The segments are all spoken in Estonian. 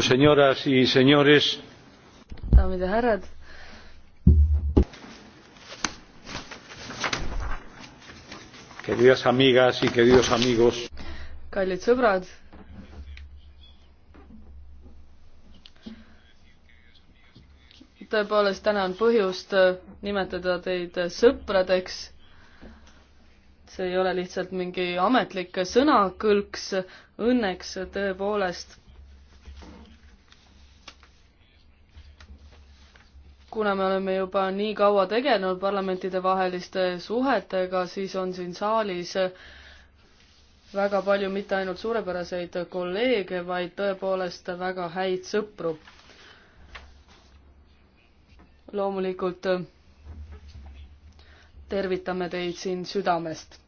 señoras y señores daamid ja härrad queridas amigas y queridos amigos kallid sõbrad tõepoolest täna on põhjust nimetada teid sõpradeks see ei ole lihtsalt mingi ametlik sõnakõlks õnneks tõepoolest kuna me oleme juba nii kaua tegelenud parlamentidevaheliste suhetega, siis on siin saalis väga palju mitte ainult suurepäraseid kolleege, vaid tõepoolest väga häid sõpru. loomulikult tervitame teid siin südamest.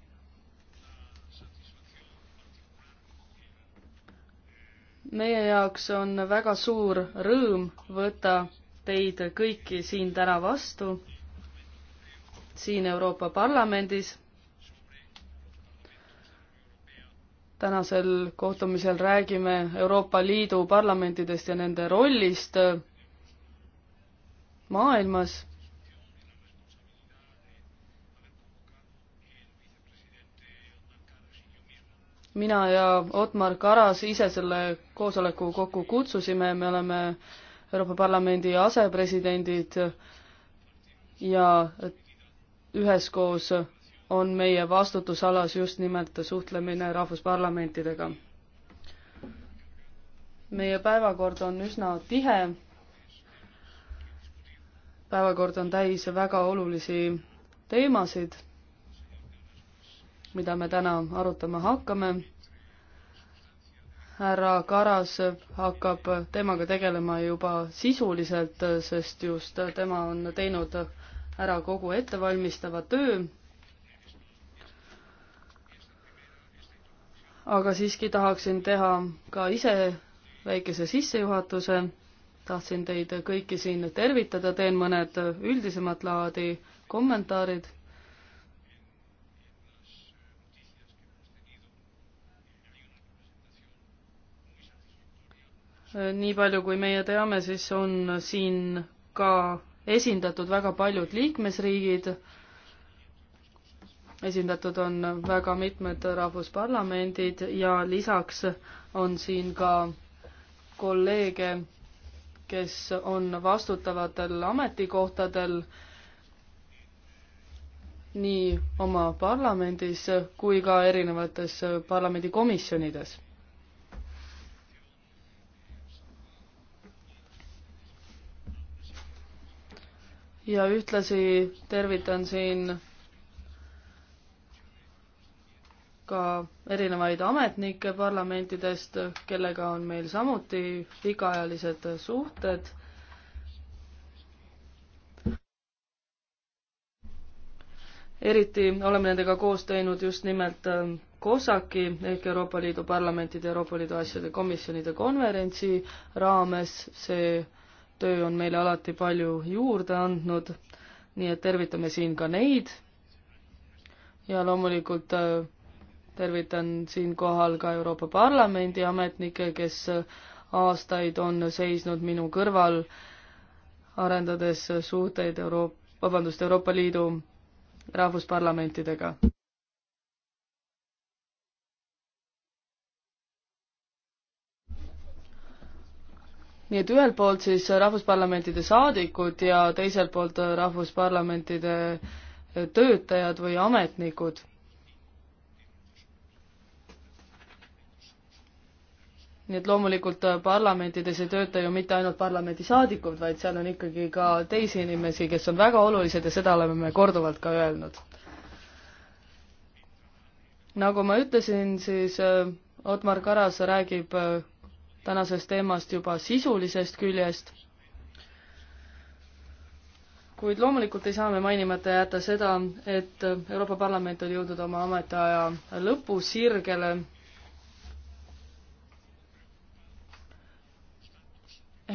meie jaoks on väga suur rõõm võtta teid kõiki siin täna vastu, siin Euroopa Parlamendis. tänasel kohtumisel räägime Euroopa Liidu parlamentidest ja nende rollist maailmas mina ja Otmar Karas ise selle koosoleku kokku kutsusime, me oleme Euroopa Parlamendi asepresidendid ja üheskoos on meie vastutusalas just nimelt suhtlemine rahvusparlamentidega. meie päevakord on üsna tihe. päevakord on täis väga olulisi teemasid, mida me täna arutama hakkame härra Karas hakkab temaga tegelema juba sisuliselt, sest just tema on teinud ära kogu ettevalmistava töö. aga siiski tahaksin teha ka ise väikese sissejuhatuse. tahtsin teid kõiki siin tervitada, teen mõned üldisemat laadi kommentaarid nii palju, kui meie teame, siis on siin ka esindatud väga paljud liikmesriigid, esindatud on väga mitmed rahvusparlamendid ja lisaks on siin ka kolleege, kes on vastutavatel ametikohtadel nii oma parlamendis kui ka erinevates parlamendikomisjonides ja ühtlasi tervitan siin ka erinevaid ametnikke parlamentidest, kellega on meil samuti pikaajalised suhted. eriti oleme nendega koos teinud just nimelt ähm, COSAC-i ehk Euroopa Liidu parlamentide, Euroopa Liidu asjade komisjonide konverentsi raames, see töö on meile alati palju juurde andnud, nii et tervitame siin ka neid ja loomulikult äh, tervitan siinkohal ka Euroopa Parlamendi ametnikke, kes äh, aastaid on seisnud minu kõrval, arendades suhteid Euroop-, vabandust, Euroopa Liidu rahvusparlamentidega. nii et ühelt poolt siis rahvusparlamentide saadikud ja teiselt poolt rahvusparlamentide töötajad või ametnikud. nii et loomulikult parlamentides ei tööta ju mitte ainult parlamendisaadikud, vaid seal on ikkagi ka teisi inimesi, kes on väga olulised ja seda oleme me korduvalt ka öelnud. nagu ma ütlesin, siis äh, Otmar Karas räägib äh, tänasest teemast juba sisulisest küljest. kuid loomulikult ei saa me mainimata jätta seda, et Euroopa Parlament on jõudnud oma ametiaja lõpusirgele.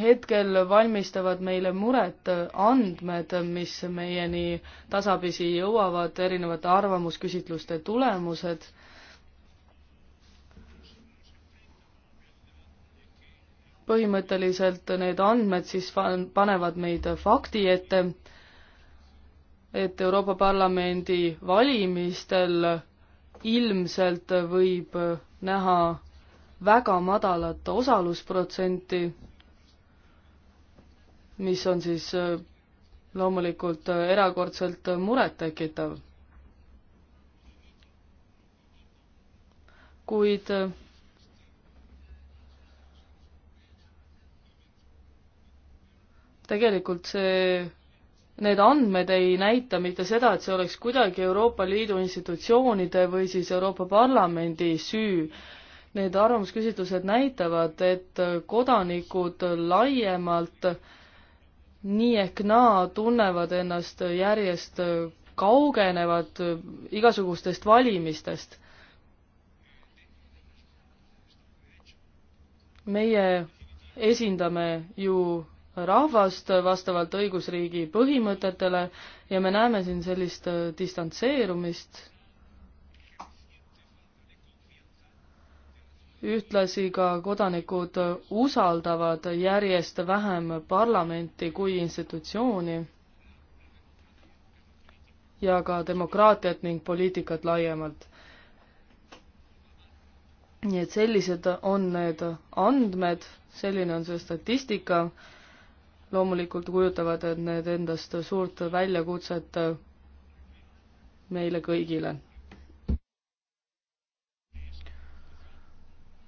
hetkel valmistavad meile muret andmed, mis meieni tasapisi jõuavad, erinevate arvamusküsitluste tulemused põhimõtteliselt need andmed siis panevad meid fakti ette, et Euroopa Parlamendi valimistel ilmselt võib näha väga madalat osalusprotsenti, mis on siis loomulikult erakordselt murettekitav. kuid tegelikult see, need andmed ei näita mitte seda, et see oleks kuidagi Euroopa Liidu institutsioonide või siis Euroopa Parlamendi süü. Need arvamusküsitlused näitavad, et kodanikud laiemalt nii ehk naa tunnevad ennast järjest kaugenevad igasugustest valimistest. meie esindame ju rahvast vastavalt õigusriigi põhimõtetele ja me näeme siin sellist äh, distantseerumist. ühtlasi ka kodanikud usaldavad järjest vähem parlamenti kui institutsiooni ja ka demokraatiat ning poliitikat laiemalt. nii et sellised on need andmed, selline on see statistika loomulikult kujutavad need endast suurt väljakutset meile kõigile.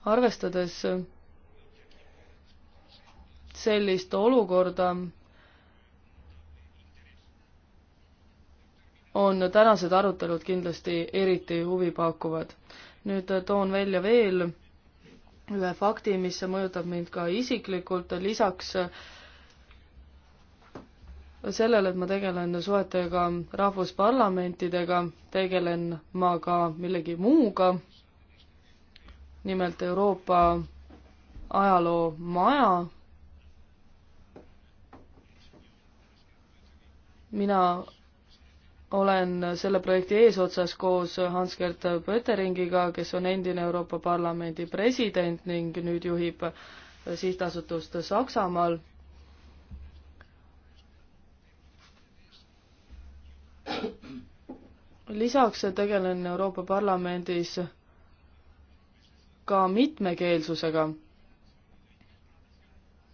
arvestades sellist olukorda, on tänased arutelud kindlasti eriti huvipakkuvad. nüüd toon välja veel ühe fakti, mis mõjutab mind ka isiklikult, lisaks äh, sellele, et ma tegelen suhetega rahvusparlamentidega, tegelen ma ka millegi muuga, nimelt Euroopa ajaloomaja. mina olen selle projekti eesotsas koos Hans-Gert Pöteringiga, kes on endine Euroopa Parlamendi president ning nüüd juhib sihtasutust Saksamaal lisaks tegelen Euroopa Parlamendis ka mitmekeelsusega,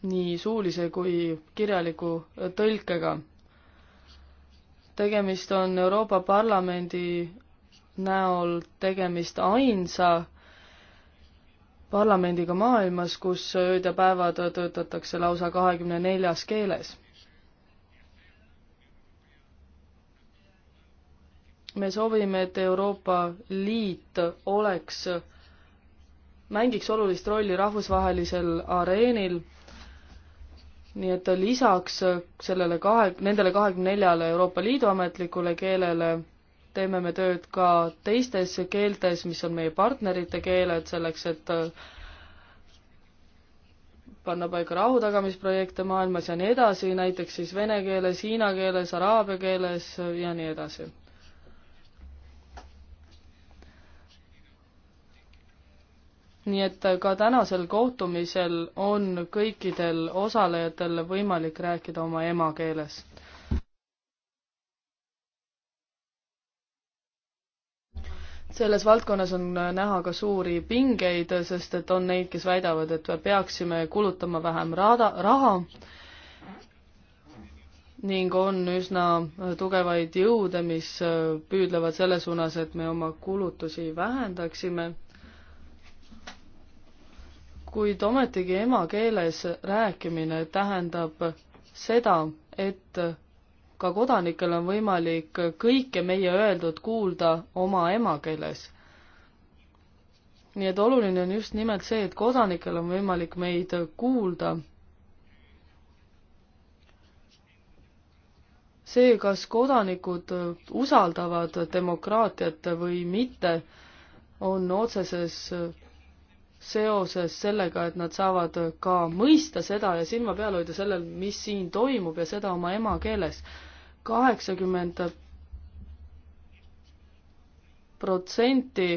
nii suulise kui kirjaliku tõlkega. tegemist on Euroopa Parlamendi näol tegemist ainsa parlamendiga maailmas, kus ööd ja päevad töötatakse lausa kahekümne neljas keeles me soovime, et Euroopa Liit oleks, mängiks olulist rolli rahvusvahelisel areenil, nii et lisaks sellele kahe, nendele kahekümne neljale Euroopa Liidu ametlikule keelele teeme me tööd ka teistes keeltes, mis on meie partnerite keeled, selleks et panna paika rahutagamisprojekte maailmas ja nii edasi, näiteks siis vene keeles, hiina keeles, araabia keeles ja nii edasi nii et ka tänasel kohtumisel on kõikidel osalejatel võimalik rääkida oma emakeeles. selles valdkonnas on näha ka suuri pingeid, sest et on neid, kes väidavad, et me peaksime kulutama vähem raada, raha ning on üsna tugevaid jõude, mis püüdlevad selle suunas, et me oma kulutusi vähendaksime kuid ometigi emakeeles rääkimine tähendab seda, et ka kodanikel on võimalik kõike meie öeldut kuulda oma emakeeles. nii et oluline on just nimelt see, et kodanikel on võimalik meid kuulda. see, kas kodanikud usaldavad demokraatiat või mitte, on otseses seoses sellega, et nad saavad ka mõista seda ja silma peal hoida sellel, mis siin toimub ja seda oma emakeeles. kaheksakümmend protsenti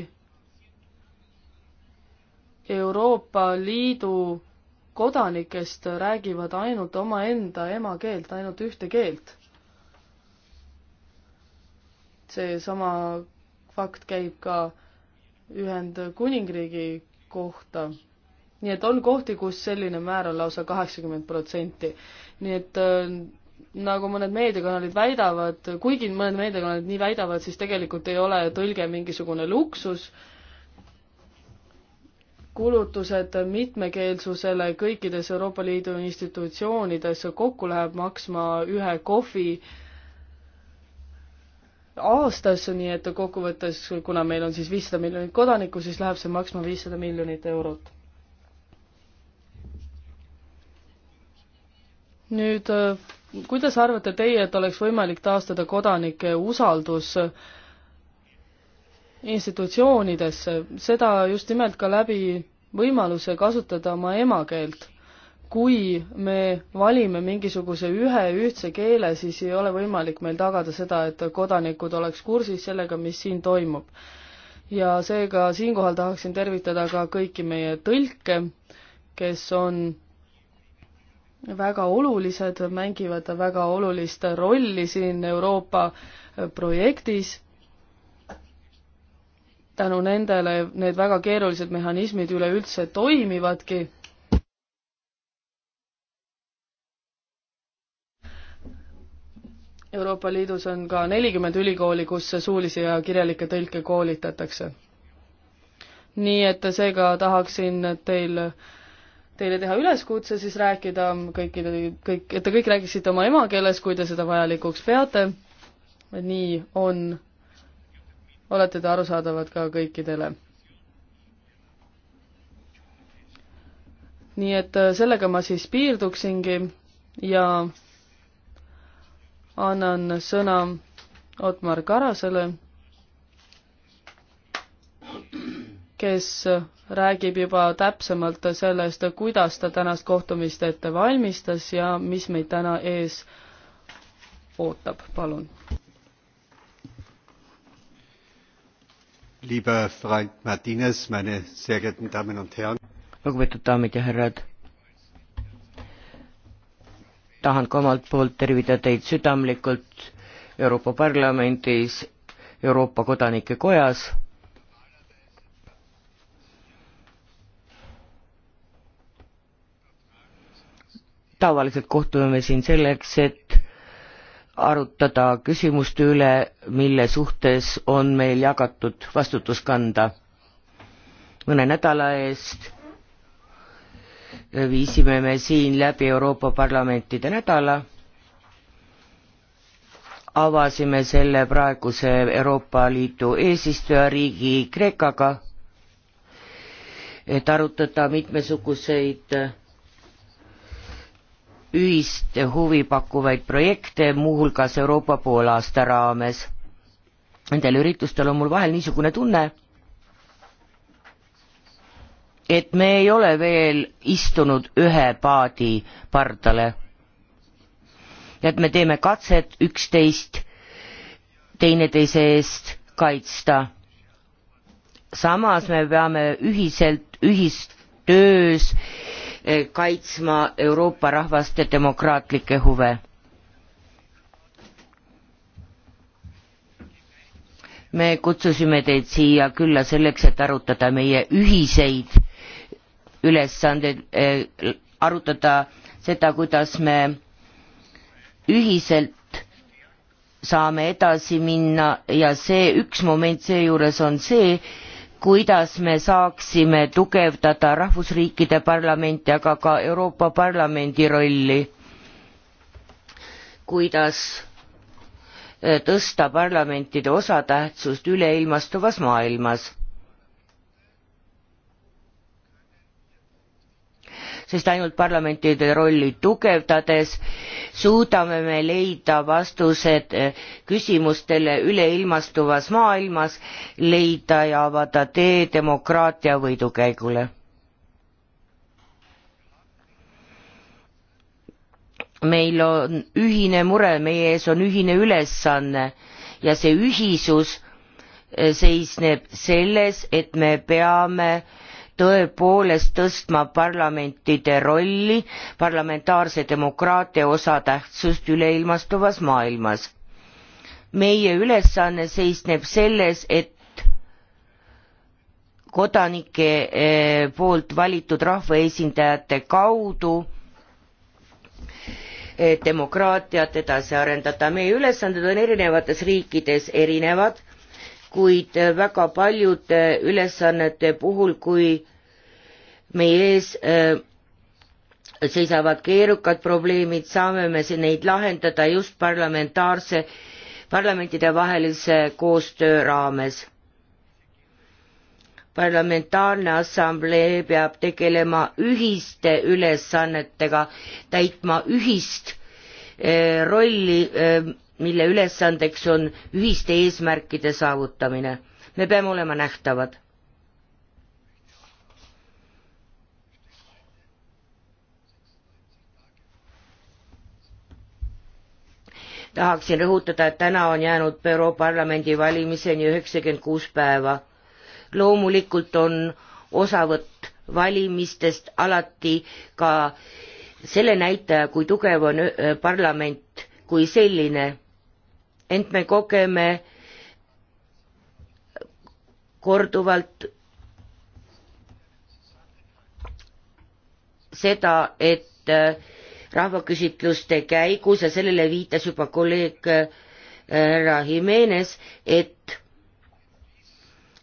Euroopa Liidu kodanikest räägivad ainult omaenda emakeelt, ainult ühte keelt. seesama fakt käib ka Ühendkuningriigi kohta. nii et on kohti, kus selline määr on lausa kaheksakümmend protsenti. nii et äh, nagu mõned meediakanalid väidavad, kuigi mõned meediakanalid nii väidavad, siis tegelikult ei ole tõlge mingisugune luksus, kulutused mitmekeelsusele kõikides Euroopa Liidu institutsioonides kokku läheb maksma ühe kohvi äh, aastas, nii et kokkuvõttes, kuna meil on siis viissada miljonit kodanikku, siis läheb see maksma viissada miljonit eurot. nüüd, kuidas arvate teie, et oleks võimalik taastada kodanike usaldus institutsioonidesse, seda just nimelt ka läbi võimaluse kasutada oma emakeelt kui me valime mingisuguse ühe ühtse keele, siis ei ole võimalik meil tagada seda, et kodanikud oleks kursis sellega, mis siin toimub. ja seega siinkohal tahaksin tervitada ka kõiki meie tõlke, kes on väga olulised, mängivad väga olulist rolli siin Euroopa projektis tänu nendele need väga keerulised mehhanismid üleüldse toimivadki Euroopa Liidus on ka nelikümmend ülikooli, kus suulisi ja kirjalikke tõlke koolitatakse. nii et seega tahaksin teil, teile teha üleskutse siis rääkida kõikide, kõik, et te kõik räägiksite oma emakeeles, kui te seda vajalikuks peate. nii on, olete te arusaadavad ka kõikidele. nii et sellega ma siis piirduksingi ja annan sõna Otmar Karasele, kes räägib juba täpsemalt sellest, kuidas ta tänast kohtumist ette valmistas ja mis meid täna ees ootab, palun. lugupeetud daamid ja härrad tahan ka omalt poolt tervida teid südamlikult Euroopa Parlamendis, Euroopa Kodanike Kojas tavaliselt kohtume me siin selleks, et arutada küsimuste üle, mille suhtes on meil jagatud vastutus kanda. mõne nädala eest viisime me siin läbi Euroopa Parlamentide nädala, avasime selle praeguse Euroopa Liidu eesistujariigi Kreekaga, et arutada mitmesuguseid ühist huvi pakkuvaid projekte, muuhulgas Euroopa poolaasta raames. Nendel üritustel on mul vahel niisugune tunne, et me ei ole veel istunud ühe paadi pardale. et me teeme katset üksteist teineteise eest kaitsta. samas me peame ühiselt, ühistöös eh, kaitsma Euroopa rahvaste demokraatlikke huve. me kutsusime teid siia külla selleks, et arutada meie ühiseid ülesanded eh, arutada seda, kuidas me ühiselt saame edasi minna ja see üks moment seejuures on see, kuidas me saaksime tugevdada rahvusriikide parlamenti, aga ka Euroopa Parlamendi rolli. kuidas eh, tõsta parlamentide osatähtsust üleilmastuvas maailmas sest ainult parlamentide rolli tugevdades suudame me leida vastused eh, küsimustele üleilmastuvas maailmas, leida ja avada tee demokraatia võidukäigule. meil on ühine mure, meie ees on ühine ülesanne ja see ühisus eh, seisneb selles, et me peame äh, tõepoolest tõstma parlamentide rolli parlamentaarse demokraatia osatähtsust üleilmastuvas maailmas. meie ülesanne seisneb selles, et kodanike eh, poolt valitud rahvaesindajate kaudu eh, demokraatiat edasi arendada. meie ülesanded on erinevates riikides erinevad kuid väga paljude ülesannete puhul, kui meie ees äh, seisavad keerukad probleemid, saame me neid lahendada just parlamentaarse, parlamentidevahelise koostöö raames. parlamentaarne assamblee peab tegelema ühiste ülesannetega, täitma ühist äh, rolli äh, mille ülesandeks on ühiste eesmärkide saavutamine. me peame olema nähtavad. tahaksin rõhutada, et täna on jäänud Europarlamendi valimiseni üheksakümmend kuus päeva. loomulikult on osavõtt valimistest alati ka selle näitaja, kui tugev on eh, parlament kui selline ent me kogeme korduvalt seda, et äh, rahvaküsitluste käigus ja sellele viitas juba kolleeg äh, härra Jimenez, et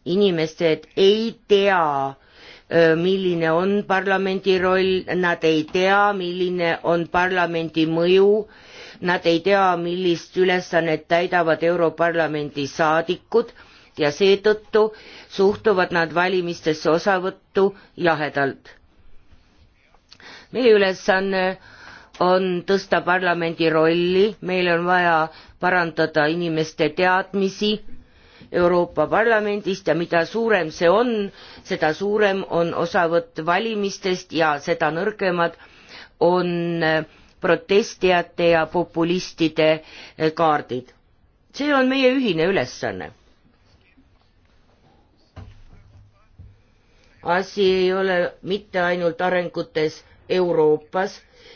inimesed ei tea, äh, milline on parlamendi roll, nad ei tea, milline on parlamendi mõju äh, nad ei tea, millist ülesannet täidavad Europarlamendi saadikud ja seetõttu suhtuvad nad valimistesse osavõttu jahedalt. meie ülesanne on tõsta parlamendi rolli, meil on vaja parandada inimeste teadmisi Euroopa Parlamendist ja mida suurem see on, seda suurem on osavõtt valimistest ja seda nõrgemad on äh, protestijate ja populistide eh, kaardid. see on meie ühine ülesanne. asi ei ole mitte ainult arengutes Euroopas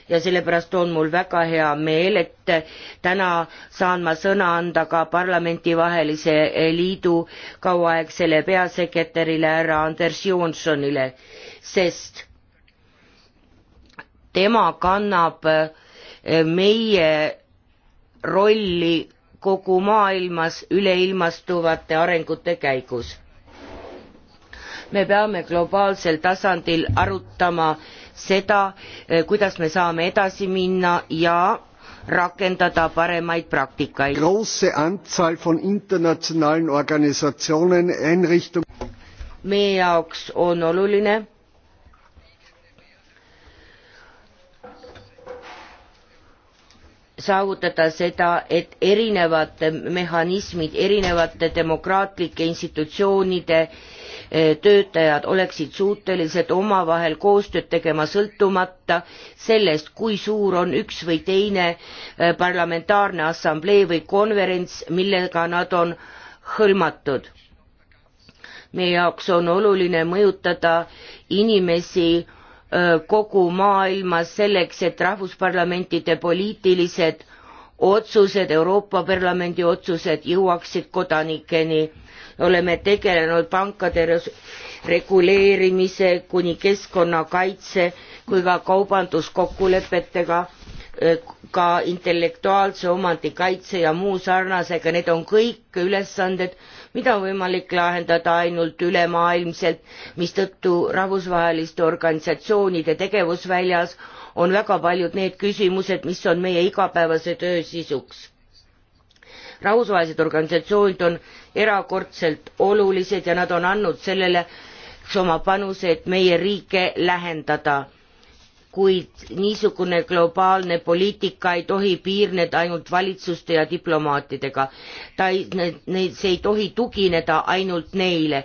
ja sellepärast on mul väga hea meel, et täna saan ma sõna anda ka parlamentivahelise liidu kauaaegsele peasekretärile härra Anders Johnsonile, sest tema kannab eh, meie rolli kogu maailmas üleilmastuvate arengute käigus. me peame globaalsel tasandil arutama seda, eh, kuidas me saame edasi minna ja rakendada paremaid praktikaid. große anzahl von internationalen organisatsionen einrichtungen meie jaoks on oluline saavutada seda, et erinevad mehhanismid, erinevate demokraatlike institutsioonide eh, töötajad oleksid suutelised omavahel koostööd tegema sõltumata sellest, kui suur on üks või teine eh, parlamentaarne assamblee või konverents, millega nad on hõlmatud. meie jaoks on oluline mõjutada inimesi kogu maailmas selleks, et rahvusparlamentide poliitilised otsused, Euroopa Parlamendi otsused jõuaksid kodanikeni. oleme tegelenud pankade reguleerimise kuni keskkonnakaitse kui ka kaubanduskokkulepetega, ka intellektuaalse omandi kaitse ja muu sarnasega, need on kõik ülesanded, mida on võimalik lahendada ainult ülemaailmselt, mistõttu rahvusvaheliste organisatsioonide tegevusväljas on väga paljud need küsimused, mis on meie igapäevase töö sisuks. rahvusvahelised organisatsioonid on erakordselt olulised ja nad on andnud sellele oma panuse, et meie riike lähendada kuid niisugune globaalne poliitika ei tohi piirneda ainult valitsuste ja diplomaatidega. ta ei, neid, see ei tohi tugineda ainult neile.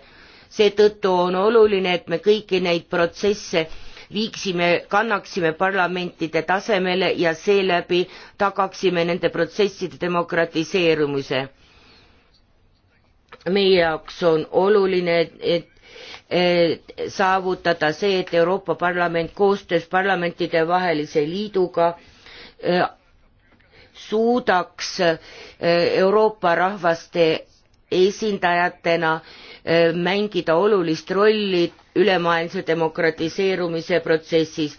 seetõttu on oluline, et me kõiki neid protsesse viiksime, kannaksime parlamentide tasemele ja seeläbi tagaksime nende protsesside demokratiseerumise. meie jaoks on oluline, et saavutada see, et Euroopa Parlament koostöös parlamentide vahelise liiduga äh, suudaks äh, Euroopa rahvaste esindajatena äh, mängida olulist rolli ülemaailmse demokratiseerumise protsessis.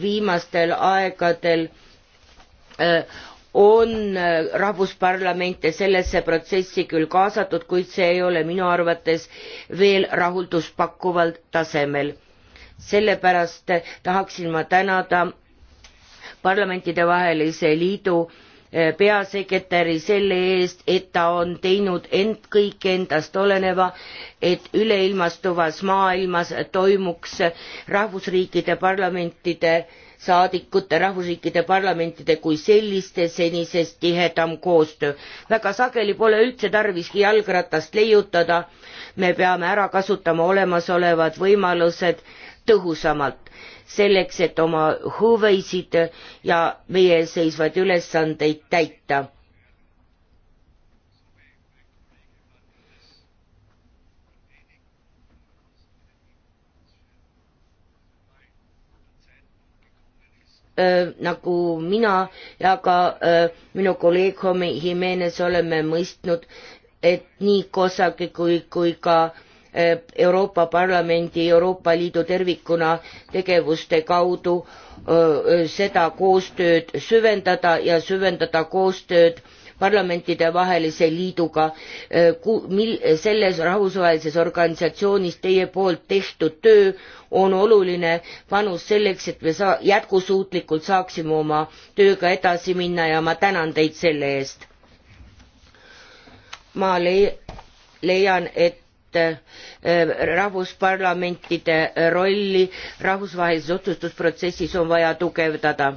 viimastel aegadel on äh, rahvusparlamente sellesse protsessi küll kaasatud kuid see ei ole minu arvates veel rahulduspakkuval tasemel sellepärast äh, tahaksin ma tänada parlamentidevahelise liidu äh, peasekretäri selle eest et ta on teinud end kõike endast oleneva et üleilmastuvas maailmas toimuks rahvusriikide parlamentide saadikute, rahvusriikide parlamentide kui selliste senisest tihedam koostöö. väga sageli pole üldse tarviski jalgratast leiutada, me peame ära kasutama olemasolevad võimalused tõhusamalt, selleks et oma huvisid ja meie ees seisvaid ülesandeid täita nagu mina ja ka minu kolleeg Homi Jimenez oleme mõistnud, et nii COSAC-i kui, kui ka Euroopa Parlamendi, Euroopa Liidu tervikuna tegevuste kaudu seda koostööd süvendada ja süvendada koostööd äh, parlamentidevahelise liiduga eh, selles rahvusvahelises organisatsioonis teie poolt tehtud töö on oluline panus selleks et me saa- jätkusuutlikult saaksime oma tööga edasi minna ja ma tänan teid selle eest ma lei- leian et eh, rahvusparlamentide rolli rahvusvahelises otsustusprotsessis on vaja tugevdada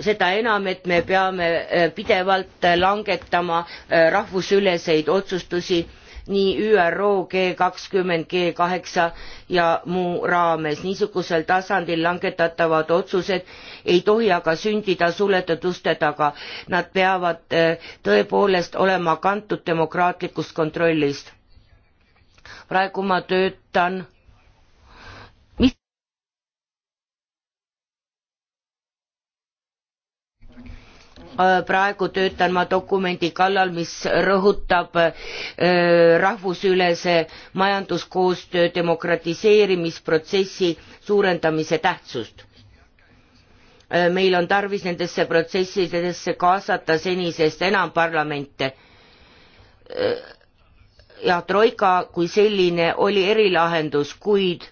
seda enam, et me peame äh, pidevalt äh, langetama äh, rahvusüleseid otsustusi nii ÜRO G kakskümmend, G kaheksa ja muu raames. niisugusel tasandil langetatavad otsused ei tohi aga sündida suletud uste taga. Nad peavad tõepoolest olema kantud demokraatlikust kontrollist. praegu ma töötan Äh, praegu töötan ma dokumendi kallal mis rõhutab äh, rahvusülese majanduskoostöö demokratiseerimisprotsessi suurendamise tähtsust äh, meil on tarvis nendesse protsessidesse kaasata senisest enam parlamente ja troika kui selline oli erilahendus kuid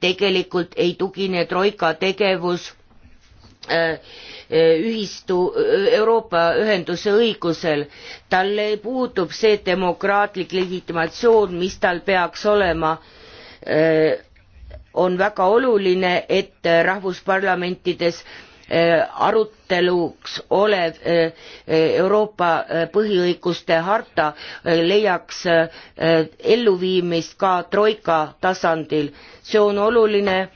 tegelikult ei tugine troika tegevus Äh, ühistu, äh, Euroopa ühenduse õigusel. tal puudub see demokraatlik legitimatsioon, mis tal peaks olema. Äh, on väga oluline, et rahvusparlamentides aruteluks olev Euroopa põhiõiguste harta leiaks elluviimist ka troika tasandil. see on oluline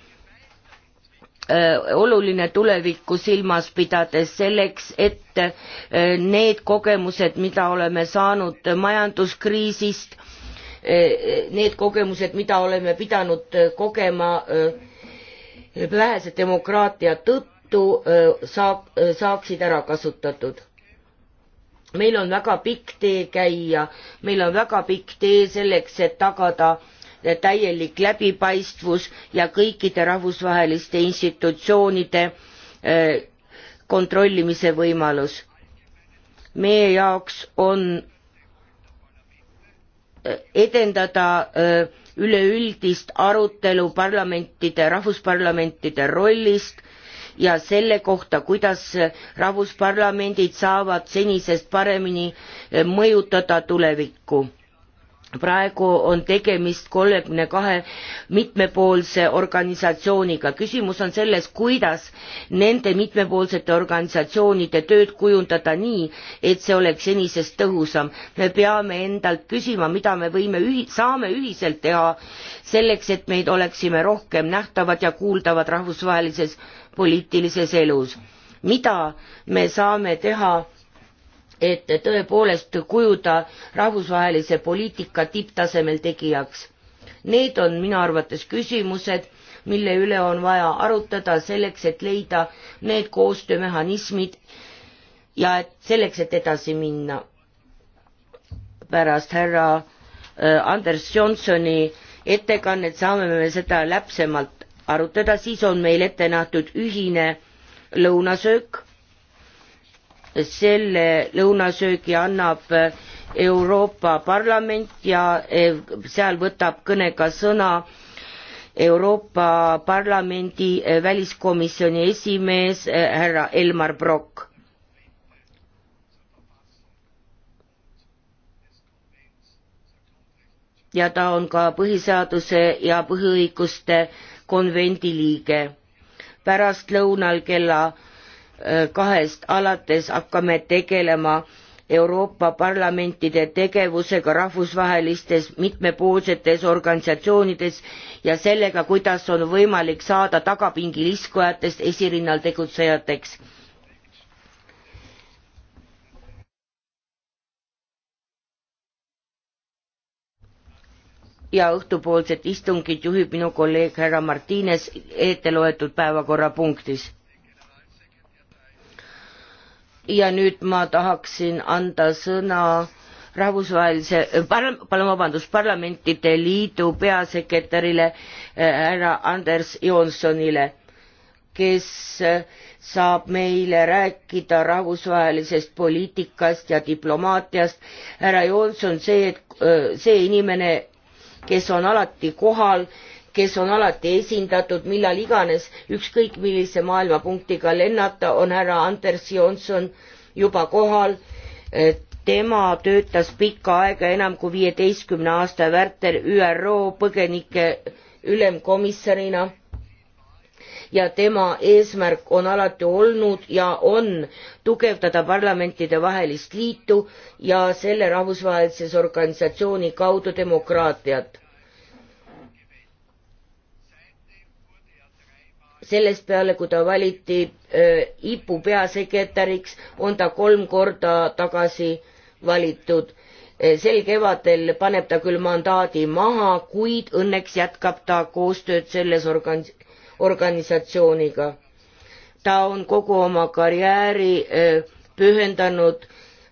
Äh, oluline tulevikku silmas pidades selleks, et äh, need kogemused, mida oleme saanud majanduskriisist, äh, need kogemused, mida oleme pidanud kogema vähese demokraatia tõttu, saab, saaksid ära kasutatud. meil on väga pikk tee käia, meil on väga pikk tee selleks, et tagada täielik läbipaistvus ja kõikide rahvusvaheliste institutsioonide äh, kontrollimise võimalus. meie jaoks on äh, edendada äh, üleüldist arutelu parlamentide, rahvusparlamentide rollist ja selle kohta, kuidas rahvusparlamendid saavad senisest paremini mõjutada tulevikku praegu on tegemist kolmekümne kahe mitmepoolse organisatsiooniga küsimus on selles kuidas nende mitmepoolsete organisatsioonide tööd kujundada nii et see oleks senisest tõhusam me peame endalt küsima mida me võime ühi- saame ühiselt teha selleks et meid oleksime rohkem nähtavad ja kuuldavad rahvusvahelises poliitilises elus mida me saame teha et tõepoolest kujuda rahvusvahelise poliitika tipptasemel tegijaks. Need on minu arvates küsimused, mille üle on vaja arutada selleks, et leida need koostöömehhanismid ja et selleks, et edasi minna. pärast härra äh, Anders Johnsoni ettekannet saame me seda täpsemalt arutada, siis on meil ette nähtud ühine lõunasöök selle lõunasöögi annab eh, Euroopa Parlament ja eh, seal võtab kõne ka sõna Euroopa Parlamendi eh, väliskomisjoni esimees härra Elmar Brok. ja ta on ka põhiseaduse ja põhiõiguste konvendi liige. pärastlõunal kella kahest alates hakkame tegelema Euroopa parlamentide tegevusega rahvusvahelistes mitmepoolsetes organisatsioonides ja sellega, kuidas on võimalik saada tagapingil iskujatest esirinnal tegutsejateks. ja õhtupoolset istungit juhib minu kolleeg härra Martines ette loetud päevakorrapunktis ja nüüd ma tahaksin anda sõna rahvusvahelise äh, parl-, palun vabandust, parlamentide liidu peasekretärile äh, härra Anders Johnsonile, kes äh, saab meile rääkida rahvusvahelisest poliitikast ja diplomaatiast. härra Johnson, see, see inimene, kes on alati kohal kes on alati esindatud millal iganes ükskõik millise maailmapunktiga lennata on härra Anders Johnson juba kohal tema töötas pikka aega enam kui viieteistkümne aasta vältel ÜRO põgenike ülemkomissarina ja tema eesmärk on alati olnud ja on tugevdada parlamentide vahelist liitu ja selle rahvusvahelises organisatsiooni kaudu demokraatiat sellest peale, kui ta valiti IPU peasekretäriks, on ta kolm korda tagasi valitud. sel kevadel paneb ta küll mandaadi maha, kuid õnneks jätkab ta koostööd selles organ-, organisatsiooniga. ta on kogu oma karjääri pühendanud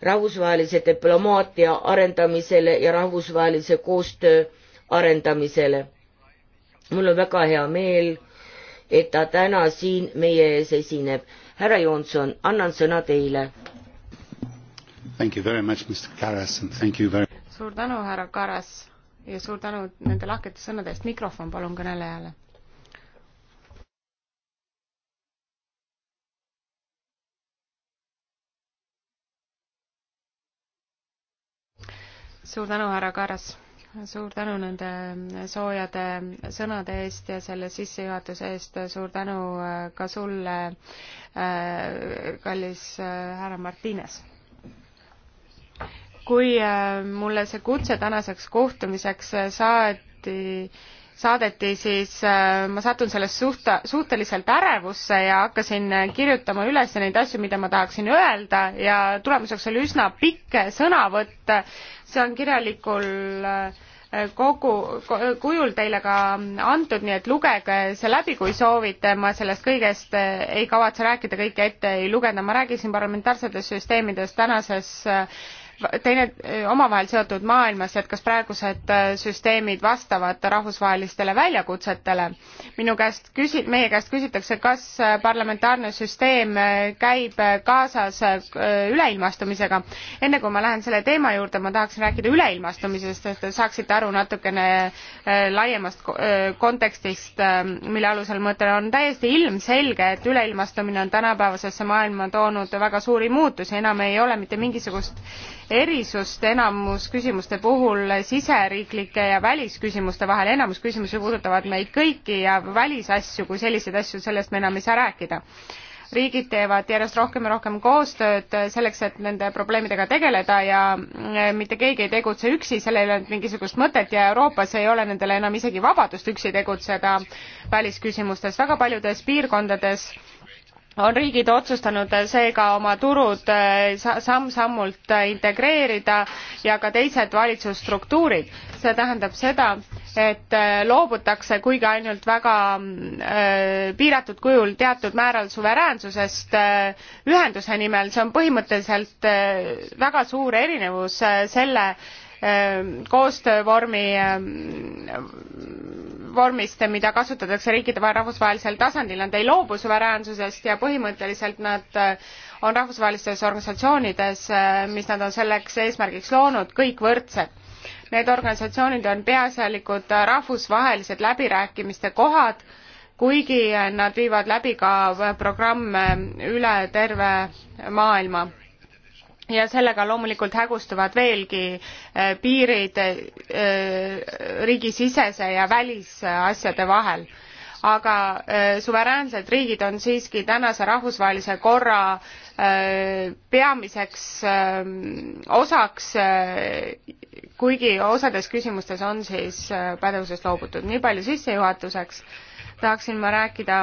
rahvusvahelise diplomaatia arendamisele ja rahvusvahelise koostöö arendamisele. mul on väga hea meel et ta täna siin meie ees esineb. härra Johnson, annan sõna teile. suur tänu, härra Karas ja suur tänu nende lahkete sõnade eest. mikrofon palun kõnelejale. suur tänu, härra Karas suur tänu nende soojade sõnade eest ja selle sissejuhatuse eest, suur tänu äh, ka sulle, äh, kallis äh, härra Martines. kui mulle see kutse tänaseks kohtumiseks saati, saadeti, siis äh, ma sattun sellest suht-, suhteliselt ärevusse ja hakkasin kirjutama üles neid asju, mida ma tahaksin öelda ja tulemuseks oli üsna pikk sõnavõtt. see on kirjalikul äh, kogu kujul teile ka antud, nii et lugege see läbi, kui soovite, ma sellest kõigest äh, ei kavatse rääkida kõike ette, ei lugeda, ma räägiksin parlamentaarsetest süsteemidest tänases äh, teine, eh, omavahel seotud maailmas, et kas praegused eh, süsteemid vastavad rahvusvahelistele väljakutsetele. minu käest küsi-, meie käest küsitakse, kas eh, parlamentaarne süsteem käib kaasas üleilmastumisega. enne kui ma lähen selle teema juurde, ma tahaksin rääkida üleilmastumisest, et te saaksite aru natukene laiemast kontekstist, mille alusel ma ütlen, on täiesti ilmselge, et üleilmastumine on tänapäevasesse maailma toonud väga suuri muutusi, enam ei ole mitte mingisugust erisust enamus küsimuste puhul siseriiklike ja välisküsimuste vahel, enamus küsimusi puudutavad meid kõiki ja välisasju kui selliseid asju, sellest me enam ei saa rääkida. riigid teevad järjest rohkem ja rohkem koostööd selleks, et nende probleemidega tegeleda ja mm, mitte keegi ei tegutse üksi, sellel ei olnud mingisugust mõtet ja Euroopas ei ole nendele enam isegi vabadust üksi tegutseda välisküsimustes, väga paljudes piirkondades on riigid otsustanud seega oma turud äh, samm-sammult integreerida ja ka teised valitsusstruktuurid. see tähendab seda, et äh, loobutakse kuigi ainult väga äh, piiratud kujul teatud määral suveräänsusest ühenduse nimel, see on põhimõtteliselt väga suur erinevus selle Ähm, koostöövormi, ähm, vormist, mida kasutatakse riikide vahel rahvusvahelisel tasandil, nad ei loobu suveräänsusest ja põhimõtteliselt nad äh, on rahvusvahelistes organisatsioonides, äh, mis nad on selleks eesmärgiks loonud, kõik võrdsed. Need organisatsioonid on peaasjalikud äh, rahvusvahelised läbirääkimiste kohad, kuigi nad viivad läbi ka programme üle terve maailma ja sellega loomulikult hägustuvad veelgi äh, piirid äh, riigisisese ja välisasjade vahel aga äh, suveräänsed riigid on siiski tänase rahvusvahelise korra peamiseks osaks, kuigi osades küsimustes on siis pädevusest loobutud. nii palju sissejuhatuseks tahaksin ma rääkida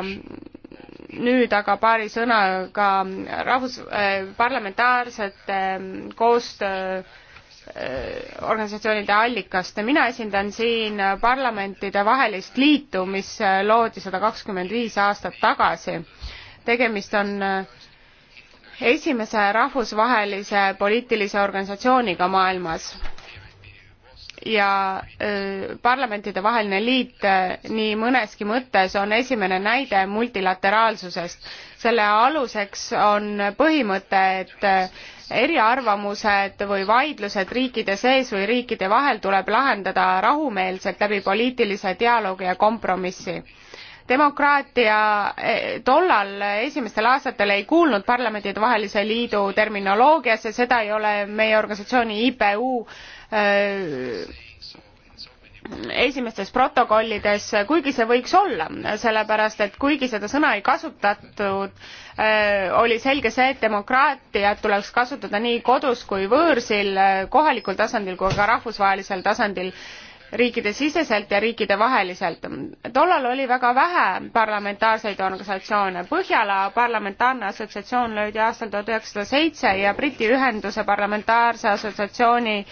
nüüd aga paari sõnaga rahvus- äh,, parlamentaarsete äh, koostöö äh, organisatsioonide allikast. mina esindan siin parlamentide vahelist liitu, mis äh, loodi sada kakskümmend viis aastat tagasi. tegemist on äh, esimese rahvusvahelise poliitilise organisatsiooniga maailmas ja parlamentide vaheline liit nii mõneski mõttes on esimene näide multilateraalsusest. selle aluseks on põhimõte, et eriarvamused või vaidlused riikide sees või riikide vahel tuleb lahendada rahumeelselt läbi poliitilise dialoogi ja kompromissi demokraatia tollal esimestel aastatel ei kuulnud parlamentidevahelise liidu terminoloogiasse seda ei ole meie organisatsiooni ipu Äh, esimestes protokollides, kuigi see võiks olla, sellepärast et kuigi seda sõna ei kasutatud, äh, oli selge see, et demokraatiat tuleks kasutada nii kodus kui võõrsil, äh, kohalikul tasandil kui ka rahvusvahelisel tasandil riikidesiseselt ja riikidevaheliselt. tollal oli väga vähe parlamentaarseid organisatsioone. Põhjala parlamentaarne assotsiatsioon löödi aastal tuhat üheksasada seitse ja Briti ühenduse parlamentaarse assotsiatsiooni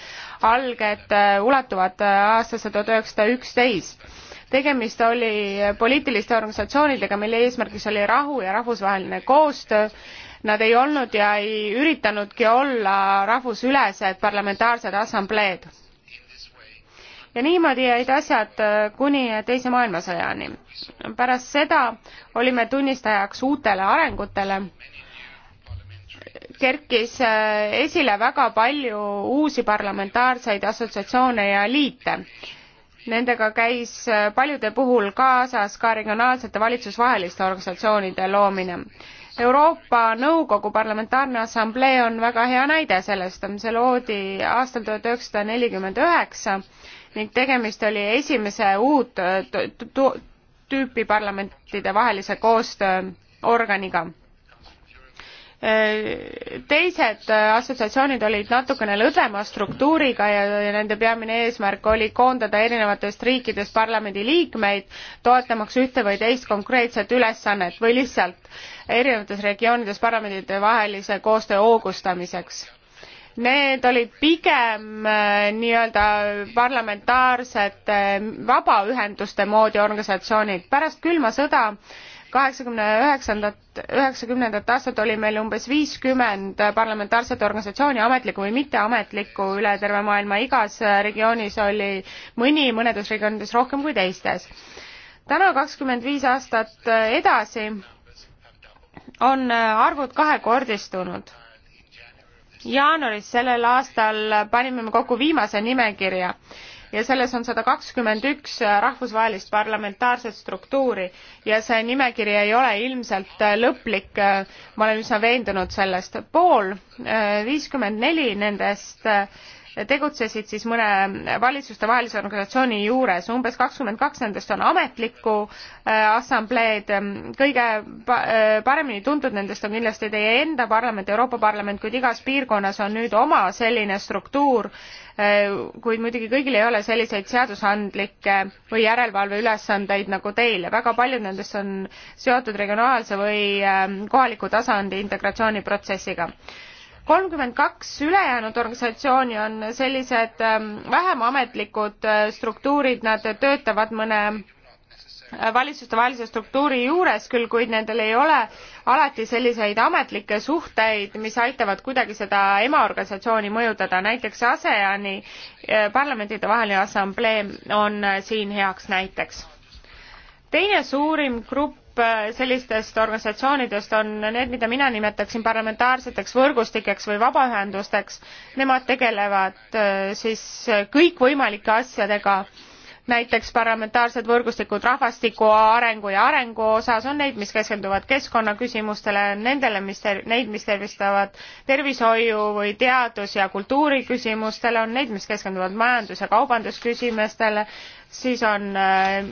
alged äh, ulatuvad äh, aastasse tuhat üheksasada üksteist tegemist oli poliitiliste organisatsioonidega mille eesmärgiks oli rahu ja rahvusvaheline koostöö nad ei olnud ja ei üritanudki olla rahvusülesed parlamentaarsed assambleed ja niimoodi jäid asjad äh, kuni teise maailmasõjani pärast seda olime tunnistajaks uutele arengutele kerkis äh, esile väga palju uusi parlamentaarseid assotsiatsioone ja liite. Nendega käis äh, paljude puhul kaasas ka regionaalsete valitsusvaheliste organisatsioonide loomine. Euroopa Nõukogu Parlamentaarne Assamblee on väga hea näide sellest, see loodi aastal tuhat üheksasada nelikümmend üheksa ning tegemist oli esimese uut äh, tüüpi parlamentide vahelise koostöö organiga Äh, teised äh, assotsiatsioonid olid natukene lõdvema struktuuriga ja, ja nende peamine eesmärk oli koondada erinevatest riikidest parlamendi liikmeid, toetamaks ühte või teist konkreetset ülesannet või lihtsalt erinevates regioonides parlamendide vahelise koostöö hoogustamiseks. Need olid pigem äh, nii-öelda parlamentaarsed vabaühenduste moodi organisatsioonid. pärast külma sõda kaheksakümne üheksandat, üheksakümnendat aastat oli meil umbes viiskümmend parlamentaarset organisatsiooni, ametlikku või mitteametlikku, üle terve maailma, igas regioonis oli mõni, mõnedes regioonides rohkem kui teistes. täna kakskümmend viis aastat edasi on arvud kahekordistunud. jaanuaris sellel aastal panime me kokku viimase nimekirja ja selles on sada kakskümmend üks rahvusvahelist parlamentaarset struktuuri ja see nimekiri ei ole ilmselt lõplik, ma olen üsna veendunud sellest. pool, viiskümmend neli nendest tegutsesid siis mõne valitsustevahelise organisatsiooni juures. umbes kakskümmend kaks nendest on ametlikku äh, assambleed. kõige äh, paremini tuntud nendest on kindlasti teie enda parlament, Euroopa Parlament, kuid igas piirkonnas on nüüd oma selline struktuur, äh, kuid muidugi kõigil ei ole selliseid seadusandlikke või järelevalveülesandeid nagu teil ja väga paljud nendest on seotud regionaalse või kohaliku tasandi integratsiooniprotsessiga kolmkümmend kaks ülejäänud organisatsiooni on sellised ähm, vähem ametlikud äh, struktuurid, nad töötavad mõne äh, valitsustevahelise struktuuri juures küll, kuid nendel ei ole alati selliseid ametlikke suhteid, mis aitavad kuidagi seda emaorganisatsiooni mõjutada, näiteks ASEAN-i äh, parlamentidevaheline assamblee on siin heaks näiteks. teine suurim grupp grupp äh, sellistest organisatsioonidest on need mida mina nimetaksin parlamentaarseteks võrgustikeks või vabaühendusteks nemad tegelevad äh, siis kõikvõimalike asjadega näiteks parlamentaarsed võrgustikud rahvastiku arengu ja arengu osas on neid mis keskenduvad keskkonnaküsimustele nendele mis ter- neid mis tervistavad tervishoiu või teadus ja kultuuriküsimustele on neid mis keskenduvad majandus ja kaubandusküsimustele siis on äh,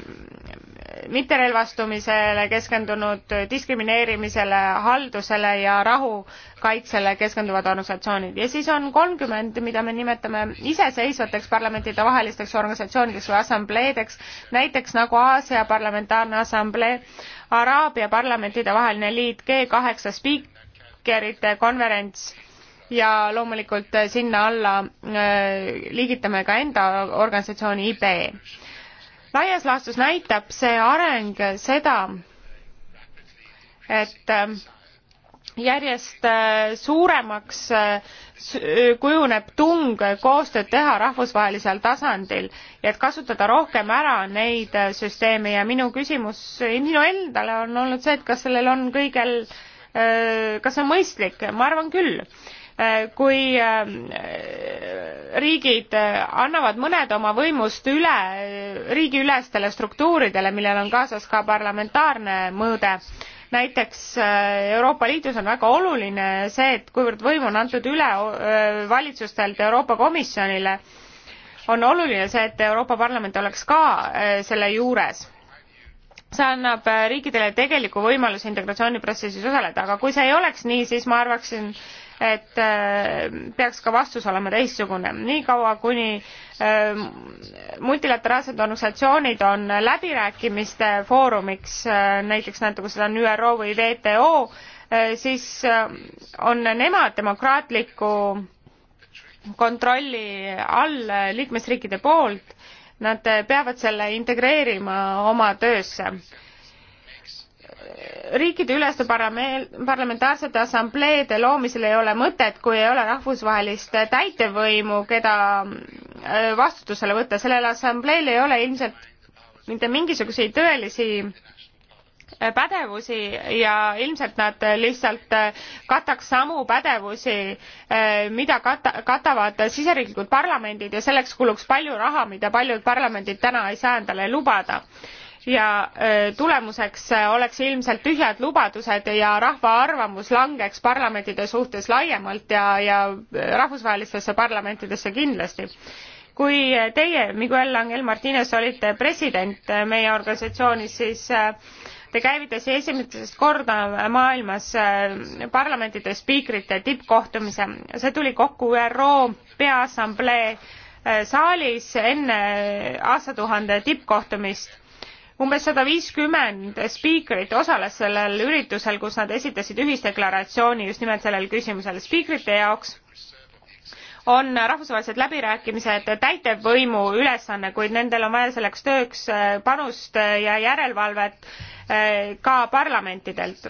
mitterelvastumisele keskendunud diskrimineerimisele haldusele ja rahukaitsele keskenduvad organisatsioonid ja siis on kolmkümmend mida me nimetame iseseisvateks parlamentidevahelisteks organisatsioonideks või assambleedeks näiteks nagu aasia parlamentaarne assamblee araabia parlamentidevaheline liit g spiikerite konverents ja loomulikult sinna alla äh, liigitame ka enda organisatsiooni ibe laias laastus näitab see areng seda, et äh, järjest äh, suuremaks äh, kujuneb tung koostööd teha rahvusvahelisel tasandil ja et kasutada rohkem ära neid süsteeme ja minu küsimus minu endale on olnud see, et kas sellel on kõigel, kas see on mõistlik, ma arvan küll. kui riigid eh, annavad mõned oma võimust üle eh, riigiülestele struktuuridele, millel on kaasas ka parlamentaarne mõõde. näiteks eh, Euroopa Liidus on väga oluline see, et kuivõrd võim on antud üle valitsustelt Euroopa Komisjonile, on oluline see, et Euroopa Parlament oleks ka selle juures see annab riikidele tegeliku võimaluse integratsiooniprotsessis osaleda, aga kui see ei oleks nii, siis ma arvaksin, et äh, peaks ka vastus olema teistsugune. niikaua, kuni ähm, multilateraalsed organisatsioonid on läbirääkimiste foorumiks, äh, näiteks nagu seda on ÜRO või WTO, äh, siis on nemad demokraatliku kontrolli all liikmesriikide poolt, nad peavad selle integreerima oma töösse riikideüleste parlamentaarsete assambleede loomisel ei ole mõtet, kui ei ole rahvusvahelist täitevvõimu, keda äh, vastutusele võtta. sellel assambleel ei ole ilmselt mitte mingisuguseid tõelisi äh, pädevusi ja ilmselt nad lihtsalt äh, kataks samu pädevusi, mida kata-, katavad siseriiklikud parlamendid ja selleks kuluks palju raha, mida paljud parlamendid täna ei saa endale lubada ja tulemuseks oleks ilmselt tühjad lubadused ja rahva arvamus langeks parlamentide suhtes laiemalt ja, ja rahvusvahelistesse parlamentidesse kindlasti kui teie miguel angel martinez olite president meie organisatsioonis siis te käivitasite esimest korda maailmas parlamentide spiikrite tippkohtumise see tuli kokku üro peaassamblee saalis enne aastatuhande tippkohtumist umbes sada viiskümmend spiikrit osales sellel üritusel, kus nad esitasid ühisdeklaratsiooni just nimelt sellel küsimusel spiikrite jaoks on rahvusvahelised läbirääkimised täitevvõimu ülesanne kuid nendel on vaja selleks tööks panust ja järelevalvet eh, ka parlamentidelt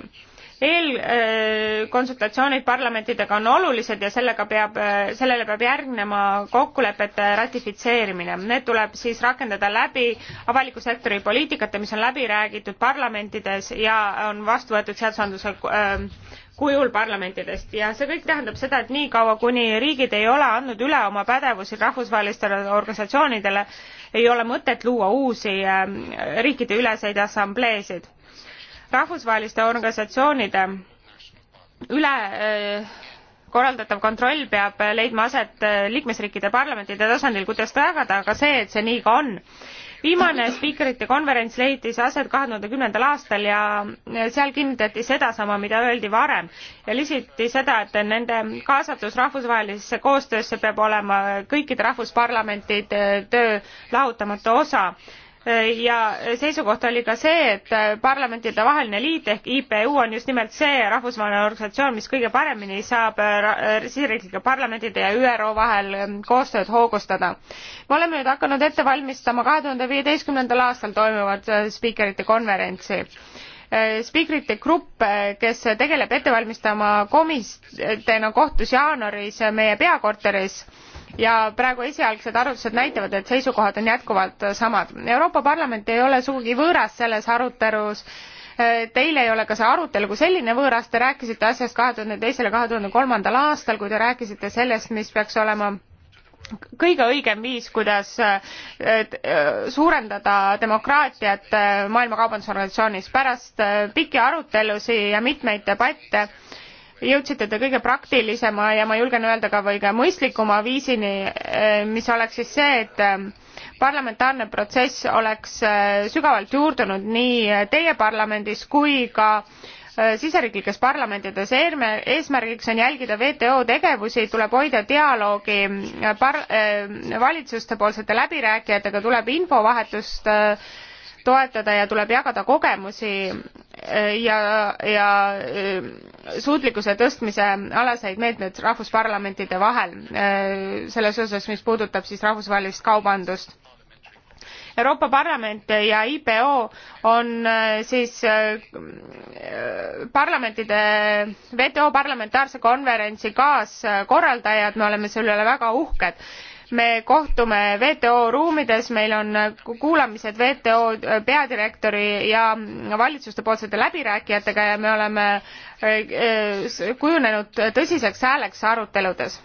eelkonsultatsioonid äh, parlamentidega on olulised ja sellega peab, äh, sellele peab järgnema kokkulepete ratifitseerimine. Need tuleb siis rakendada läbi avaliku sektori poliitikate, mis on läbi räägitud parlamentides ja on vastu võetud seadusandluse äh, kujul parlamentidest ja see kõik tähendab seda, et niikaua, kuni riigid ei ole andnud üle oma pädevusi rahvusvahelistele organisatsioonidele, ei ole mõtet luua uusi riikideüleseid assambleesid rahvusvaheliste organisatsioonide üle äh, korraldatav kontroll peab äh, leidma aset äh, liikmesriikide parlamentide tasandil kuidas tagada aga see et see nii ka on viimane spiikrite konverents leidis aset 2010. aastal ja seal kinnitati sedasama mida öeldi varem ja lisiti seda et nende kaasatus rahvusvahelisse koostöösse peab olema kõikide rahvusparlamentide töö lahutamatu osa ja seisukoht oli ka see, et parlamentidevaheline liit ehk IPU on just nimelt see rahvusvaheline organisatsioon, mis kõige paremini saab äh, siseriiklike parlamentide ja ÜRO vahel ähm, koostööd hoogustada. me oleme nüüd hakanud ette valmistama kahe tuhande viieteistkümnendal aastal toimuvat äh, spiikerite konverentsi äh, spiikrite grupp kes tegeleb ettevalmistama komistena kohtus jaanuaris meie peakorteris ja praegu esialgsed arvutused näitavad, et seisukohad on jätkuvalt samad. Euroopa Parlament ei ole sugugi võõras selles arutelus. Teile ei ole ka see arutelu kui selline võõras, te rääkisite asjast kahe tuhande teisel ja kahe tuhande kolmandal aastal, kui te rääkisite sellest, mis peaks olema kõige õigem viis, kuidas äh, suurendada demokraatiat äh, Maailma Kaubandusorganisatsioonis. pärast äh, pikki arutelusid ja mitmeid debatte jõudsite te kõige praktilisema ja ma julgen öelda ka kõige mõistlikuma viisini, eh, mis oleks siis see, et eh, parlamentaarne protsess oleks eh, sügavalt juurdunud nii teie parlamendis kui ka siseriiklikes parlamentides eesmärgiks on jälgida WTO tegevusi, tuleb hoida dialoogi par- äh,, valitsustepoolsete läbirääkijatega, tuleb infovahetust äh, toetada ja tuleb jagada kogemusi äh, ja, ja äh, suutlikkuse tõstmise alaseid meetmeid rahvusparlamentide vahel äh, selles osas, mis puudutab siis rahvusvahelist kaubandust. Euroopa Parlament ja IPO on siis parlamentide, WTO parlamentaarse konverentsi kaaskorraldajad, me oleme selle üle väga uhked me kohtume WTO ruumides, meil on kuulamised WTO peadirektori ja valitsuste poolsete läbirääkijatega ja me oleme äh, äh, kujunenud tõsiseks hääleks aruteludes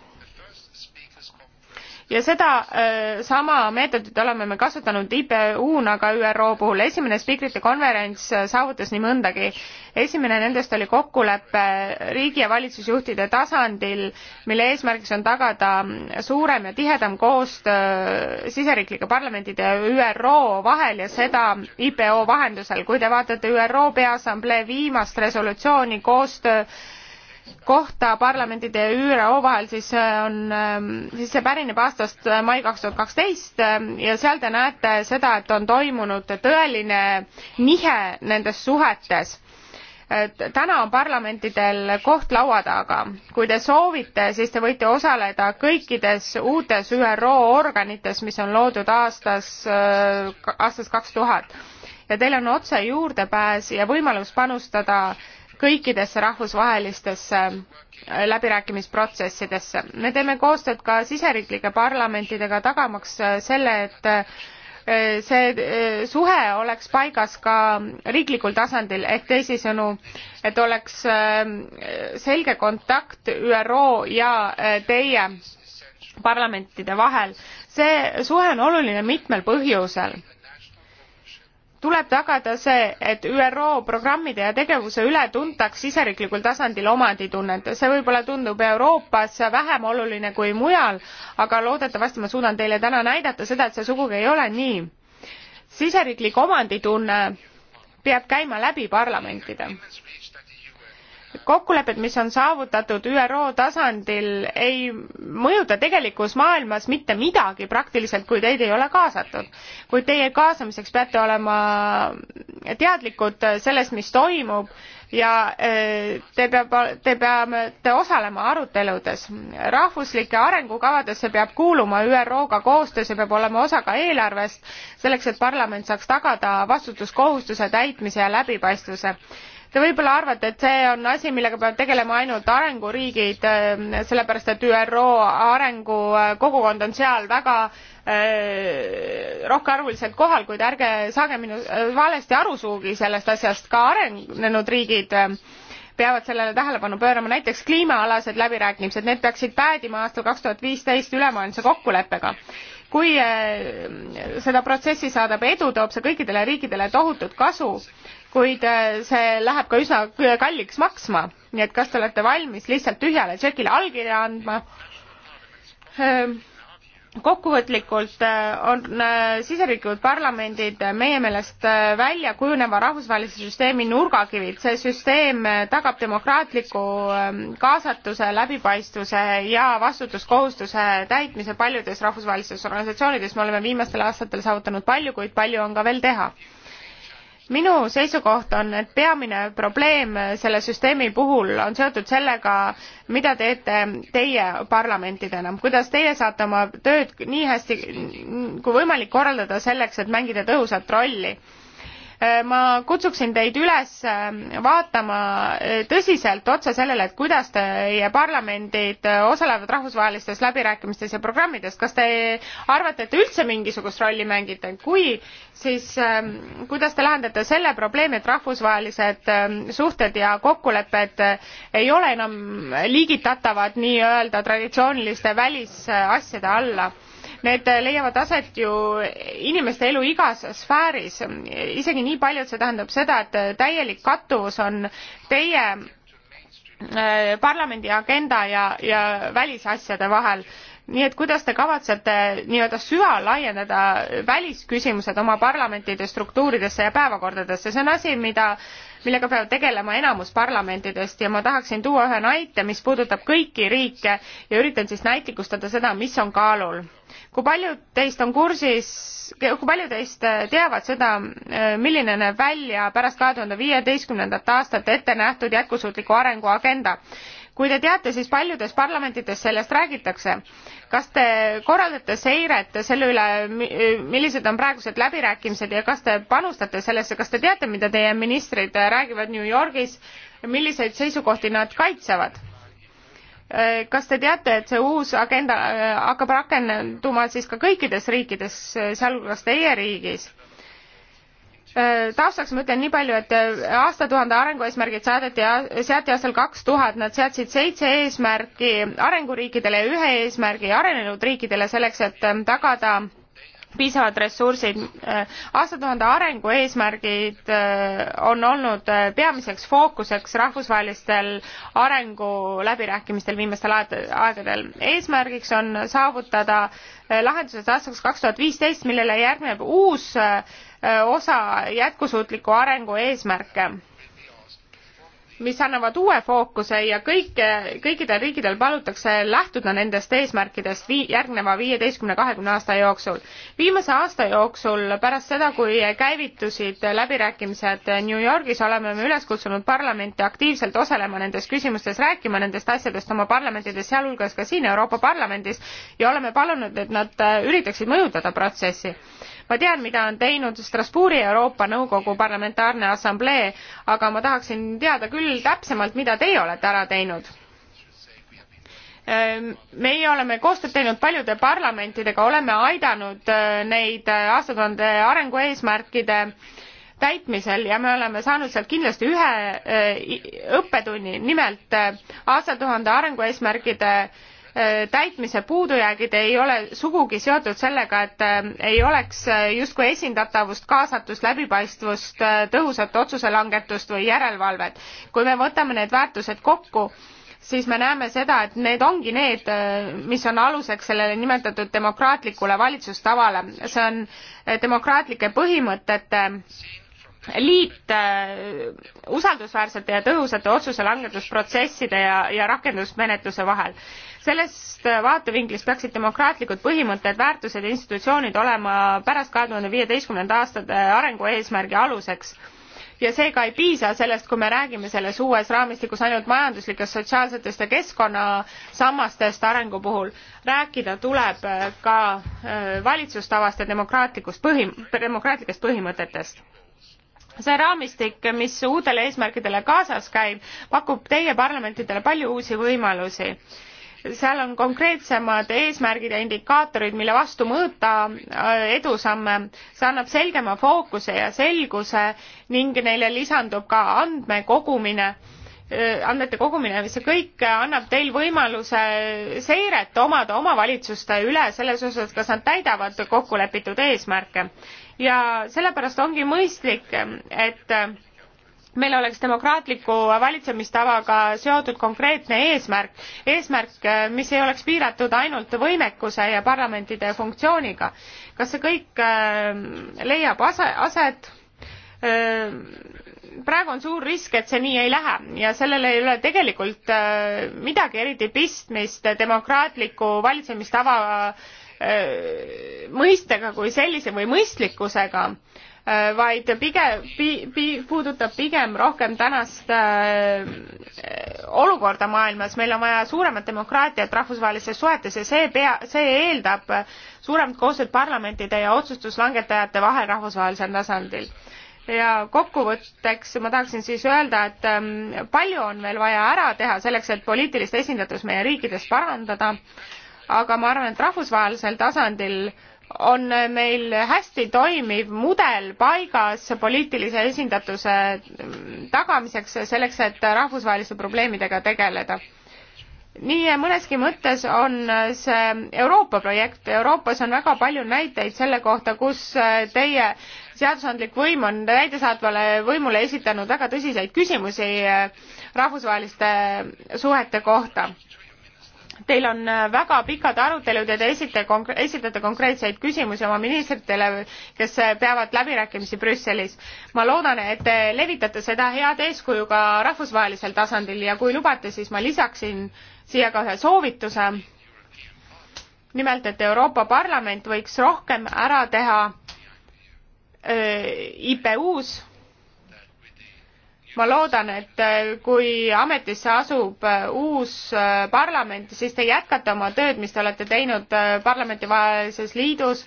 ja seda äh, sama meetodit oleme me kasutanud IPU-na ka ÜRO puhul. esimene spiikrite konverents äh, saavutas nii mõndagi. esimene nendest oli kokkulepe riigi ja valitsusjuhtide tasandil, mille eesmärgiks on tagada suurem ja tihedam koostöö siseriiklike parlamentide ja ÜRO vahel ja seda IPO vahendusel. kui te vaatate ÜRO Peaassamblee viimast resolutsiooni koostöö kohta parlamentide ja ÜRO vahel, siis on, ähm, siis see pärineb aastast äh, mai kaks tuhat kaksteist ähm, ja seal te näete seda, et on toimunud tõeline nihe nendes suhetes Et täna on parlamentidel koht laua taga kui te soovite siis te võite osaleda kõikides uutes üro organites mis on loodud aastas äh, aastast 2000 ja teil on otse juurdepääs ja võimalus panustada kõikidesse rahvusvahelistesse äh, läbirääkimisprotsessidesse. me teeme koostööd ka siseriiklike parlamentidega, tagamaks äh, selle, et äh, see suhe oleks paigas ka riiklikul tasandil, ehk teisisõnu, et oleks selge kontakt ÜRO ja teie parlamentide vahel. see suhe on oluline mitmel põhjusel tuleb tagada see, et ÜRO programmide ja tegevuse üle tuntaks siseriiklikul tasandil omanditunnet. see võib-olla tundub Euroopas vähem oluline kui mujal, aga loodetavasti ma suudan teile täna näidata seda, et see sugugi ei ole nii. siseriiklik omanditunne peab käima läbi parlamentide kokkulepped mis on saavutatud üro tasandil ei mõjuta tegelikus maailmas mitte midagi praktiliselt kui teid ei ole kaasatud kuid teie kaasamiseks peate olema teadlikud sellest mis toimub ja eh, te peab te peate osalema aruteludes rahvuslike arengukavadesse peab kuuluma üroga koostöö see peab olema osa ka eelarvest selleks et parlament saaks tagada vastutuskohustuse täitmise ja läbipaistvuse Te võib-olla arvate, et see on asi, millega peavad tegelema ainult arenguriigid, ehm, sellepärast et ÜRO arengukogukond on seal väga eh, rohkearvuliselt kohal, kuid ärge saage minu äh, valesti aru sugugi sellest asjast, ka arenenud riigid ehm, peavad sellele tähelepanu pöörama, näiteks kliimaalased läbirääkimised, need peaksid päädima aastal kaks tuhat viisteist ülemaailmse kokkuleppega kui ehm, seda protsessi saadab edu, toob see kõikidele riikidele tohutut kasu kuid äh, see läheb ka üsna kalliks maksma, nii et kas te olete valmis lihtsalt tühjale tšekile allkirja andma? Ähm, kokkuvõtlikult äh, on äh, siseriiklikud parlamendid meie meelest välja kujuneva rahvusvahelise süsteemi nurgakivid. see süsteem tagab demokraatliku ähm, kaasatuse, läbipaistvuse ja vastutuskohustuse täitmise paljudes rahvusvahelistes organisatsioonides. me oleme viimastel aastatel saavutanud palju, kuid palju on ka veel teha minu seisukoht on, et peamine probleem selle süsteemi puhul on seotud sellega, mida teete teie parlamentidena, kuidas teie saate oma tööd nii hästi kui võimalik korraldada selleks, et mängida tõhusat rolli Äh, ma kutsuksin teid üles äh, vaatama äh, tõsiselt otsa sellele, et kuidas teie parlamendid osalevad rahvusvahelistes läbirääkimistes ja programmides. kas te arvate, et te üldse mingisugust rolli mängite? kui, siis ähm, kuidas te lahendate selle probleemi, et rahvusvahelised ähm, suhted ja kokkulepped ei ole enam liigitatavad nii-öelda traditsiooniliste välisasjade alla? need leiavad aset ju inimeste elu igas sfääris, isegi nii palju, et see tähendab seda, et täielik kattuvus on teie äh, parlamendi agenda ja, ja välisasjade vahel nii et kuidas te kavatsete nii-öelda süvalaiendada välisküsimused oma parlamentide struktuuridesse ja päevakordadesse, see on asi, mida millega peab tegelema enamus parlamentidest ja ma tahaksin tuua ühe näite, mis puudutab kõiki riike ja üritan siis näitlikustada seda, mis on kaalul kui paljud teist on kursis, kui paljud teist äh, teavad seda, äh, milline näeb välja pärast kahe tuhande viieteistkümnendat aastat ette nähtud jätkusuutliku arengu agenda? kui te teate, siis paljudes parlamentides sellest räägitakse. kas te korraldate seiret selle üle, millised on praegused läbirääkimised ja kas te panustate sellesse, kas te teate, mida teie ministrid äh, räägivad New Yorgis, milliseid seisukohti nad kaitsevad? Äh, kas te teate, et see uus agenda äh, hakkab rakenduma siis ka kõikides riikides, äh, sealhulgas teie riigis? taustaks ma ütlen nii palju, et aastatuhande arengueesmärgid saadeti, seati aastal kaks tuhat, nad seadsid seitse eesmärki arenguriikidele ja ühe eesmärgi arenenud riikidele selleks, et ähm, tagada piisavad ressursid. Äh, aastatuhande arengu eesmärgid äh, on olnud äh, peamiseks fookuseks rahvusvahelistel arenguläbirääkimistel viimastel aegadel. eesmärgiks on saavutada lahendused aastaks kaks tuhat viisteist, millele järgneb uus osa jätkusuutliku arengu eesmärke mis annavad uue fookuse ja kõike, kõikidel riikidel palutakse lähtuda nendest eesmärkidest vii, järgneva viieteistkümne, kahekümne aasta jooksul. viimase aasta jooksul pärast seda, kui käivitusid läbirääkimised New Yorgis, oleme me üles kutsunud parlamente aktiivselt osalema nendes küsimustes, rääkima nendest asjadest oma parlamentides, sealhulgas ka siin Euroopa Parlamendis ja oleme palunud, et nad üritaksid mõjutada protsessi ma tean, mida on teinud Strasbourgi Euroopa Nõukogu Parlamentaarne Assamblee, aga ma tahaksin teada küll täpsemalt, mida teie olete ära teinud. Ehm, meie oleme koostööd teinud paljude parlamentidega, oleme aidanud äh, neid äh, aastatuhande arengueesmärkide täitmisel ja me oleme saanud sealt kindlasti ühe äh, õppetunni, nimelt aastatuhande arengueesmärgide Äh, täitmise puudujäägid ei ole sugugi seotud sellega, et äh, ei oleks äh, justkui esindatavust, kaasatust, läbipaistvust, tõhusat otsuselangetust või järelevalvet. kui me võtame need väärtused kokku, siis me näeme seda, et need ongi need, mis on aluseks sellele nimetatud demokraatlikule valitsustavale. see on demokraatlike põhimõtete liit usaldusväärsete ja tõhusate otsuselangetusprotsesside ja, ja rakendusmenetluse vahel sellest vaatevinklist peaksid demokraatlikud põhimõtted, väärtused ja institutsioonid olema pärast kahe tuhande viieteistkümnenda aastate arengueesmärgi aluseks ja seega ei piisa sellest, kui me räägime selles uues raamistikus ainult majanduslikest, sotsiaalsetest ja keskkonnasammastest arengu puhul. rääkida tuleb ka äh, valitsustavast ja demokraatlikust põhim-, demokraatlikest põhimõtetest see raamistik, mis uutele eesmärkidele kaasas käib, pakub teie parlamentidele palju uusi võimalusi seal on konkreetsemad eesmärgid ja indikaatorid, mille vastu mõõta äh, edusamme. see annab selgema fookuse ja selguse ning neile lisandub ka andmekogumine, äh, andmete kogumine, see kõik annab teil võimaluse seiret omada omavalitsuste üle selles osas, kas nad täidavad kokkulepitud eesmärke. ja sellepärast ongi mõistlik, et äh, meil oleks demokraatliku valitsemistavaga seotud konkreetne eesmärk, eesmärk, äh, mis ei oleks piiratud ainult võimekuse ja parlamentide funktsiooniga. kas see kõik äh, leiab ase, aset? Äh, praegu on suur risk, et see nii ei lähe ja sellel ei ole tegelikult midagi eriti pistmist demokraatliku valitsemistava mõistega kui sellise või mõistlikkusega Äh, vaid pigem pi, pi, puudutab pigem rohkem tänast äh, olukorda maailmas, meil on vaja suuremat demokraatiat rahvusvahelistes suhetes ja see pea, see eeldab suuremat koostööd parlamentide ja otsustuslangetajate vahel rahvusvahelisel tasandil. ja kokkuvõtteks ma tahaksin siis öelda, et ähm, palju on veel vaja ära teha selleks, et poliitilist esindatust meie riikides parandada, aga ma arvan, et rahvusvahelisel tasandil äh, on meil hästi toimiv mudel paigas poliitilise esindatuse tagamiseks, selleks et rahvusvaheliste probleemidega tegeleda. nii mõneski mõttes on see Euroopa projekt, Euroopas on väga palju näiteid selle kohta, kus teie seadusandlik võim on täidesaatvale võimule esitanud väga tõsiseid küsimusi rahvusvaheliste suhete kohta teil on äh, väga pikad arutelud ja te esite konk- esitate konkreetseid küsimusi oma ministritele kes äh, peavad läbirääkimisi brüsselis ma loodan et te levitate seda head eeskuju ka rahvusvahelisel tasandil ja kui lubate siis ma lisaksin siia ka ühe soovituse nimelt et euroopa parlament võiks rohkem ära teha öö, äh, IPU-s ma loodan, et äh, kui ametisse asub äh, uus äh, parlament, siis te jätkate oma tööd, mis te olete teinud parlamentivahelises liidus,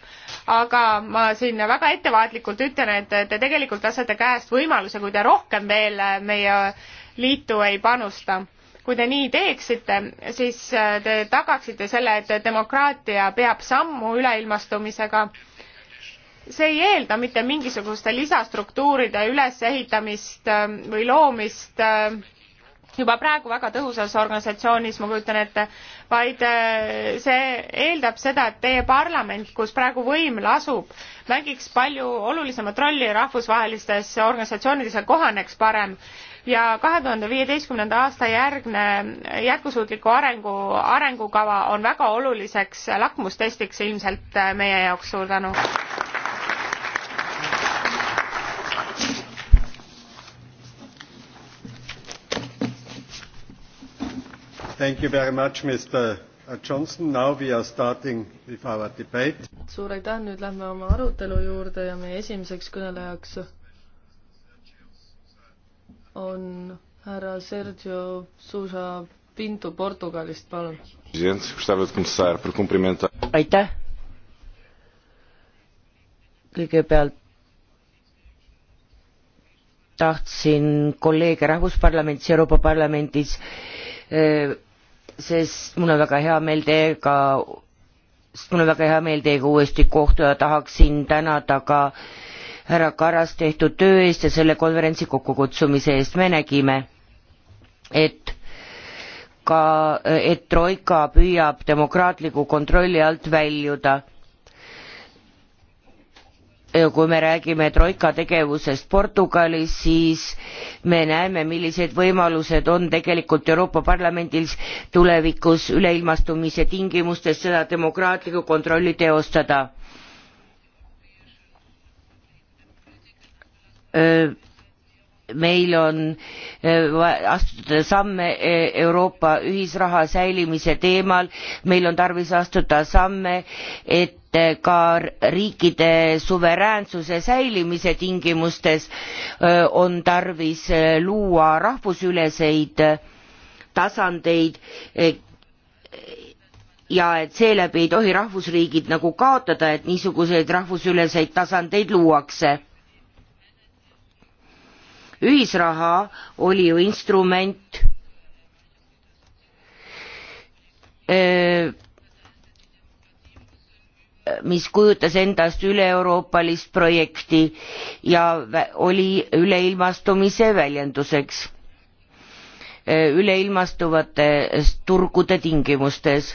aga ma siin väga ettevaatlikult ütlen, et te tegelikult lasete käest võimaluse, kui te rohkem veel meie liitu ei panusta. kui te nii teeksite, siis te tagaksite selle, et demokraatia peab sammu üleilmastumisega see ei eelda mitte mingisuguste lisastruktuuride ülesehitamist ähm, või loomist ähm, juba praegu väga tõhusas organisatsioonis, ma kujutan ette, vaid äh, see eeldab seda, et teie parlament, kus praegu võim lasub, mängiks palju olulisemat rolli rahvusvahelistes organisatsioonides ja kohaneks parem. ja kahe tuhande viieteistkümnenda aasta järgne jätkusuutliku arengu arengukava on väga oluliseks lakmustestiks ilmselt äh, meie jaoks, suur tänu! Thank you very much, Mr Johnson, now we are starting with our debate. suur aitäh, nüüd lähme oma arutelu juurde ja meie esimeseks kõnelejaks on härra Sergio Sousa Pinto Portugalist, palun. aitäh. kõigepealt tahtsin kolleege Rahvusparlamendis, Euroopa Parlamendis öö, eh, sest mul on väga hea meel teiega, sest mul on väga hea meel teiega uuesti kohtuda, tahaksin tänada ka härra Karas tehtud töö eest ja selle konverentsi kokkukutsumise eest, me nägime, et ka, et Troika püüab demokraatliku kontrolli alt väljuda Äh, kui me räägime troika tegevusest portugalis siis me näeme millised võimalused on tegelikult euroopa parlamendil tulevikus üleilmastumise tingimustes seda demokraatlikku kontrolli teostada. Äh, meil on äh, astuda samme euroopa ühisraha säilimise teemal meil on tarvis astuda samme et ka riikide suveräänsuse säilimise tingimustes on tarvis luua rahvusüleseid tasandeid ja et seeläbi ei tohi rahvusriigid nagu kaotada et niisuguseid rahvusüleseid tasandeid luuakse ühisraha oli ju instrument öö, mis kujutas endast üleeuroopalist projekti ja oli üleilmastumise väljenduseks üleilmastuvate turgude tingimustes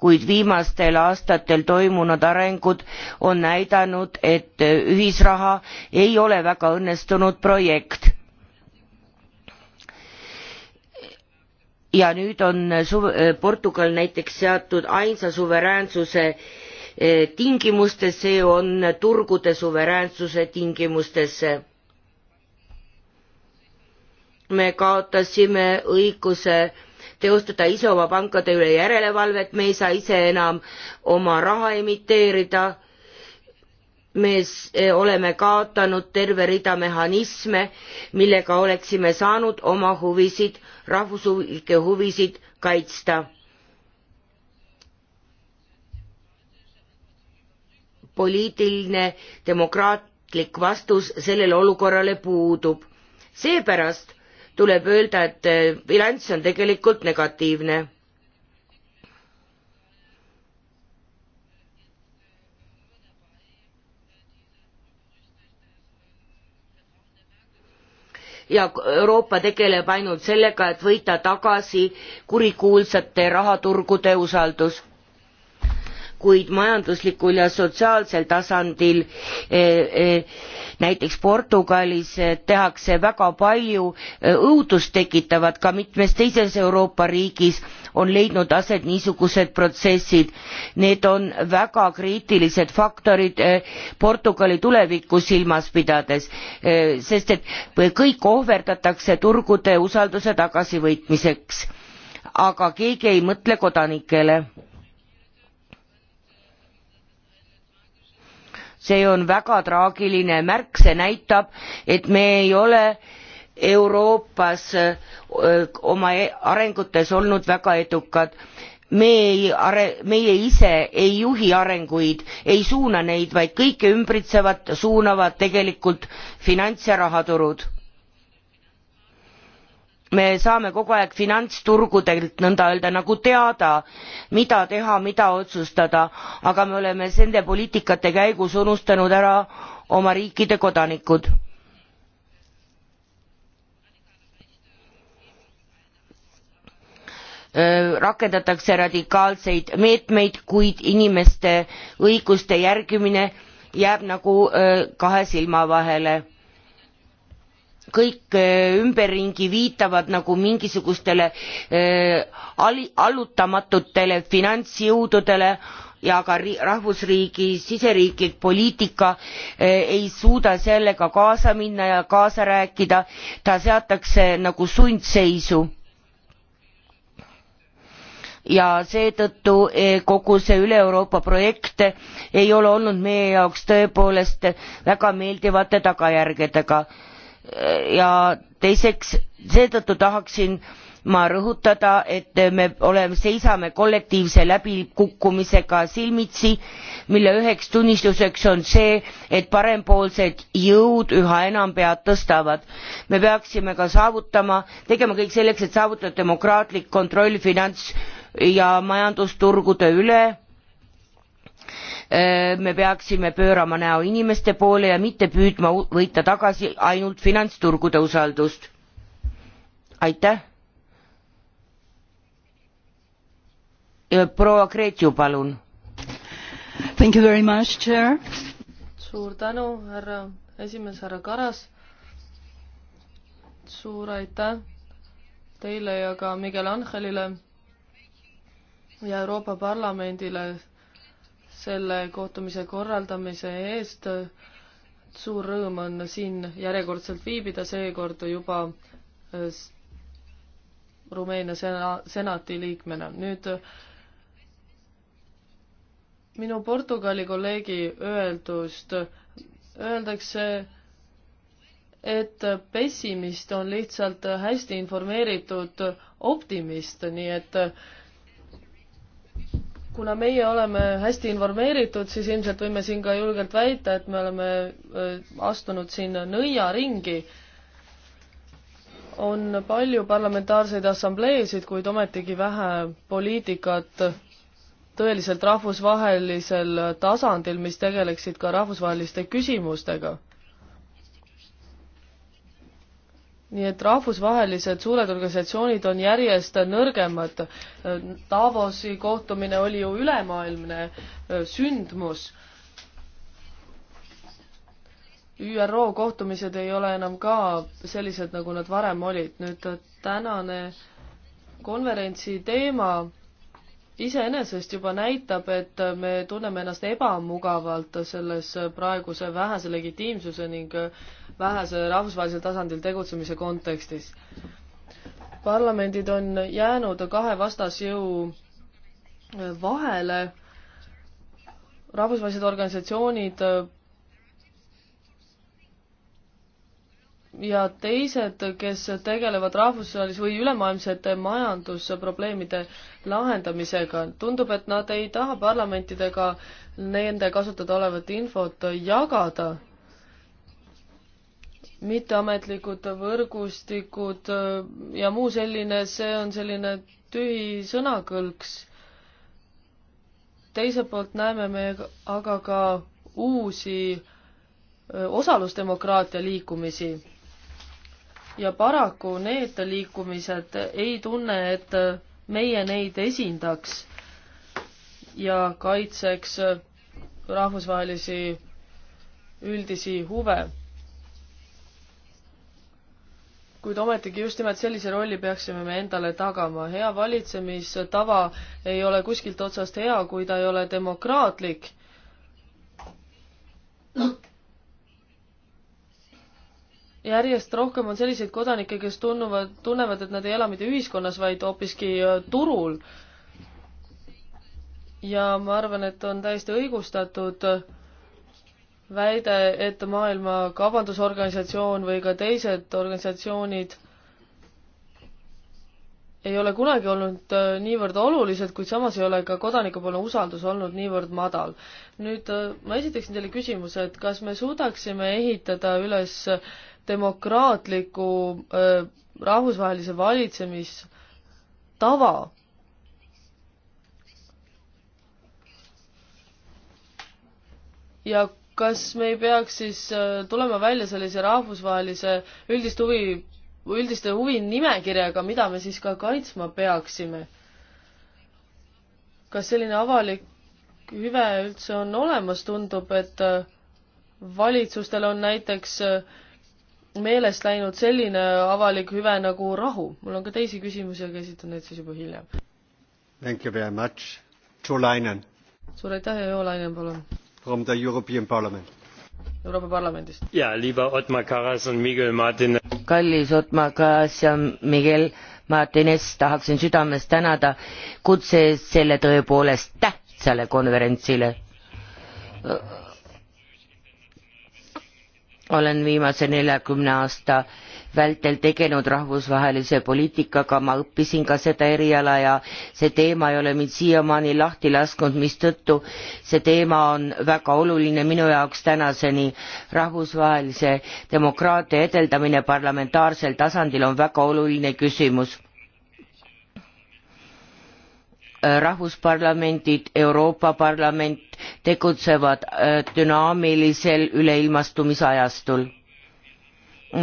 kuid viimastel aastatel toimunud arengud on näidanud et ühisraha ei ole väga õnnestunud projekt ja nüüd on portugal näiteks seatud ainsa suveräänsuse E, tingimustes, see on turgude suveräänsuse tingimustesse. me kaotasime õiguse teostada ise oma pankade üle järelevalvet, me ei saa ise enam oma raha emiteerida, me e, oleme kaotanud terve rida mehhanisme, millega oleksime saanud oma huvisid, rahvuslikke huvisid kaitsta poliitiline demokraatlik vastus sellele olukorrale puudub. seepärast tuleb öelda, et eh, bilanss on tegelikult negatiivne. ja Euroopa tegeleb ainult sellega, et võita tagasi kurikuulsate rahaturgude usaldus kuid majanduslikul ja sotsiaalsel tasandil eh, eh, näiteks portugalis eh, tehakse väga palju õudust tekitavat ka mitmes teises euroopa riigis on leidnud aset niisugused protsessid need on väga kriitilised faktorid portugali tulevikku silmas pidades sest et kõik ohverdatakse turgude usalduse tagasivõitmiseks aga keegi ei mõtle kodanikele. see on väga traagiline märk see näitab et me ei ole euroopas äh, oma e-, arengutes olnud väga edukad me ei are- meie ise ei juhi arenguid ei suuna neid vaid kõike ümbritsevat suunavad tegelikult finants ja rahaturud me saame kogu aeg finantsturgudelt nõnda öelda nagu teada mida teha mida otsustada aga me oleme nende poliitikate käigus unustanud ära oma riikide kodanikud. rakendatakse radikaalseid meetmeid kuid inimeste õiguste järgimine jääb nagu kahe silma vahele kõik eh, ümberringi viitavad nagu mingisugustele eh, ali- allutamatutele finantsjõududele ja ka rahvusriigi siseriiklik poliitika eh, ei suuda sellega kaasa minna ja kaasa rääkida ta seatakse nagu sundseisu ja seetõttu kogu see üle euroopa projekt ei ole olnud meie jaoks tõepoolest väga meeldivate tagajärgedega ja teiseks seetõttu tahaksin ma rõhutada et me oleme seisame kollektiivse läbikukkumisega silmitsi mille üheks tunnistuseks on see et parempoolsed jõud üha enam pead tõstavad. me peaksime ka saavutama tegema kõik selleks et saavutada demokraatlik kontroll finants ja majandusturgude üle Äh, me peaksime pöörama näo inimeste poole ja mitte püüdma võita tagasi ainult finantsturgude usaldust. aitäh. proua Kreetsu, palun. Thank you very much, chair. suur tänu, härra esimees, härra Karas. suur aitäh teile ja ka Miguel Angelile ja Euroopa Parlamendile selle kohtumise korraldamise eest. suur rõõm on siin järjekordselt viibida, seekord juba äh, Rumeenia sena-, senati liikmena. nüüd minu Portugali kolleegi öeldust öeldakse, et pessimist on lihtsalt hästi informeeritud optimist, nii et kuna meie oleme hästi informeeritud, siis ilmselt võime siin ka julgelt väita, et me oleme astunud siin nõiaringi. on palju parlamentaarseid assambleesid, kuid ometigi vähe poliitikat tõeliselt rahvusvahelisel tasandil, mis tegeleksid ka rahvusvaheliste küsimustega nii et rahvusvahelised suured organisatsioonid on järjest nõrgemad. Davosi kohtumine oli ju ülemaailmne äh, sündmus. ÜRO kohtumised ei ole enam ka sellised, nagu nad varem olid. nüüd äh, tänane konverentsi teema iseenesest juba näitab, et äh, me tunneme ennast ebamugavalt selles praeguse vähese legitiimsuse ning äh, vähese rahvusvahelisel tasandil tegutsemise kontekstis. parlamendid on jäänud kahe vastasjõu vahele, rahvusvahelised organisatsioonid ja teised, kes tegelevad rahvusvahelise või ülemaailmsete majandusprobleemide lahendamisega. tundub, et nad ei taha parlamentidega nende kasutada olevat infot jagada mitteametlikud võrgustikud äh, ja muu selline, see on selline tühi sõnakõlks. teiselt poolt näeme me aga ka uusi äh, osalusdemokraatia liikumisi. ja paraku need liikumised ei tunne, et meie neid esindaks ja kaitseks äh, rahvusvahelisi üldisi huve kuid ometigi just nimelt sellise rolli peaksime me endale tagama. hea valitsemistava ei ole kuskilt otsast hea, kui ta ei ole demokraatlik. järjest rohkem on selliseid kodanikke, kes tunnuvad, tunnevad, et nad ei ela mitte ühiskonnas, vaid hoopiski äh, turul. ja ma arvan, et on täiesti õigustatud äh, väide, et Maailma Kaubandusorganisatsioon või ka teised organisatsioonid ei ole kunagi olnud äh, niivõrd olulised, kuid samas ei ole ka kodanikupoolne usaldus olnud niivõrd madal. nüüd äh, ma esitaksin teile küsimuse, et kas me suudaksime ehitada üles demokraatliku äh, rahvusvahelise valitsemistava? ja kas me ei peaks siis äh, tulema välja sellise rahvusvahelise üldist huvi, üldiste huvi nimekirjaga, mida me siis ka kaitsma peaksime? kas selline avalik hüve üldse on olemas, tundub, et äh, valitsustel on näiteks äh, meelest läinud selline avalik hüve nagu rahu. mul on ka teisi küsimusi, aga esitan need siis juba hiljem. Thank you very much. Joe Lainen. suur aitäh ja Joe Lainen, palun from the European Parliament. Euroopa Parlamendist. jaa, liiba Otmar Karas ja Miguel Martin. kallis Otmar Karas ja Miguel Martines, tahaksin südamest tänada kutse eest selle tõepoolest tähtsale konverentsile. olen viimase neljakümne aasta vältel tegelenud rahvusvahelise poliitikaga, ma õppisin ka seda eriala ja see teema ei ole mind siiamaani lahti lasknud, mistõttu see teema on väga oluline minu jaoks tänaseni. rahvusvahelise demokraatia edeldamine parlamentaarsel tasandil on väga oluline küsimus rahvusparlamendid euroopa parlament tegutsevad äh, dünaamilisel üleilmastumisajastul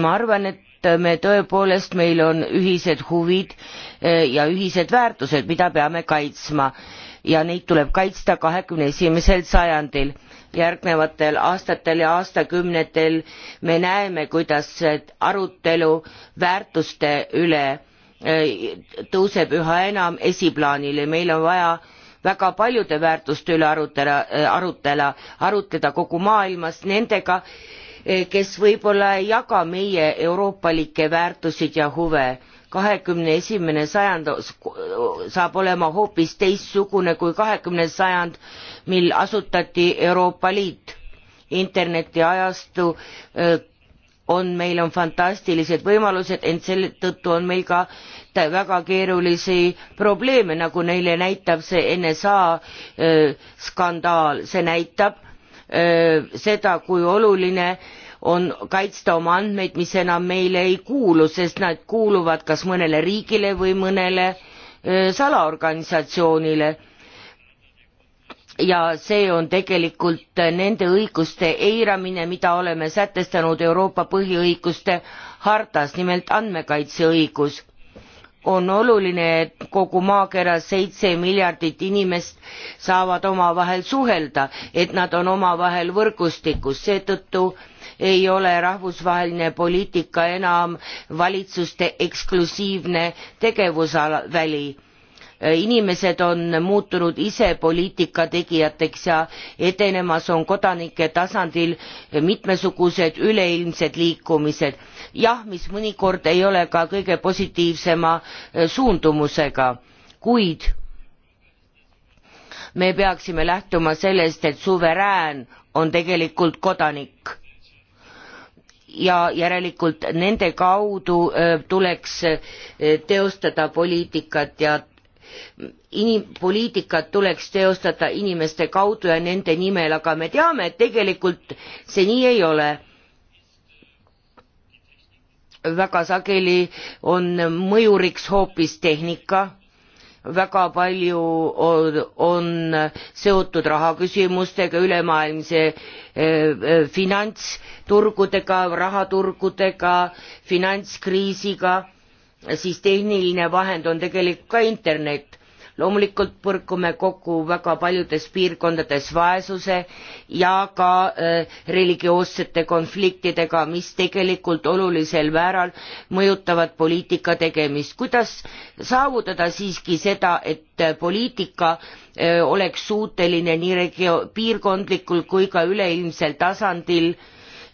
ma arvan et et me tõepoolest, meil on ühised huvid eh, ja ühised väärtused, mida peame kaitsma ja neid tuleb kaitsta kahekümne esimesel sajandil. järgnevatel aastatel ja aastakümnetel me näeme, kuidas arutelu väärtuste üle eh, tõuseb üha enam esiplaanile, meil on vaja väga paljude väärtuste üle arutleda, eh, arutleda kogu maailmas nendega, Eh, kes võib-olla ei jaga meie euroopalikke väärtusid ja huve. kahekümne esimene sajand saab olema hoopis teistsugune kui kahekümnes sajand, mil asutati Euroopa Liit. internetiajastu eh, on, meil on fantastilised võimalused, ent selle tõttu on meil ka väga keerulisi probleeme, nagu neile näitab see NSA eh, skandaal, see näitab, seda, kui oluline on kaitsta oma andmeid, mis enam meile ei kuulu, sest nad kuuluvad kas mõnele riigile või mõnele salaorganisatsioonile. ja see on tegelikult nende õiguste eiramine, mida oleme sätestanud Euroopa põhiõiguste hartas, nimelt andmekaitseõigus on oluline, et kogu maakeras seitse miljardit inimest saavad omavahel suhelda, et nad on omavahel võrgustikus, seetõttu ei ole rahvusvaheline poliitika enam valitsuste eksklusiivne tegevusväli. inimesed on muutunud ise poliitika tegijateks ja edenemas on kodanike tasandil mitmesugused üleilmsed liikumised jah mis mõnikord ei ole ka kõige positiivsema eh, suundumusega kuid me peaksime lähtuma sellest et suverään on tegelikult kodanik ja järelikult nende kaudu eh, tuleks eh, teostada poliitikat ja inim- poliitikat tuleks teostada inimeste kaudu ja nende nimel aga me teame et tegelikult see nii ei ole väga sageli on mõjuriks hoopis tehnika väga palju on, on seotud rahaküsimustega ülemaailmse eh, eh, finantsturgudega rahaturgudega finantskriisiga siis tehniline vahend on tegelikult ka internet loomulikult põrkume kokku väga paljudes piirkondades vaesuse ja ka eh, religioossete konfliktidega mis tegelikult olulisel määral mõjutavad poliitika tegemist kuidas saavutada siiski seda et poliitika eh, oleks suuteline nii regio- piirkondlikul kui ka üleilmsel tasandil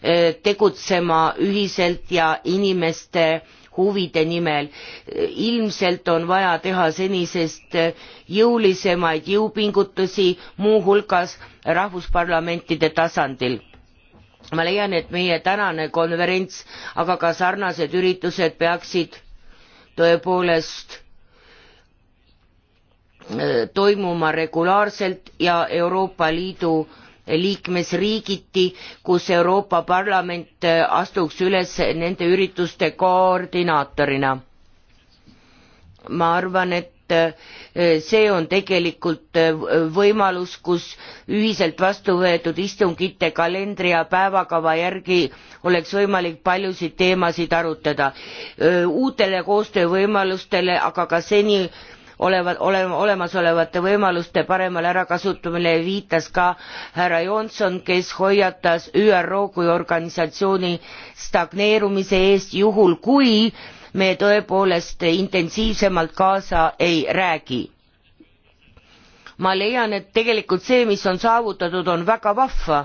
eh, tegutsema ühiselt ja inimeste huvide nimel. ilmselt on vaja teha senisest jõulisemaid jõupingutusi, muuhulgas rahvusparlamentide tasandil ma leian, et meie tänane konverents, aga ka sarnased üritused peaksid tõepoolest äh, toimuma regulaarselt ja Euroopa Liidu liikmesriigiti, kus Euroopa Parlament äh, astuks üles nende ürituste koordinaatorina. ma arvan, et äh, see on tegelikult äh, võimalus, kus ühiselt vastu võetud istungite kalendri ja päevakava järgi oleks võimalik paljusid teemasid arutada. uutele koostöövõimalustele, aga ka seni olevat, ole, olemasolevate võimaluste paremale ärakasutamine viitas ka härra Johnson, kes hoiatas ÜRO kui organisatsiooni stagneerumise eest juhul, kui me tõepoolest intensiivsemalt kaasa ei räägi ma leian, et tegelikult see, mis on saavutatud, on väga vahva,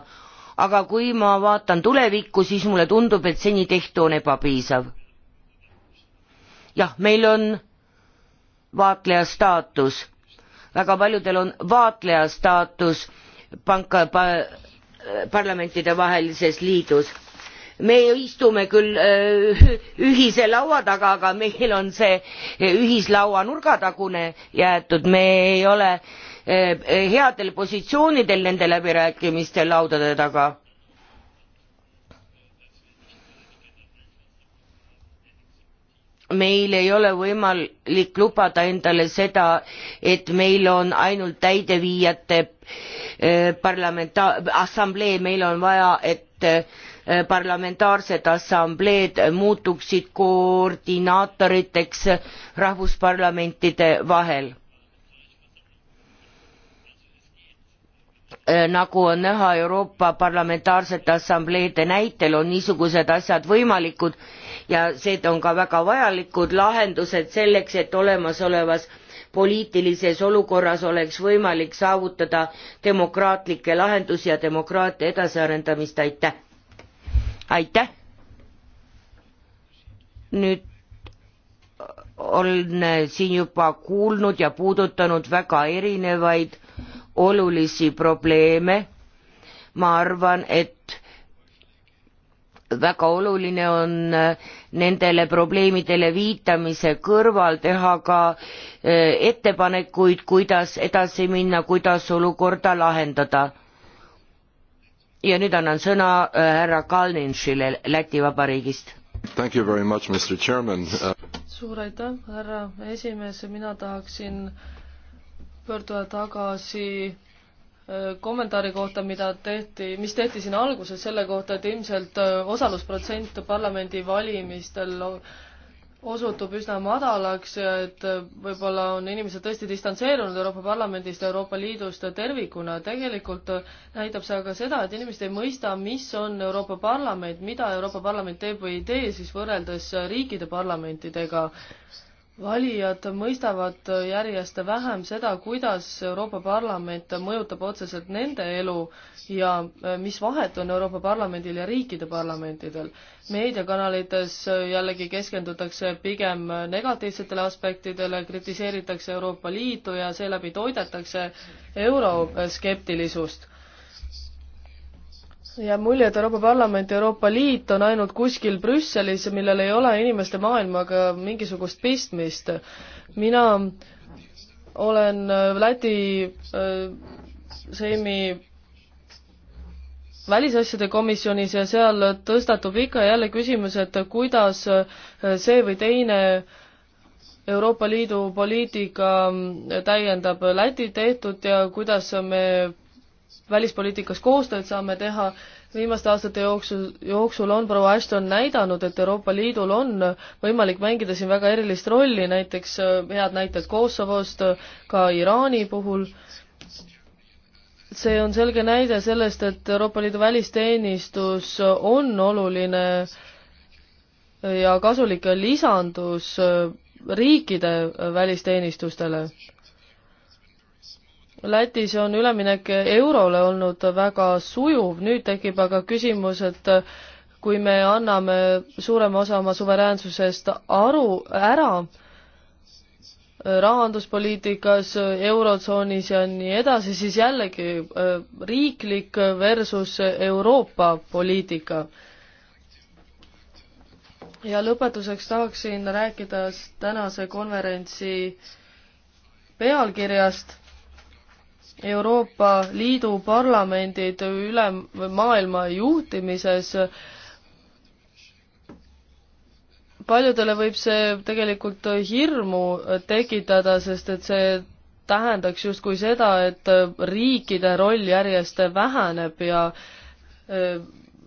aga kui ma vaatan tulevikku, siis mulle tundub, et seni tehtu on ebapiisav. jah, meil on vaatleja staatus. väga paljudel on vaatleja staatus panka pa, parlamentide vahelises liidus. me istume küll äh, ühise laua taga, aga meil on see äh, ühislaua nurgatagune jäetud, me ei ole äh, headel positsioonidel nende läbirääkimiste laudade taga meil ei ole võimalik lubada endale seda, et meil on ainult täideviijate eh, parlamenta-, assamblee, meil on vaja, et eh, parlamentaarsed assambleed muutuksid koordinaatoriteks rahvusparlamentide vahel Äh, nagu on näha Euroopa Parlamentaarsete Assambleede näitel, on niisugused asjad võimalikud ja need on ka väga vajalikud lahendused selleks, et olemasolevas poliitilises olukorras oleks võimalik saavutada demokraatlikke lahendusi ja demokraatia edasiarendamist, aitäh! aitäh! nüüd on siin juba kuulnud ja puudutanud väga erinevaid olulisi probleeme. ma arvan, et väga oluline on äh, nendele probleemidele viitamise kõrval teha ka äh, ettepanekuid, kuidas edasi minna, kuidas olukorda lahendada. ja nüüd annan sõna äh, härra Kalninšile Läti Vabariigist. suur aitäh, härra esimees, mina tahaksin pöörduda tagasi äh, kommentaari kohta, mida tehti, mis tehti siin alguses selle kohta, et ilmselt äh, osalusprotsent parlamendivalimistel osutub üsna madalaks ja et äh, võib-olla on inimesed tõesti distantseerunud Euroopa Parlamendist ja Euroopa Liidust tervikuna. tegelikult näitab see aga seda, et inimesed ei mõista, mis on Euroopa Parlament, mida Euroopa Parlament teeb või ei tee siis võrreldes riikide parlamentidega valijad mõistavad järjest vähem seda, kuidas Euroopa Parlament mõjutab otseselt nende elu ja äh, mis vahet on Euroopa Parlamendil ja riikide parlamentidel. meediakanalites jällegi keskendutakse pigem negatiivsetele aspektidele, kritiseeritakse Euroopa Liitu ja seeläbi toidetakse euroskeptilisust jääb mulje, et Euroopa Parlament ja Euroopa Liit on ainult kuskil Brüsselis, millel ei ole inimeste maailmaga mingisugust pistmist. mina olen äh, Läti äh, Seimi välisasjade komisjonis ja seal tõstatub ikka ja jälle küsimus, et kuidas äh, see või teine Euroopa Liidu poliitika mm, täiendab Läti tehtud ja kuidas me välispoliitikas koostööd saame teha. viimaste aastate jooksul, jooksul on proua Ashton näidanud, et Euroopa Liidul on võimalik mängida siin väga erilist rolli, näiteks äh, head näited Kosovost, ka Iraani puhul. see on selge näide sellest, et Euroopa Liidu välisteenistus on oluline ja kasulik lisandus äh, riikide välisteenistustele Lätis on üleminek eurole olnud väga sujuv, nüüd tekib aga küsimus, et kui me anname suurema osa oma suveräänsusest aru, ära rahanduspoliitikas, Eurotsoonis ja nii edasi, siis jällegi äh, riiklik versus Euroopa poliitika. ja lõpetuseks tahaksin rääkida tänase konverentsi pealkirjast Euroopa Liidu parlamendid üle maailma juhtimises paljudele võib see tegelikult hirmu tekitada, sest et see tähendaks justkui seda, et riikide roll järjest väheneb ja e,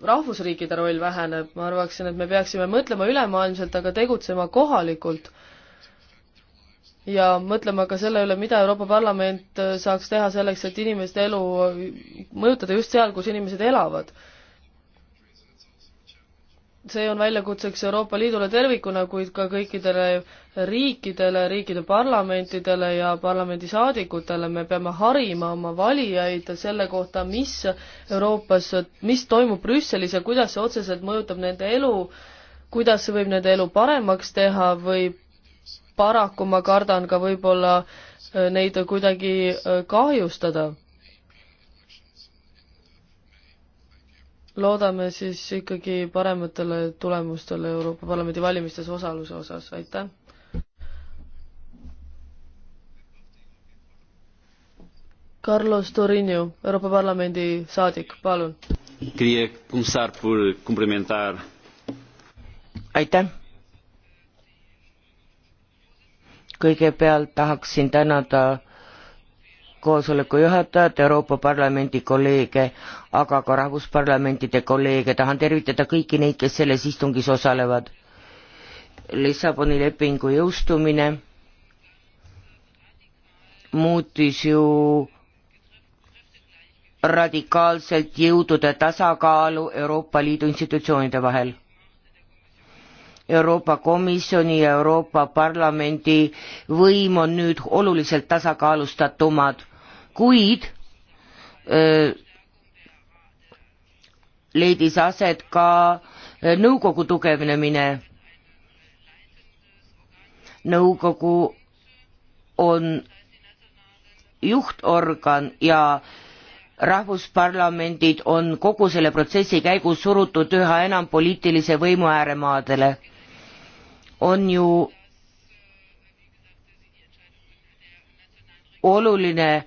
rahvusriikide roll väheneb, ma arvaksin, et me peaksime mõtlema ülemaailmselt, aga tegutsema kohalikult ja mõtlema ka selle üle, mida Euroopa Parlament äh, saaks teha selleks, et inimeste elu äh, mõjutada just seal, kus inimesed elavad. see on väljakutseks Euroopa Liidule tervikuna, kuid ka kõikidele riikidele, riikide parlamentidele ja parlamendisaadikutele, me peame harima oma valijaid selle kohta, mis Euroopas, mis toimub Brüsselis ja kuidas see otseselt mõjutab nende elu, kuidas see võib nende elu paremaks teha, võib paraku ma kardan ka võib-olla äh, neid kuidagi äh, kahjustada. loodame siis ikkagi parematele tulemustele Euroopa Parlamendi valimistes osaluse osas, aitäh! Carlos Torinho, Euroopa Parlamendi saadik, palun. aitäh, kõigepealt tahaksin tänada koosoleku juhatajat, Euroopa Parlamendi kolleege, aga ka rahvusparlamentide kolleege, tahan tervitada kõiki neid, kes selles istungis osalevad. Lissaboni lepingu jõustumine muutis ju radikaalselt jõudude tasakaalu Euroopa Liidu institutsioonide vahel Euroopa Komisjoni ja Euroopa Parlamendi võim on nüüd oluliselt tasakaalustatumad, kuid öö, leidis aset ka nõukogu tugevnemine. nõukogu on juhtorgan ja rahvusparlamendid on kogu selle protsessi käigus surutud üha enam poliitilise võimu ääremaadele on ju oluline,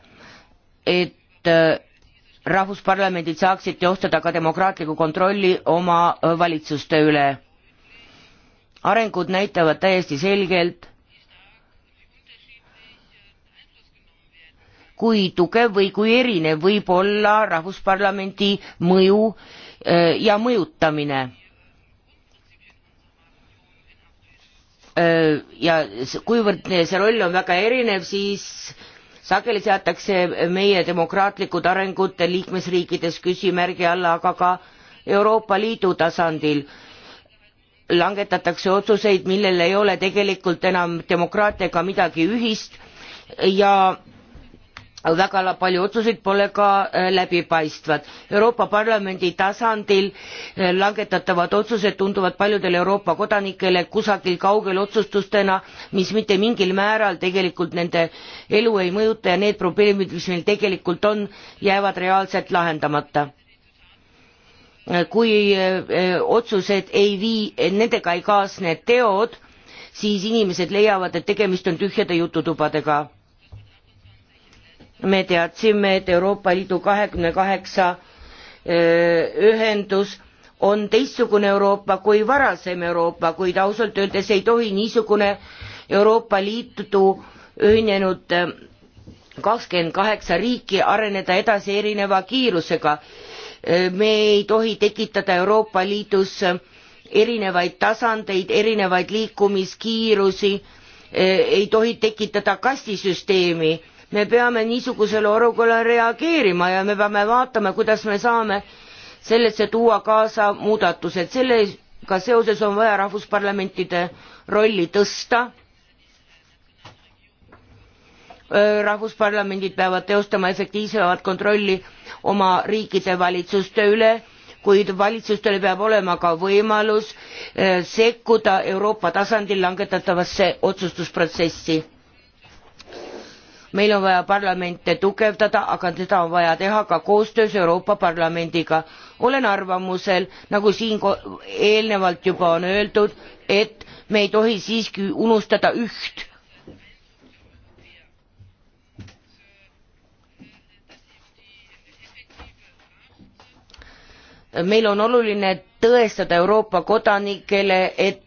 et äh, rahvusparlamendid saaksid teostada ka demokraatliku kontrolli oma äh, valitsuste üle. arengud näitavad täiesti selgelt, kui tugev või kui erinev võib olla rahvusparlamendi mõju äh, ja mõjutamine Äh, ja kuivõrd see roll on väga erinev, siis sageli seatakse meie demokraatlikud arengud liikmesriikides küsimärgi alla, aga ka Euroopa Liidu tasandil langetatakse otsuseid, millel ei ole tegelikult enam demokraatiaga midagi ühist ja väga palju otsuseid pole ka äh, läbipaistvad. euroopa parlamendi tasandil äh, langetatavad otsused tunduvad paljudele euroopa kodanikele kusagil kaugel otsustustena mis mitte mingil määral tegelikult nende elu ei mõjuta ja need probleemid mis meil tegelikult on jäävad reaalselt lahendamata äh, kui otsused ei vii nendega ei kaasne teod siis inimesed leiavad et tegemist on tühjade jututubadega me teadsime, et Euroopa Liidu kahekümne kaheksa ühendus on teistsugune Euroopa kui varasem Euroopa, kuid ausalt öeldes ei tohi niisugune Euroopa Liitu ühinenud kakskümmend kaheksa riiki areneda edasi erineva kiirusega. me ei tohi tekitada Euroopa Liidus erinevaid tasandeid, erinevaid liikumiskiirusi, ei tohi tekitada kastisüsteemi me peame niisugusele olukorrale reageerima ja me peame vaatama, kuidas me saame sellesse tuua kaasa muudatused, sellega seoses on vaja rahvusparlamentide rolli tõsta rahvusparlamendid peavad teostama efektiivsemat kontrolli oma riikide valitsuste üle kuid valitsustel peab olema ka võimalus sekkuda euroopa tasandil langetatavasse otsustusprotsessi meil on vaja parlamente tugevdada aga seda on vaja teha ka koostöös euroopa parlamendiga olen arvamusel nagu siin eelnevalt juba on öeldud et me ei tohi siiski unustada üht meil on oluline tõestada euroopa kodanikele et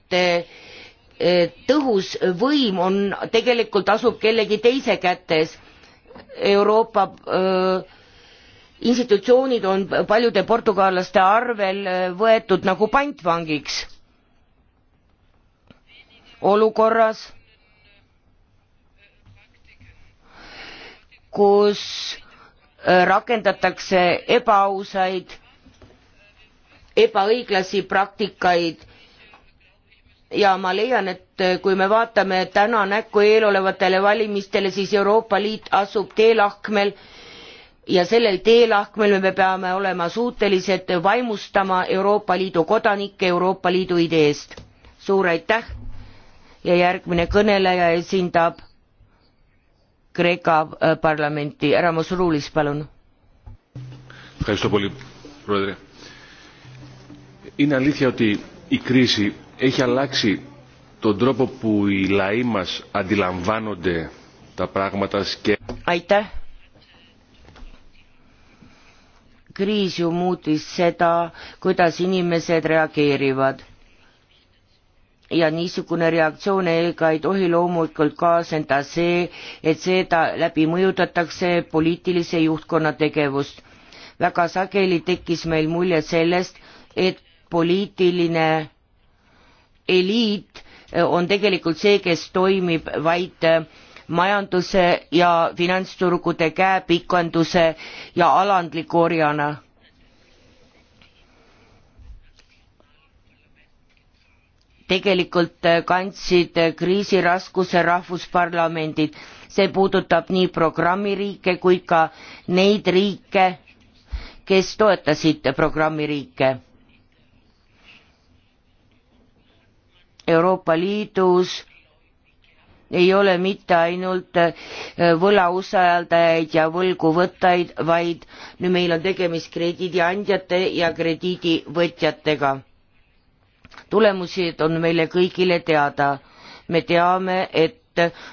Eh, tõhus võim on, tegelikult asub kellegi teise kätes. Euroopa öö, eh, institutsioonid on paljude portugallaste arvel eh, võetud nagu pantvangiks olukorras, kus rakendatakse ebaausaid, ebaõiglasi praktikaid ja ma leian, et äh, kui me vaatame täna näkku eelolevatele valimistele, siis Euroopa Liit asub teelahkmel ja sellel teelahkmel me peame olema suutelised vaimustama Euroopa Liidu kodanikke Euroopa Liidu ideest. suur aitäh ja järgmine kõneleja esindab Kreeka äh, parlamenti, härra Mosrulis, palun. Ευχαριστώ πολύ, Πρόεδρε. Είναι αλήθεια ότι η κρίση έχει αλλάξει τον τρόπο που οι λαοί μας αντιλαμβάνονται τα πράγματα και... Aitäh! kriis ju muutis seda, kuidas inimesed reageerivad. ja niisugune reaktsioon ega ei tohi loomulikult kaasneda see, et seda läbi mõjutatakse poliitilise juhtkonna tegevust. väga sageli tekkis meil mulje sellest, et poliitiline eliit eh, on tegelikult see, kes toimib vaid eh, majanduse ja finantsturgude käepikenduse ja alandliku orjana. tegelikult eh, kandsid kriisiraskuse rahvusparlamendid, see puudutab nii programmiriike kui ka neid riike, kes toetasid programmiriike Euroopa Liidus ei ole mitte ainult äh, võlausaldajaid ja võlguvõtjaid, vaid meil on tegemist krediidiandjate ja krediidivõtjatega. tulemused on meile kõigile teada. me teame, et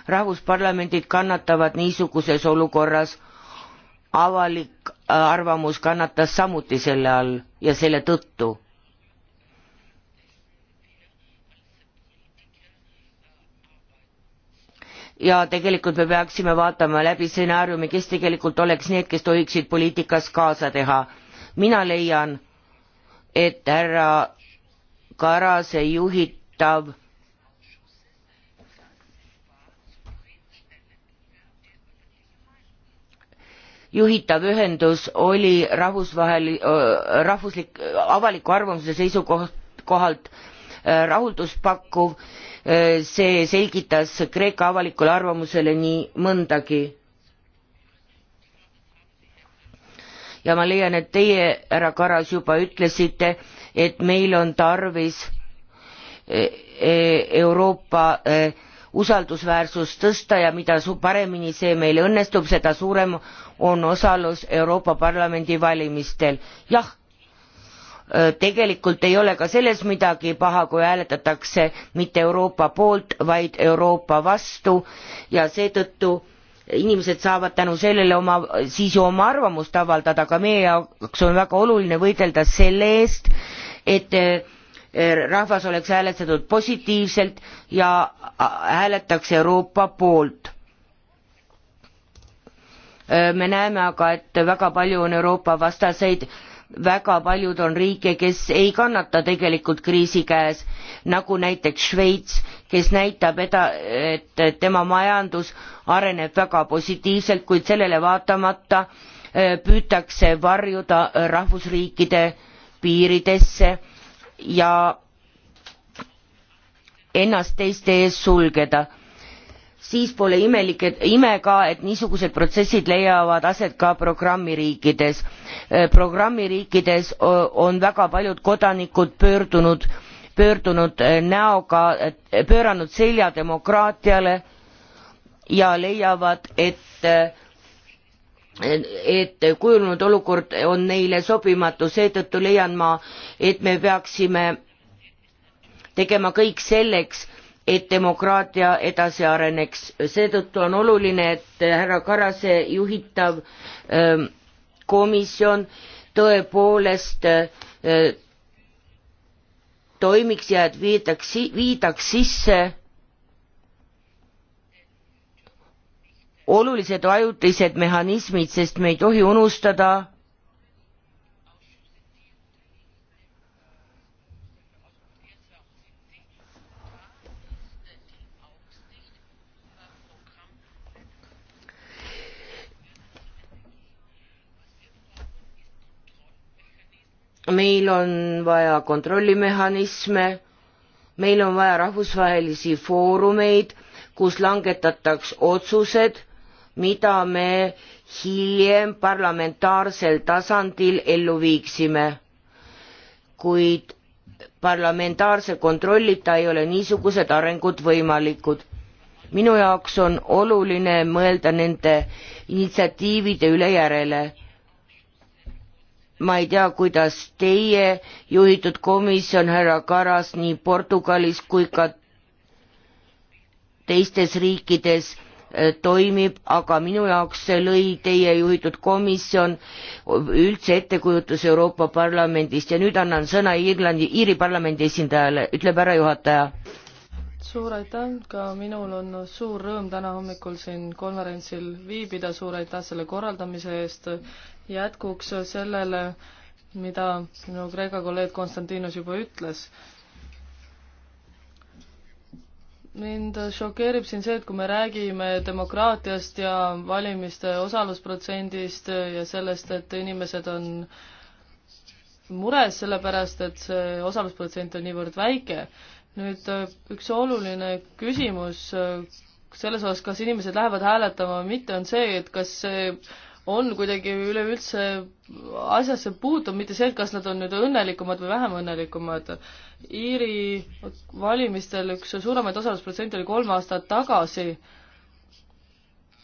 rahvusparlamendid kannatavad niisuguses olukorras. avalik äh, arvamus kannatas samuti selle all ja selle tõttu ja tegelikult me peaksime vaatama läbi stsenaariumi, kes tegelikult oleks need, kes tohiksid poliitikas kaasa teha. mina leian, et härra Karase juhitav juhitav ühendus oli rahvusvahel-, rahvuslik, avaliku arvamuse seisukoht, kohalt rahulduspakkuv Äh, see selgitas Kreeka avalikule arvamusele nii mõndagi. ja ma leian, et teie, härra Karas, juba ütlesite, et meil on tarvis äh, äh, Euroopa usaldusväärsust tõsta ja mida paremini see meil õnnestub, seda suurem on osalus Euroopa Parlamendi valimistel. jah tegelikult ei ole ka selles midagi paha, kui hääletatakse mitte Euroopa poolt, vaid Euroopa vastu ja seetõttu inimesed saavad tänu sellele oma, siis ju oma arvamust avaldada, aga meie jaoks on väga oluline võidelda selle eest, et rahvas oleks hääletatud positiivselt ja hääletaks Euroopa poolt. me näeme aga, et väga palju on Euroopa vastaseid äh, väga paljud on riike, kes ei kannata tegelikult kriisi käes, nagu näiteks Šveits, kes näitab, et tema majandus areneb väga positiivselt, kuid sellele vaatamata äh, püütakse varjuda äh, rahvusriikide piiridesse ja ennast teiste ees sulgeda siis pole imelik et ime ka et niisugused protsessid leiavad aset ka programmiriikides äh, programmiriikides äh, on väga paljud kodanikud pöördunud pöördunud äh, näoga pööranud selja demokraatiale ja leiavad et et kujunenud olukord on neile sobimatu seetõttu leian ma et me peaksime tegema kõik selleks et demokraatia edasi areneks. seetõttu on oluline, et härra Karase juhitav ähm, komisjon tõepoolest äh, toimiks ja et viidaks, viidaks sisse olulised ajutised mehhanismid, sest me ei tohi unustada meil on vaja kontrollimehhanisme, meil on vaja rahvusvahelisi foorumeid, kus langetataks otsused, mida me hiljem parlamentaarsel tasandil ellu viiksime. kuid parlamentaarse kontrollita ei ole niisugused arengud võimalikud. minu jaoks on oluline mõelda nende initsiatiivide üle järele ma ei tea, kuidas teie juhitud komisjon, härra Karas, nii Portugalis kui ka teistes riikides eh, toimib, aga minu jaoks lõi teie juhitud komisjon üldse ettekujutus Euroopa Parlamendist ja nüüd annan sõna Iirlandi, Iiri parlamendi esindajale, ütleb härra juhataja. suur aitäh, ka minul on suur rõõm täna hommikul siin konverentsil viibida, suur aitäh selle korraldamise eest jätkuks sellele, mida minu Kreeka kolleeg Konstantinos juba ütles. mind šokeerib siin see, et kui me räägime demokraatiast ja valimiste osalusprotsendist ja sellest, et inimesed on mures sellepärast, et see osalusprotsent on niivõrd väike. nüüd äh, üks oluline küsimus äh, selles osas, kas inimesed lähevad hääletama või mitte, on see, et kas see on kuidagi üleüldse asjasse puutuv, mitte see, et kas nad on nüüd õnnelikumad või vähem õnnelikumad. Iiri valimistel üks suuremaid osalusprotsente oli kolm aastat tagasi,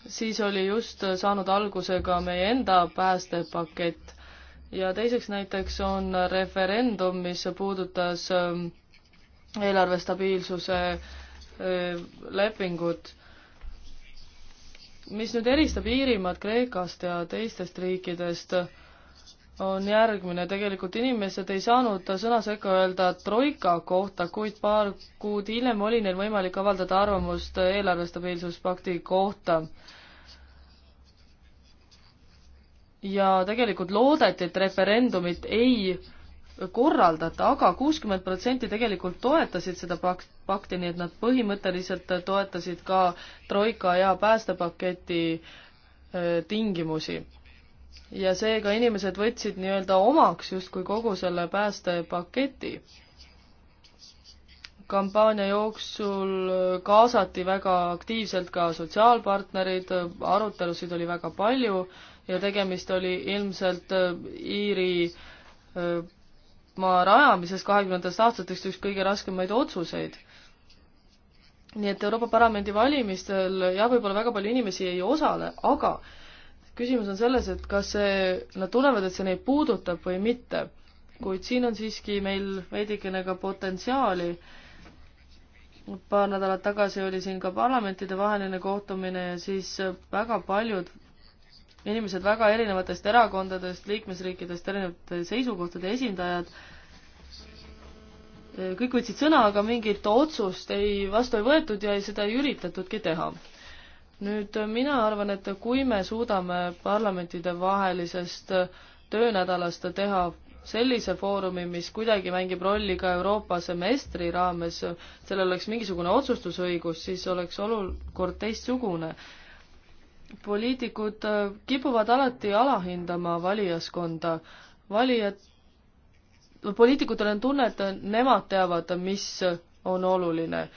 siis oli just saanud alguse ka meie enda päästepakett ja teiseks näiteks on referendum, mis puudutas ähm, eelarve stabiilsuse äh, lepingut mis nüüd eristab Iirimaad Kreekast ja teistest riikidest, on järgmine, tegelikult inimesed ei saanud sõna sekka öelda troika kohta, kuid paar kuud hiljem oli neil võimalik avaldada arvamust eelarve stabiilsuspakti kohta. ja tegelikult loodeti, et referendumit ei korraldata aga, aga kuuskümmend protsenti tegelikult toetasid seda pakti, nii et nad põhimõtteliselt toetasid ka Troika ja päästepaketi tingimusi. ja seega inimesed võtsid nii-öelda omaks justkui kogu selle päästepaketi. kampaania jooksul kaasati väga aktiivselt ka sotsiaalpartnerid, arutelusid oli väga palju ja tegemist oli ilmselt Iiri ma rajamises kahekümnendast aastatest üks kõige raskemaid otsuseid. nii et Euroopa Parlamendi valimistel jah, võib-olla väga palju inimesi ei osale, aga küsimus on selles, et kas see, nad tunnevad, et see neid puudutab või mitte. kuid siin on siiski meil veidikene ka potentsiaali. paar nädalat tagasi oli siin ka parlamentidevaheline kohtumine ja siis väga paljud inimesed väga erinevatest erakondadest, liikmesriikidest, erinevate seisukohtade esindajad, kõik võtsid sõna, aga mingit otsust ei, vastu ei võetud ja seda ei üritatudki teha. nüüd mina arvan, et kui me suudame parlamentidevahelisest töönädalast teha sellise foorumi, mis kuidagi mängib rolli ka Euroopa semestri raames, sellel oleks mingisugune otsustusõigus, siis oleks olukord teistsugune poliitikud äh, kipuvad alati alahindama valijaskonda. valijad, poliitikutel on tunne, et nemad teavad, mis on oluline.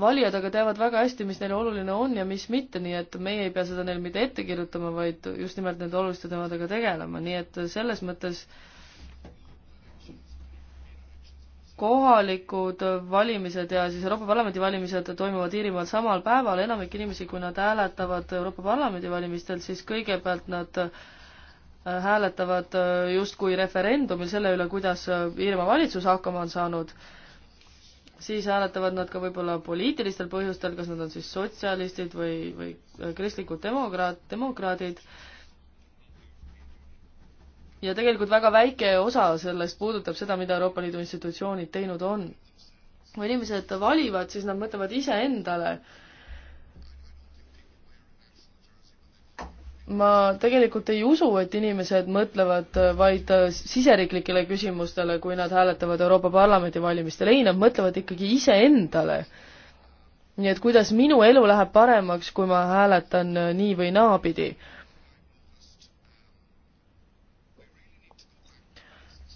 valijad aga teavad väga hästi, mis neile oluline on ja mis mitte, nii et meie ei pea seda neile mitte ette kirjutama, vaid just nimelt nende oluliste teemadega tegelema, nii et selles mõttes äh, kohalikud valimised ja siis Euroopa Parlamendi valimised toimuvad Iirimaal samal päeval, enamik inimesi, kui nad hääletavad Euroopa Parlamendi valimistel, siis kõigepealt nad äh, hääletavad äh, justkui referendumil selle üle, kuidas äh, Iirimaa valitsus hakkama on saanud, siis hääletavad nad ka võib-olla poliitilistel põhjustel, kas nad on siis sotsialistid või, või kristlikud demokraat, demokraadid, demokraadid ja tegelikult väga väike osa sellest puudutab seda, mida Euroopa Liidu institutsioonid teinud on. kui inimesed valivad, siis nad mõtlevad iseendale. ma tegelikult ei usu, et inimesed mõtlevad vaid siseriiklikele küsimustele, kui nad hääletavad Euroopa Parlamendi valimistel, ei, nad mõtlevad ikkagi iseendale nii et kuidas minu elu läheb paremaks, kui ma hääletan nii või naapidi.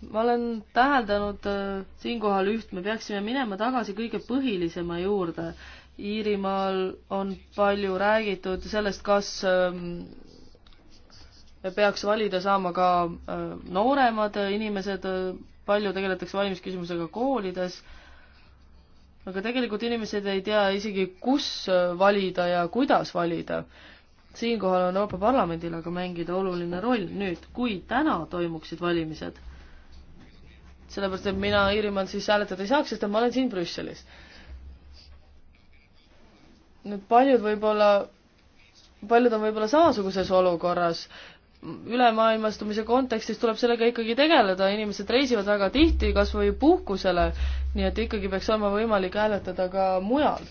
ma olen täheldanud äh, siinkohal üht, me peaksime minema tagasi kõige põhilisema juurde. Iirimaal on palju räägitud sellest, kas ähm, peaks valida saama ka äh, nooremad inimesed, palju tegeletakse valimisküsimusega koolides, aga tegelikult inimesed ei tea isegi, kus valida ja kuidas valida siinkohal on Euroopa Parlamendil aga mängida oluline roll nüüd, kui täna toimuksid valimised sellepärast, et mina Iirimaal siis hääletada ei saaks, sest et ma olen siin Brüsselis. nüüd paljud võib-olla, paljud on võib-olla samasuguses olukorras, ülemaailmastumise kontekstis tuleb sellega ikkagi tegeleda, inimesed reisivad väga tihti kas või puhkusele, nii et ikkagi peaks olema võimalik hääletada ka mujal.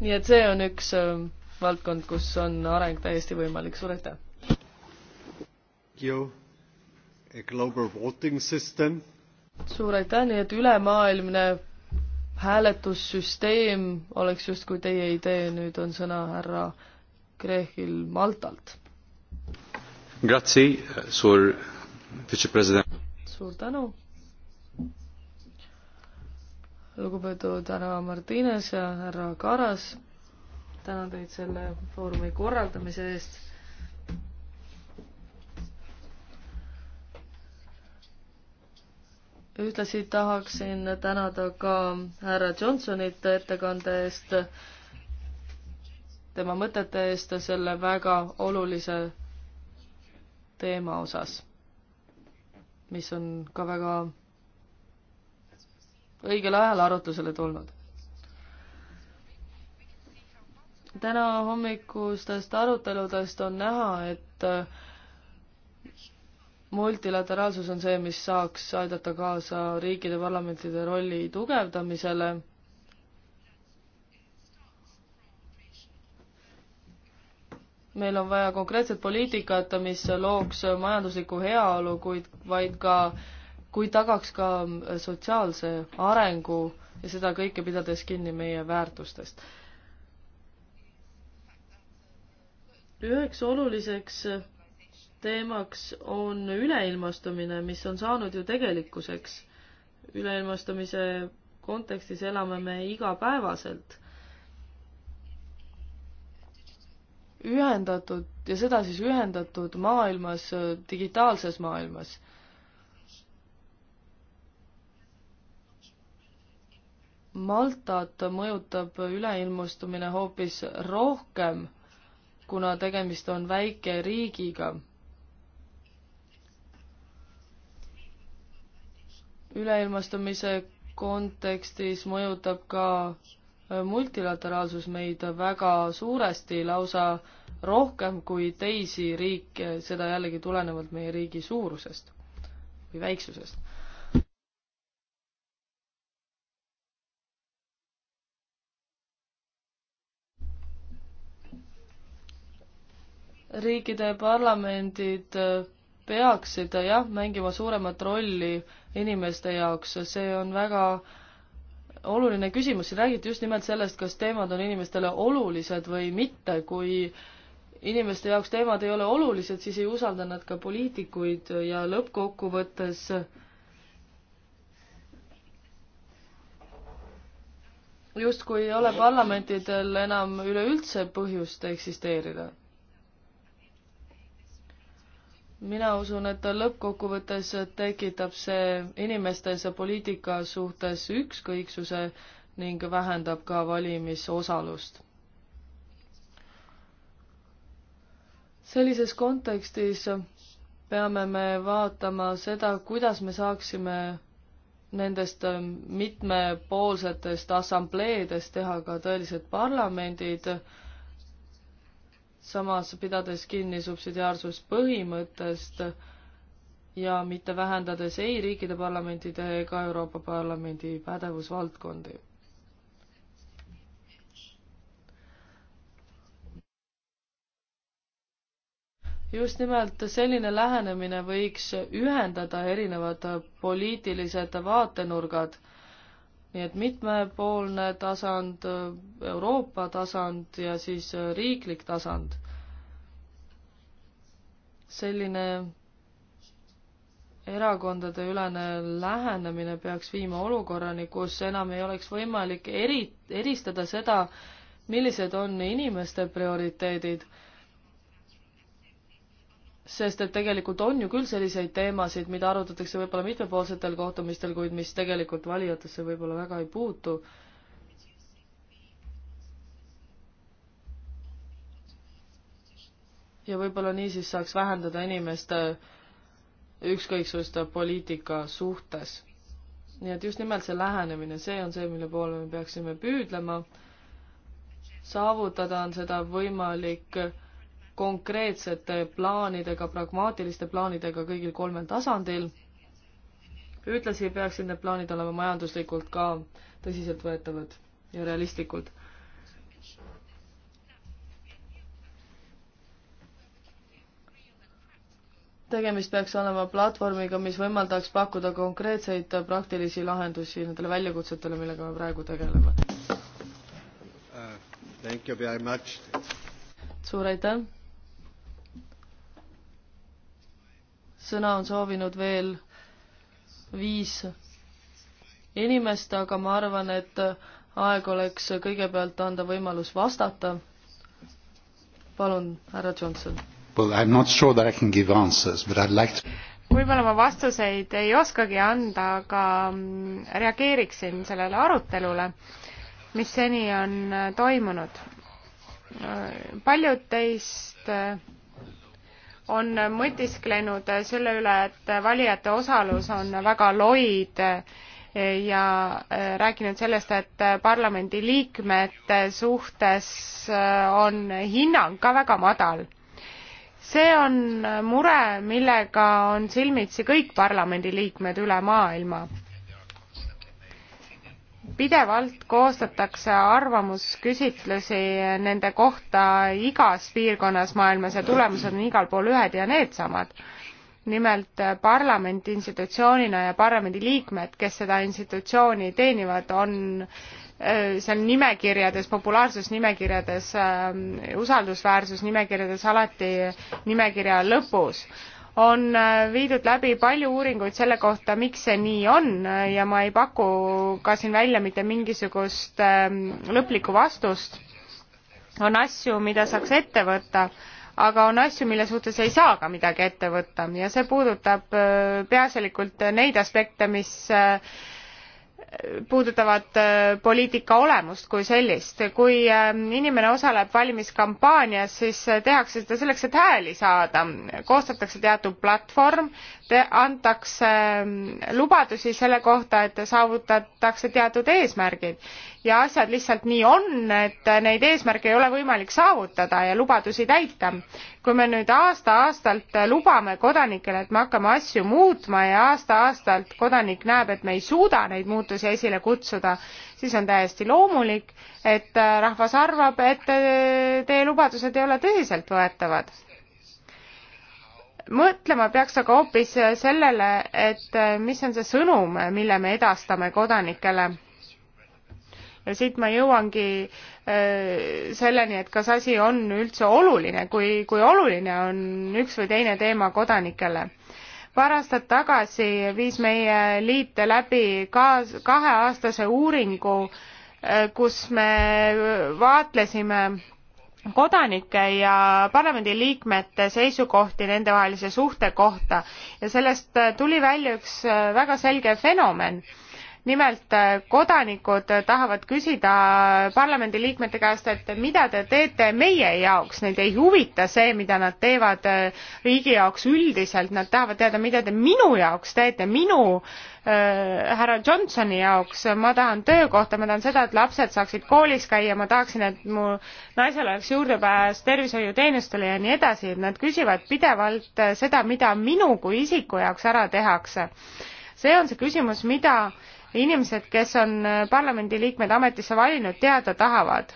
nii et see on üks äh, valdkond, kus on areng täiesti võimalik, suur aitäh! you a global voting system. suur aitäh, nii et ülemaailmne hääletussüsteem oleks justkui teie idee, nüüd on sõna härra Krehhil Maltalt. Grazie, suur vicepresident. suur tänu. lugupeetud härra Martines ja härra Karas, tänan teid selle foorumi korraldamise eest ühtlasi tahaksin tänada ka härra Johnsonit ettekande eest, tema mõtete eest selle väga olulise teema osas, mis on ka väga õigel ajal arutlusele tulnud. täna hommikustest aruteludest on näha, et multilateraalsus on see, mis saaks aidata kaasa riikide parlamentide rolli tugevdamisele. meil on vaja konkreetset poliitikat, mis looks majanduslikku heaolu, kuid vaid ka, kuid tagaks ka sotsiaalse arengu ja seda kõike pidades kinni meie väärtustest. üheks oluliseks teemaks on üleilmastumine, mis on saanud ju tegelikkuseks. üleilmastumise kontekstis elame me igapäevaselt. ühendatud ja seda siis ühendatud maailmas, digitaalses maailmas. Maltat mõjutab üleilmastumine hoopis rohkem, kuna tegemist on väike riigiga üleilmastumise kontekstis mõjutab ka äh, multilateraalsus meid väga suuresti, lausa rohkem kui teisi riike, seda jällegi tulenevalt meie riigi suurusest või väiksusest. riikide parlamendid äh, peaksid jah, mängima suuremat rolli inimeste jaoks, see on väga oluline küsimus, siin räägiti just nimelt sellest, kas teemad on inimestele olulised või mitte, kui inimeste jaoks teemad ei ole olulised, siis ei usalda nad ka poliitikuid ja lõppkokkuvõttes justkui ei ole parlamentidel enam üleüldse põhjust eksisteerida mina usun, et lõppkokkuvõttes tekitab see inimestes ja poliitika suhtes ükskõiksuse ning vähendab ka valimisosalust. sellises kontekstis peame me vaatama seda, kuidas me saaksime nendest mitmepoolsetest assambleedest teha ka tõelised parlamendid, samas pidades kinni subsidiaarsuspõhimõttest ja mitte vähendades ei riikide parlamentide ega Euroopa Parlamendi pädevusvaldkondi. just nimelt selline lähenemine võiks ühendada erinevad poliitilised vaatenurgad nii et mitmepoolne tasand, Euroopa tasand ja siis äh, riiklik tasand. selline erakondadeülene lähenemine peaks viima olukorrani, kus enam ei oleks võimalik eri, eristada seda, millised on inimeste prioriteedid sest et tegelikult on ju küll selliseid teemasid, mida arutatakse võib-olla mitmepoolsetel kohtumistel, kuid mis tegelikult valijatesse võib-olla väga ei puutu. ja võib-olla niisiis saaks vähendada inimeste ükskõiksust poliitika suhtes. nii et just nimelt see lähenemine, see on see, mille poole me peaksime püüdlema. saavutada on seda võimalik äh, konkreetsete plaanidega, pragmaatiliste plaanidega kõigil kolmel tasandil. ühtlasi peaksid need plaanid olema majanduslikult ka tõsiseltvõetavad ja realistlikud. tegemist peaks olema platvormiga, mis võimaldaks pakkuda konkreetseid praktilisi lahendusi nendele väljakutsetele, millega me praegu tegeleme uh,. suur aitäh! sõna on soovinud veel viis inimest, aga ma arvan, et aeg oleks kõigepealt anda võimalus vastata. palun, härra Johnson. Well, I am not sure that I can give answers, but I would like to võib-olla ma vastuseid ei oskagi anda, aga mm, reageeriksin sellele arutelule, mis seni on äh, toimunud. Äh, paljud teist äh, on mõtisklenud selle üle, et valijate osalus on väga loid ja rääkinud sellest, et parlamendi liikmete suhtes on hinnang ka väga madal. see on mure, millega on silmitsi kõik parlamendi liikmed üle maailma pidevalt koostatakse arvamusküsitlusi nende kohta igas piirkonnas maailmas ja tulemused on igal pool ühed ja needsamad. nimelt parlament institutsioonina ja parlamendiliikmed, kes seda institutsiooni teenivad, on äh, seal nimekirjades, populaarsusnimekirjades, ähm, usaldusväärsusnimekirjades alati nimekirja lõpus on äh, viidud läbi palju uuringuid selle kohta, miks see nii on äh, ja ma ei paku ka siin välja mitte mingisugust ähm, lõplikku vastust. on asju, mida saaks ette võtta, aga on asju, mille suhtes ei saa ka midagi ette võtta ja see puudutab äh, peaasjalikult neid aspekte, mis puudutavad äh, poliitika olemust kui sellist. kui äh, inimene osaleb valimiskampaanias, siis äh, tehakse seda selleks, et hääli saada. koostatakse teatud platvorm te, antakse ähm, lubadusi selle kohta, et saavutatakse teatud eesmärgid ja asjad lihtsalt nii on, et neid eesmärke ei ole võimalik saavutada ja lubadusi täita. kui me nüüd aasta-aastalt lubame kodanikele, et me hakkame asju muutma ja aasta-aastalt kodanik näeb, et me ei suuda neid muutusi esile kutsuda, siis on täiesti loomulik, et rahvas arvab, et teie lubadused ei ole tõsiseltvõetavad mõtlema peaks aga hoopis sellele, et mis on see sõnum, mille me edastame kodanikele ja siit ma jõuangi äh, selleni, et kas asi on üldse oluline, kui, kui oluline on üks või teine teema kodanikele. paar aastat tagasi viis meie liit läbi kaas-, kaheaastase uuringu, äh, kus me vaatlesime kodanike ja parlamendiliikmete seisukohti nendevahelise suhte kohta ja sellest tuli välja üks äh, väga selge fenomen nimelt äh, kodanikud äh, tahavad küsida äh, parlamendiliikmete käest, et mida te teete meie jaoks, neid ei huvita see, mida nad teevad riigi jaoks üldiselt, nad tahavad teada, mida te minu jaoks teete, minu äh, härra Johnsoni jaoks, ma tahan töökohta, ma tahan seda, et lapsed saaksid koolis käia, ma tahaksin, et mu naisel oleks juurdepääs tervishoiuteenustele ja nii edasi, et nad küsivad pidevalt seda, mida minu kui isiku jaoks ära tehakse. see on see küsimus, mida äh, inimesed, kes on äh, parlamendiliikmed ametisse valinud, teada tahavad.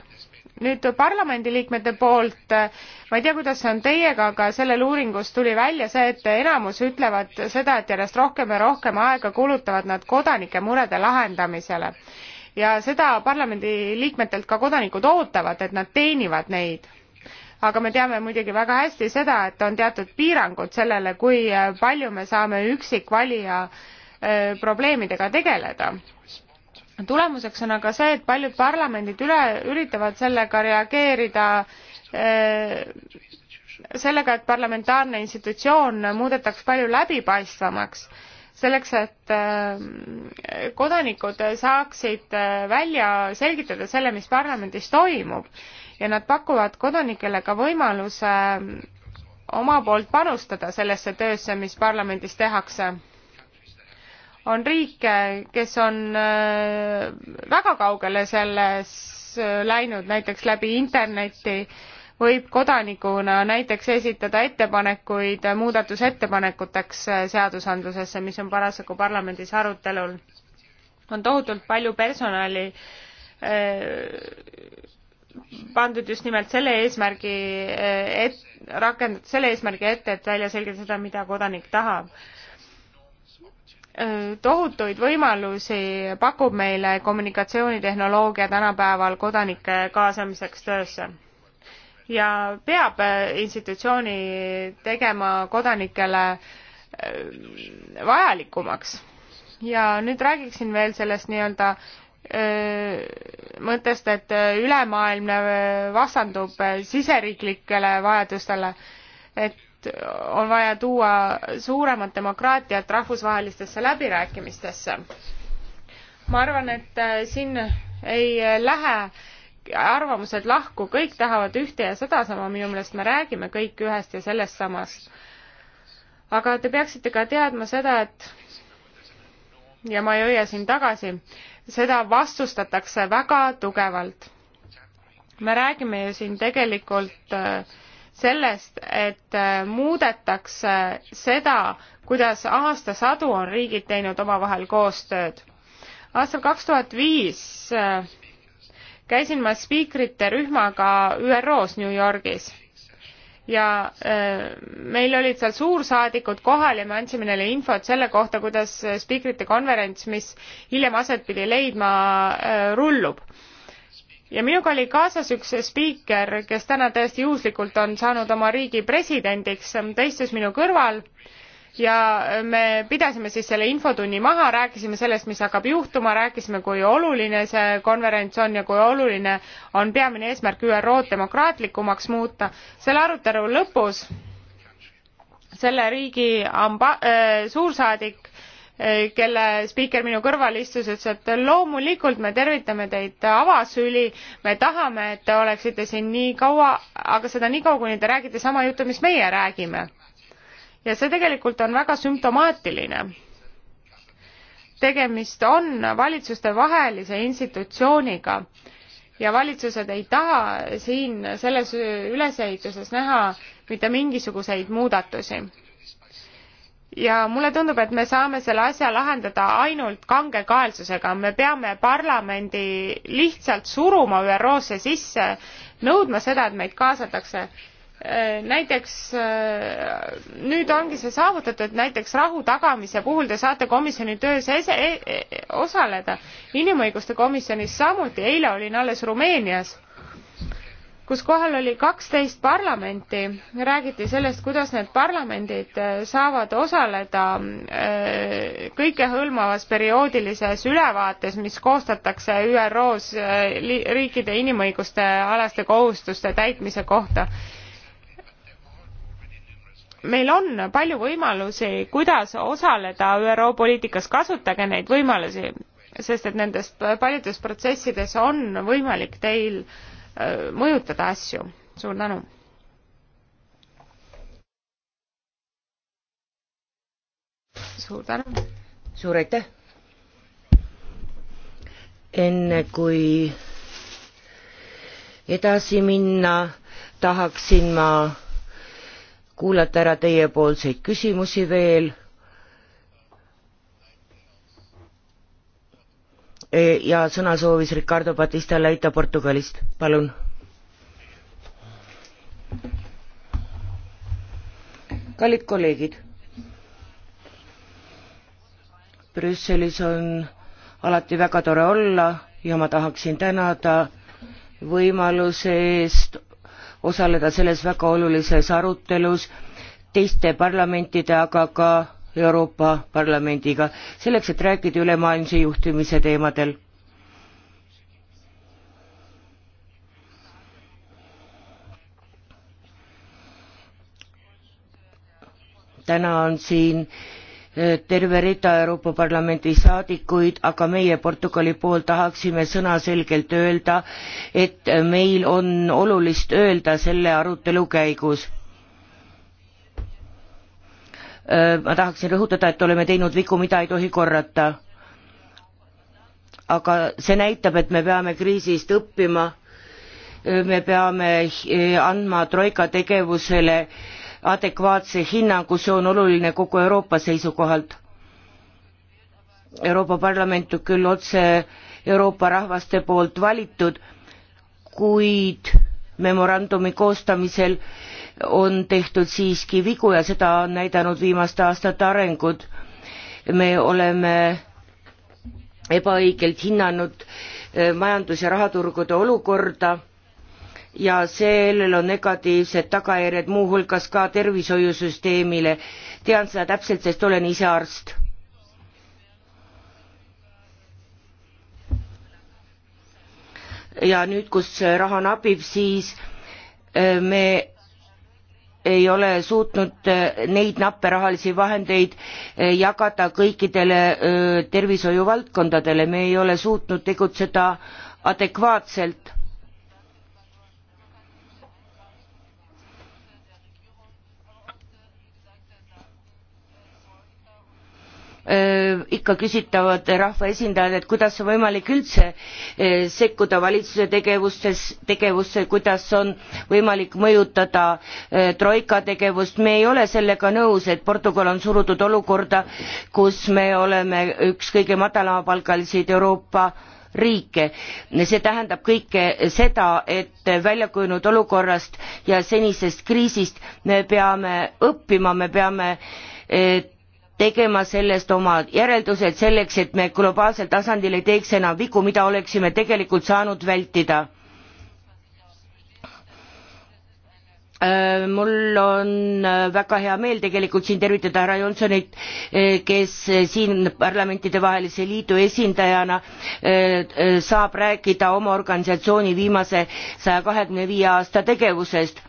nüüd äh, parlamendiliikmete poolt, äh, ma ei tea, kuidas see on teiega, aga sellel uuringus tuli välja see, et enamus ütlevad seda, et järjest rohkem ja rohkem aega kulutavad nad kodanike murede lahendamisele ja seda parlamendiliikmetelt ka kodanikud ootavad, et nad teenivad neid. aga me teame muidugi väga hästi seda, et on teatud piirangud sellele, kui palju me saame üksikvalija äh, Äh, probleemidega tegeleda. tulemuseks on aga see, et paljud parlamendid üle, üritavad sellega reageerida äh, sellega, et parlamentaarne institutsioon muudetaks palju läbipaistvamaks, selleks et äh, kodanikud saaksid välja selgitada selle, mis parlamendis toimub ja nad pakuvad kodanikele ka võimaluse oma poolt panustada sellesse töösse, mis parlamendis tehakse on riike, kes on äh, väga kaugele selles äh, läinud, näiteks läbi interneti võib kodanikuna näiteks esitada ettepanekuid muudatusettepanekuteks äh, seadusandlusesse, mis on parasjagu parlamendis arutelul. on tohutult palju personali pandud just nimelt selle eesmärgi, et rakendada selle eesmärgi ette, et välja selgitada, mida kodanik tahab Äh, tohutuid võimalusi pakub meile kommunikatsioonitehnoloogia tänapäeval kodanike kaasamiseks töösse. ja peab äh, institutsiooni tegema kodanikele äh, vajalikumaks. ja nüüd räägiksin veel sellest nii-öelda mõttest, et ülemaailmne vastandub siseriiklikele vajadustele, et et on vaja tuua suuremat demokraatiat rahvusvahelistesse läbirääkimistesse. ma arvan, et äh, siin ei lähe arvamused lahku, kõik tahavad ühte ja sedasama, minu meelest me räägime kõik ühest ja sellest samast. aga te peaksite ka teadma seda, et ja ma ei hoia siin tagasi, seda vastustatakse väga tugevalt. me räägime ju siin tegelikult äh, sellest, et äh, muudetakse seda, kuidas aastasadu on riigid teinud omavahel koostööd. aastal kaks tuhat viis äh, käisin ma spiikrite rühmaga ÜRO-s New Yorgis ja äh, meil olid seal suursaadikud kohal ja me andsime neile infot selle kohta, kuidas spiikrite konverents, mis hiljem aset pidi leidma, rullub ja minuga oli kaasas üks spiiker, kes täna täiesti juhuslikult on saanud oma riigi presidendiks, ta istus minu kõrval ja me pidasime siis selle infotunni maha, rääkisime sellest, mis hakkab juhtuma, rääkisime, kui oluline see konverents on ja kui oluline on peamine eesmärk ÜRO-d demokraatlikumaks muuta. selle arutelu lõpus selle riigi amba- äh,, suursaadik Eh, kelle spiiker minu kõrval istus, ütles, et loomulikult me tervitame teid avasüli, me tahame, et te oleksite siin nii kaua, aga seda nii kaua, kuni te räägite sama juttu, mis meie räägime. ja see tegelikult on väga sümptomaatiline. tegemist on valitsustevahelise institutsiooniga ja valitsused ei taha siin selles ülesehituses näha mitte mingisuguseid muudatusi ja mulle tundub, et me saame selle asja lahendada ainult kangekaelsusega, me peame parlamendi lihtsalt suruma ÜRO-sse sisse, nõudma seda, et meid kaasatakse. Äh, näiteks äh, nüüd ongi see saavutatud, näiteks rahu tagamise puhul te saate komisjoni töös ese, e, e- osaleda, inimõiguste komisjonis samuti, eile olin alles Rumeenias kus kohal oli kaksteist parlamenti, räägiti sellest, kuidas need parlamendid äh, saavad osaleda äh, kõikehõlmavas perioodilises ülevaates, mis koostatakse ÜRO-s äh, riikide inimõiguste alaste kohustuste täitmise kohta. meil on palju võimalusi, kuidas osaleda ÜRO poliitikas, kasutage neid võimalusi, sest et nendes paljudes protsessides on võimalik teil äh, Äh, mõjutada asju. suur tänu! suur tänu! suur aitäh! enne kui edasi minna, tahaksin ma kuulata ära teiepoolseid küsimusi veel E, ja sõna soovis Ricardo Batista Leita Portugalist, palun. kallid kolleegid, Brüsselis on alati väga tore olla ja ma tahaksin tänada võimaluse eest osaleda selles väga olulises arutelus teiste parlamentide, aga ka Euroopa Parlamendiga, selleks et rääkida ülemaailmse juhtimise teemadel. täna on siin eh, terve rida Euroopa Parlamendi saadikuid, aga meie Portugali pool tahaksime sõnaselgelt öelda, et meil on olulist öelda selle arutelu käigus Äh, ma tahaksin rõhutada, et oleme teinud vigu, mida ei tohi korrata. aga see näitab, et me peame kriisist õppima, äh, me peame äh, andma Troika tegevusele adekvaatse hinnangu, see on oluline kogu Euroopa seisukohalt. Euroopa Parlament on küll otse Euroopa rahvaste poolt valitud, kuid memorandumi koostamisel äh, on tehtud siiski vigu ja seda on näidanud viimaste aastate arengud. me oleme ebaõigelt hinnanud eh, majandus ja rahaturgude olukorda ja sellel on negatiivsed tagajärjed muuhulgas ka tervishoiusüsteemile. tean seda täpselt, sest olen ise arst. ja nüüd, kus raha napib, siis eh, me ei ole suutnud äh, neid nappe rahalisi vahendeid äh, jagada kõikidele äh, tervishoiuvaldkondadele me ei ole suutnud tegutseda adekvaatselt ikka küsitavad rahvaesindajad et kuidas on võimalik üldse sekkuda valitsuse tegevustes tegevusse kuidas on võimalik mõjutada troika tegevust me ei ole sellega nõus et portugal on surutud olukorda kus me oleme üks kõige madalamapalgalisi euroopa riike see tähendab kõike seda et väljakujunenud olukorrast ja senisest kriisist me peame õppima me peame tegema sellest oma järeldused selleks et me globaalsel tasandil ei teeks enam vigu mida oleksime tegelikult saanud vältida äh, mul on äh, väga hea meel tegelikult siin tervitada härra Johnsonit, äh, kes siin parlamentidevahelise liidu esindajana saab rääkida oma organisatsiooni viimase saja kahekümne viie aasta tegevusest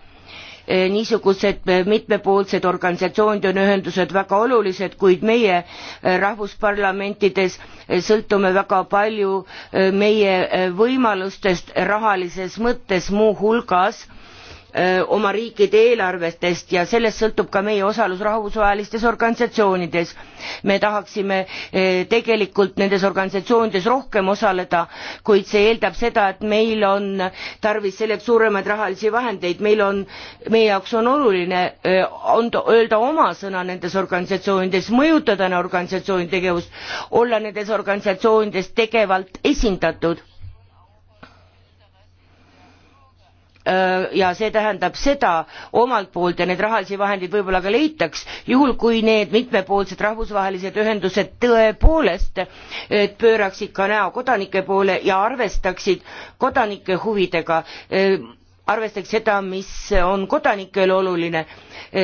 Eh, niisugused eh, mitmepoolsed organisatsioonid on ühendused väga olulised kuid meie eh, rahvusparlamentides sõltume väga palju meie võimalustest rahalises mõttes muuhulgas oma riikide eelarvetest ja sellest sõltub ka meie osalus rahvusvahelistes organisatsioonides. me tahaksime tegelikult nendes organisatsioonides rohkem osaleda kuid see eeldab seda et meil on tarvis selleks suuremaid rahalisi vahendeid meil on meie jaoks on oluline on öelda oma sõna nendes organisatsioonides mõjutada organisatsiooni tegevust olla nendes organisatsioonides tegevalt esindatud Äh, ja see tähendab seda omalt poolt ja need rahalisi vahendeid võib-olla ka leitaks, juhul kui need mitmepoolsed rahvusvahelised ühendused tõepoolest äh, pööraksid ka näo kodanike poole ja arvestaksid kodanike huvidega äh, arvestaks seda mis on kodanikele oluline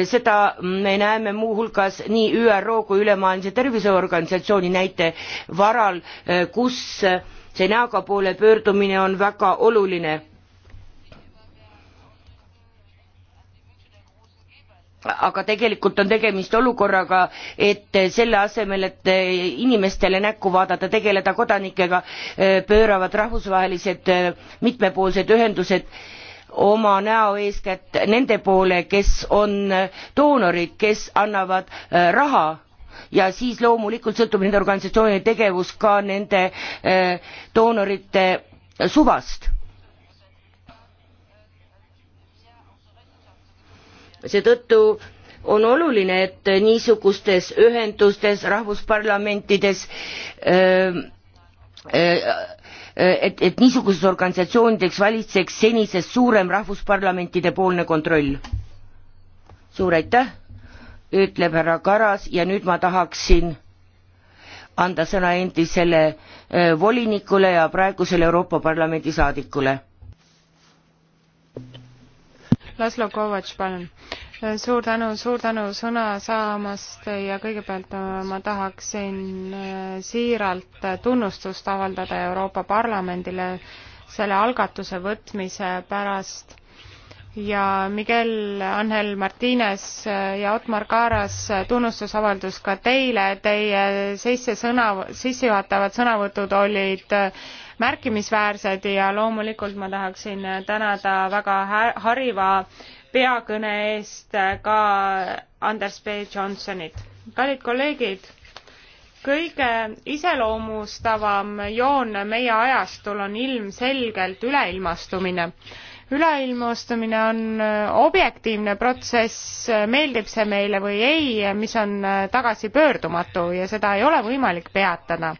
seda me näeme muuhulgas nii üro kui ülemaailmse terviseorganisatsiooni näite varal kus see näoga poole pöördumine on väga oluline aga tegelikult on tegemist olukorraga et selle asemel et inimestele näkku vaadata tegeleda kodanikega pööravad rahvusvahelised mitmepoolsed ühendused oma näo eeskätt nende poole kes on doonorid kes annavad äh, raha ja siis loomulikult sõltub nende organisatsioonide tegevus ka nende äh, doonorite suvast. seetõttu on oluline et niisugustes ühendustes rahvusparlamentides ähm, äh, äh, et et niisugustes organisatsioonides valitseks senisest suurem rahvusparlamentide poolne kontroll suur aitäh ütleb härra karas ja nüüd ma tahaksin anda sõna endisele äh, volinikule ja praegusele euroopa parlamendi saadikule Laslo Kovatš, palun. suur tänu, suur tänu sõna saamast ja kõigepealt äh, ma tahaksin äh, siiralt äh, tunnustust avaldada Euroopa Parlamendile selle algatuse võtmise pärast ja Miguel Angel Martinez ja Otmar Karas tunnustusavaldus ka teile, teie sisse sõna, sissejuhatavad sõnavõtud olid märkimisväärsed ja loomulikult ma tahaksin tänada väga hariva peakõne eest ka Anders B Johnsonit. kallid kolleegid, kõige iseloomustavam joon meie ajastul on ilmselgelt üleilmastumine üleilmustumine on objektiivne protsess, meeldib see meile või ei, mis on tagasipöördumatu ja seda ei ole võimalik peatada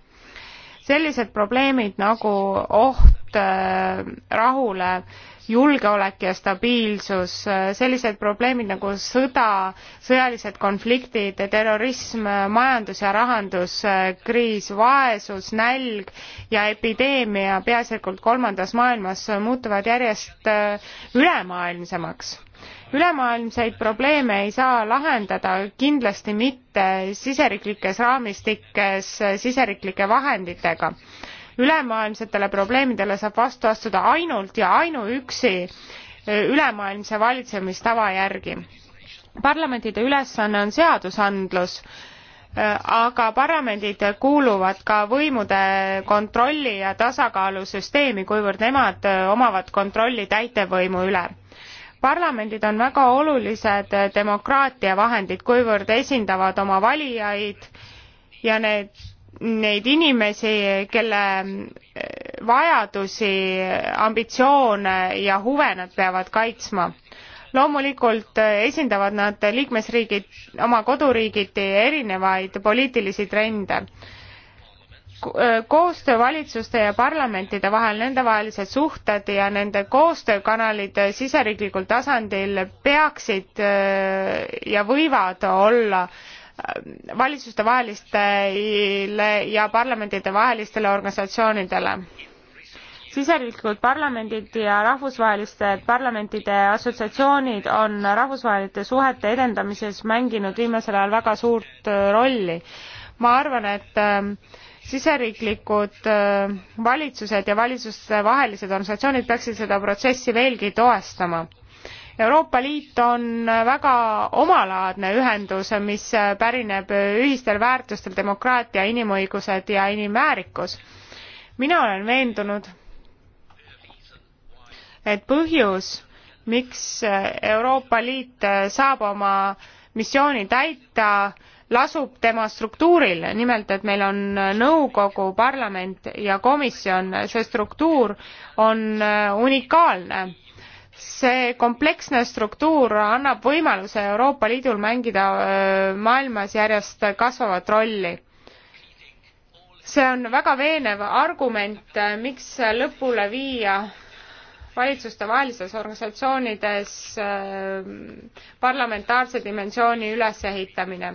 sellised probleemid nagu oht äh, rahule julgeolek ja stabiilsus, sellised probleemid nagu sõda, sõjalised konfliktid, terrorism, majandus- ja rahanduskriis, vaesus, nälg ja epideemia peaasjalikult kolmandas maailmas muutuvad järjest äh, ülemaailmsemaks ülemaailmseid probleeme ei saa lahendada kindlasti mitte siseriiklikes raamistikes siseriiklike vahenditega ülemaailmsetele probleemidele saab vastu astuda ainult ja ainuüksi e, ülemaailmse valitsemistava järgi. parlamentide ülesanne on seadusandlus e, aga parlamendid kuuluvad ka võimude kontrolli ja tasakaalusüsteemi kuivõrd nemad e, omavad kontrolli täitevvõimu üle parlamendid on väga olulised demokraatia vahendid kuivõrd esindavad oma valijaid ja need neid inimesi, kelle eh, vajadusi, ambitsioone ja huve nad peavad kaitsma. loomulikult eh, esindavad nad liikmesriigid, oma koduriigiti erinevaid poliitilisi trende eh, koostöö valitsuste ja parlamentide vahel nendevahelised suhted ja nende koostöökanalid siseriiklikul tasandil peaksid ja võivad olla valitsustevahelistele ja parlamentidevahelistele organisatsioonidele. siseriiklikud parlamendid ja rahvusvahelised parlamentide assotsiatsioonid on rahvusvaheliste suhete edendamises mänginud viimasel ajal väga suurt äh, rolli. ma arvan, et ähm, siseriiklikud äh, valitsused ja valitsustevahelised organisatsioonid peaksid seda protsessi veelgi toestama Euroopa Liit on väga omalaadne ühendus, mis pärineb ühistel väärtustel demokraatia, inimõigused ja inimväärikus. mina olen veendunud, et põhjus, miks Euroopa Liit saab oma missiooni täita, lasub tema struktuuril, nimelt et meil on nõukogu, parlament ja komisjon, see struktuur on unikaalne see kompleksne struktuur annab võimaluse Euroopa Liidul mängida maailmas järjest kasvavat rolli. see on väga veenev argument, äh, miks lõpule viia valitsustevahelistes organisatsioonides äh, parlamentaarse dimensiooni ülesehitamine.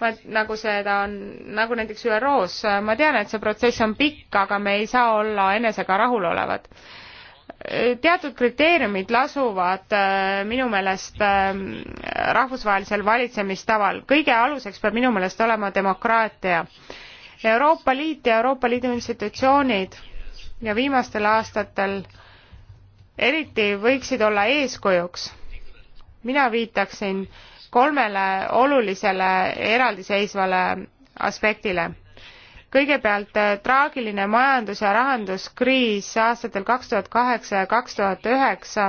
ma, nagu seda on, nagu näiteks ÜRO-s, ma tean, et see protsess on pikk, aga me ei saa olla enesega rahulolevad teatud kriteeriumid lasuvad äh, minu meelest äh, rahvusvahelisel valitsemistaval. kõige aluseks peab minu meelest olema demokraatia. Euroopa Liit ja Euroopa Liidu institutsioonid ja viimastel aastatel eriti võiksid olla eeskujuks. mina viitaksin kolmele olulisele eraldiseisvale aspektile kõigepealt äh, traagiline majandus ja rahanduskriis aastatel kaks tuhat kaheksa ja kaks tuhat üheksa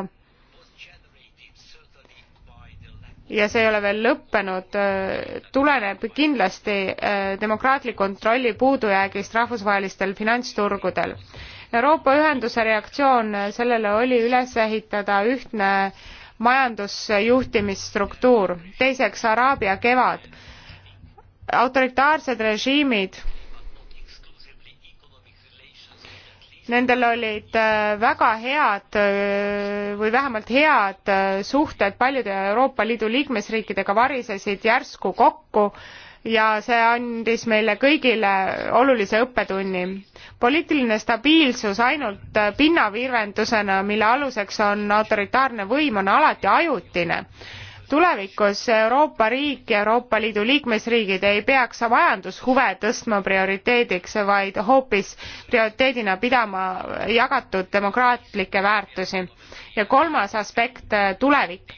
ja see ei ole veel lõppenud äh, tuleneb kindlasti äh, demokraatliku kontrolli puudujäägist rahvusvahelistel finantsturgudel euroopa ühenduse reaktsioon sellele oli üles ehitada ühtne majandusjuhtimisstruktuur teiseks araabia kevad autoritaarsed režiimid Nendel olid äh, väga head äh, või vähemalt head äh, suhted paljude Euroopa Liidu liikmesriikidega varisesid järsku kokku ja see andis meile kõigile olulise õppetunni. poliitiline stabiilsus ainult pinnavirvendusena, mille aluseks on autoritaarne võim, on alati ajutine tulevikus Euroopa riik ja Euroopa Liidu liikmesriigid ei peaks majandushuve tõstma prioriteediks, vaid hoopis prioriteedina pidama jagatud demokraatlikke väärtusi. ja kolmas aspekt, tulevik.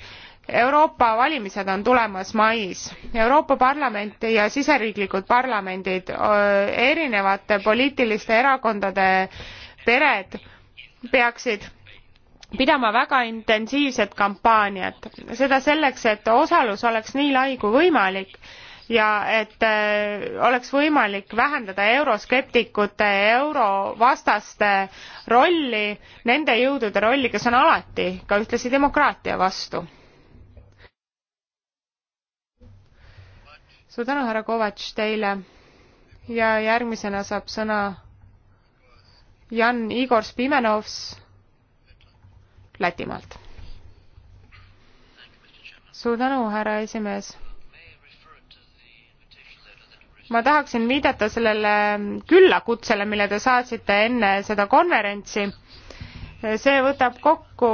Euroopa valimised on tulemas mais. Euroopa Parlament ja siseriiklikud parlamendid, erinevate poliitiliste erakondade pered peaksid pidama väga intensiivset kampaaniat seda selleks et osalus oleks nii lai kui võimalik ja et äh, oleks võimalik vähendada euroskeptikute ja eurovastaste rolli nende jõudude rolli kes on alati ka ühtlasi demokraatia vastu suur tänu härra kovatš teile ja järgmisena saab sõna jan igor spimenovs Lätimaalt. suur tänu, härra esimees. ma tahaksin viidata sellele küllakutsele, mille te saatsite enne seda konverentsi. see võtab kokku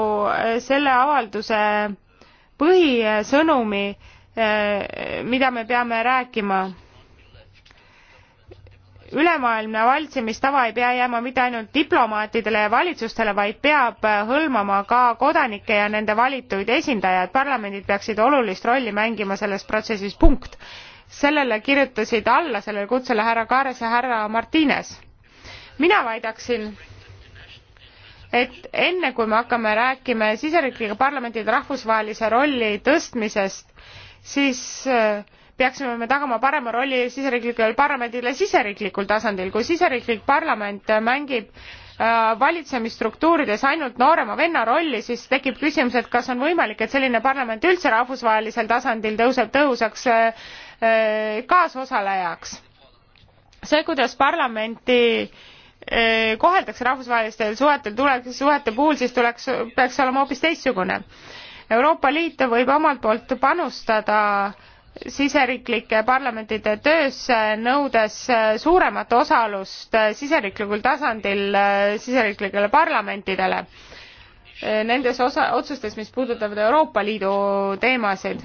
selle avalduse põhisõnumi, mida me peame rääkima ülemaailmne valitsemistava ei pea jääma mitte ainult diplomaatidele ja valitsustele vaid peab äh, hõlmama ka kodanikke ja nende valituid esindajaid parlamendid peaksid olulist rolli mängima selles protsessis punkt sellele kirjutasid alla sellele kutsele härra kaares ja härra martines mina väidaksin et enne kui me hakkame rääkima siseriiklike parlamentide rahvusvahelise rolli tõstmisest siis äh, peaksime me tagama parema rolli siseriiklikule parlamendile siseriiklikul tasandil kui siseriiklik parlament mängib äh, valitsemisstruktuurides ainult noorema venna rolli siis tekib küsimus et kas on võimalik et selline parlament üldse rahvusvahelisel tasandil tõuseb tõhusaks äh, äh, kaasosalejaks see kuidas parlamenti koheldakse rahvusvahelistel suhetel tuleks suhete puhul siis tuleks peaks olema hoopis teistsugune euroopa liit võib omalt poolt panustada siseriiklike parlamentide töösse, nõudes äh, suuremat osalust äh, siseriiklikul tasandil äh, siseriiklikele parlamentidele nendes osa, otsustes, mis puudutavad Euroopa Liidu teemasid.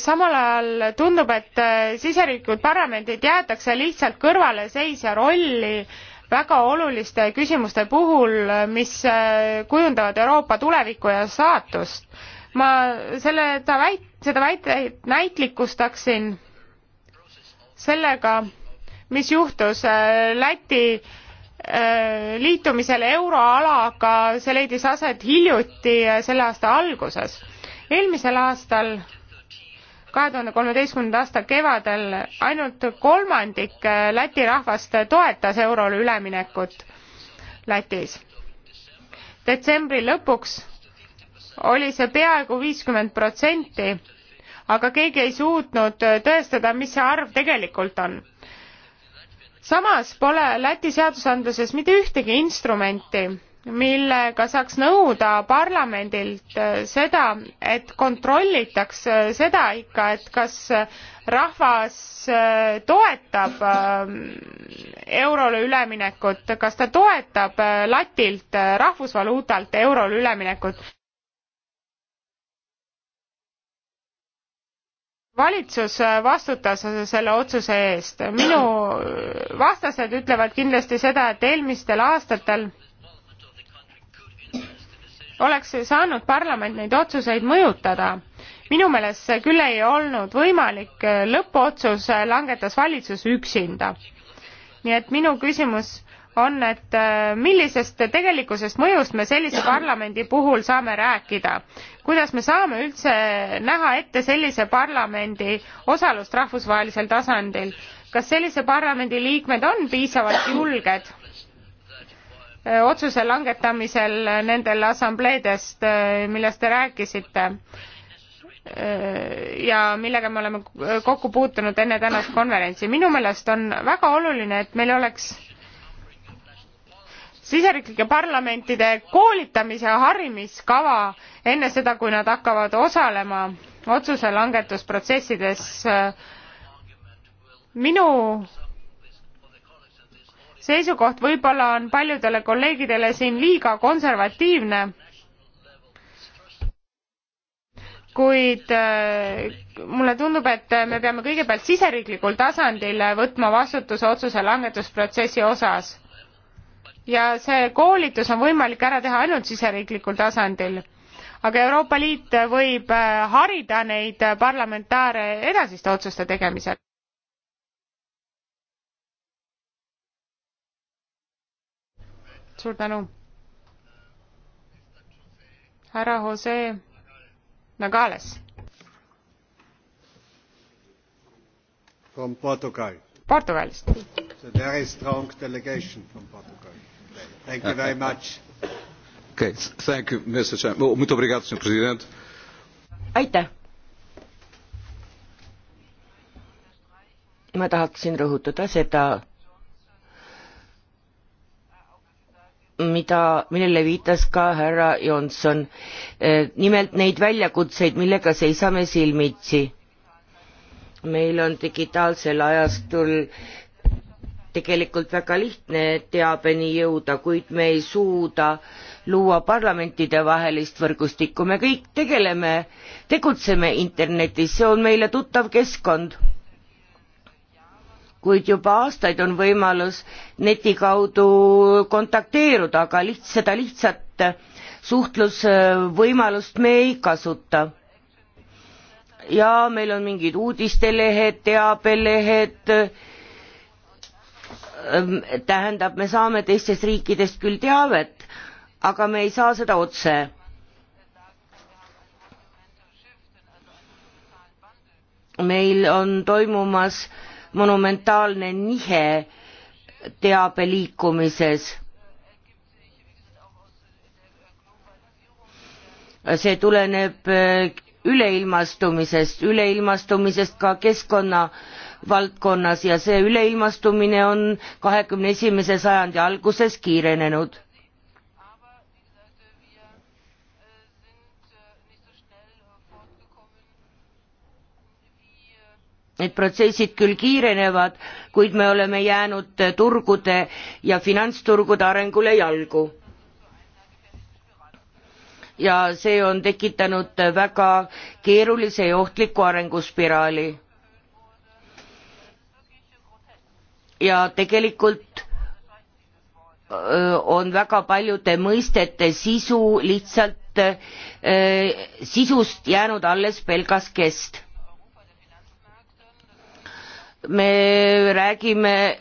samal ajal tundub, et siseriiklikud parlamendid jäetakse lihtsalt kõrvaleseisja rolli äh, väga oluliste küsimuste puhul, mis äh, kujundavad Euroopa tulevikku ja saatust. ma selle, ta väit-, seda väiteid näitlikustaksin sellega, mis juhtus äh, Läti äh, liitumisel euroalaga, see leidis aset hiljuti selle aasta alguses. eelmisel aastal kahe tuhande kolmeteistkümnenda aasta kevadel ainult kolmandik äh, Läti rahvast toetas eurole üleminekut Lätis. detsembri lõpuks oli see peaaegu viiskümmend protsenti, aga keegi ei suutnud äh, tõestada, mis see arv tegelikult on. samas pole Läti seadusandluses mitte ühtegi instrumenti millega saaks nõuda parlamendilt äh, seda, et kontrollitaks äh, seda ikka, et kas äh, rahvas toetab eurole üleminekut, kas ta toetab latilt, rahvusvaluutalt eurole üleminekut. valitsus vastutas selle otsuse eest. minu vastased ütlevad kindlasti seda, et eelmistel aastatel oleks saanud parlament neid otsuseid mõjutada. minu meelest see küll ei olnud võimalik, lõppotsus langetas valitsus üksinda. nii et minu küsimus on, et äh, millisest tegelikkusest mõjust me sellise parlamendi puhul saame rääkida? kuidas me saame üldse näha ette sellise parlamendi osalust rahvusvahelisel tasandil? kas sellise parlamendi liikmed on piisavalt julged Äh, otsuse langetamisel nendel assambleedest, äh, millest te rääkisite äh, ja millega me oleme kokku puutunud enne tänast konverentsi. minu meelest on väga oluline, et meil oleks siseriiklike parlamentide koolitamise ja harimiskava enne seda, kui nad hakkavad osalema otsuse langetusprotsessides. minu seisukoht võib-olla on paljudele kolleegidele siin liiga konservatiivne kuid äh, mulle tundub, et me peame kõigepealt siseriiklikul tasandil võtma vastutuse otsuse langetusprotsessi osas. ja see koolitus on võimalik ära teha ainult siseriiklikul tasandil. aga Euroopa Liit võib äh, harida neid parlamentaare edasiste otsuste tegemisel. suur tänu. härra Jose Nagales. From Portugal. Portugalist. So very strong delegation from Portugal. Thank you very much. Okay, thank you, Mr. Chairman. Muito obrigado, Sr. Presidente. Aitäh. ma tahaksin rõhutada seda, mida, millele viitas ka härra Johnson. Eh, nimelt neid väljakutseid, millega seisame silmitsi. meil on digitaalsel ajastul tegelikult väga lihtne teabeni jõuda, kuid me ei suuda luua parlamentidevahelist võrgustikku, me kõik tegeleme, tegutseme internetis, see on meile tuttav keskkond kuid juba aastaid on võimalus neti kaudu kontakteeruda, aga liht-, seda lihtsat suhtlusvõimalust me ei kasuta. ja meil on mingid uudistelehed, teabelehed, ähm, tähendab, me saame teistest riikidest küll teavet, aga me ei saa seda otse meil on toimumas monumentaalne nihe teabe liikumises. see tuleneb äh, üleilmastumisest, üleilmastumisest ka keskkonna valdkonnas ja see üleilmastumine on kahekümne esimese sajandi alguses kiirenenud et protsessid küll kiirenevad, kuid me oleme jäänud turgude ja finantsturgude arengule jalgu. ja see on tekitanud väga keerulise ja ohtliku arenguspiraali. ja tegelikult on väga paljude mõistete sisu lihtsalt sisust jäänud alles pelgas kest me räägime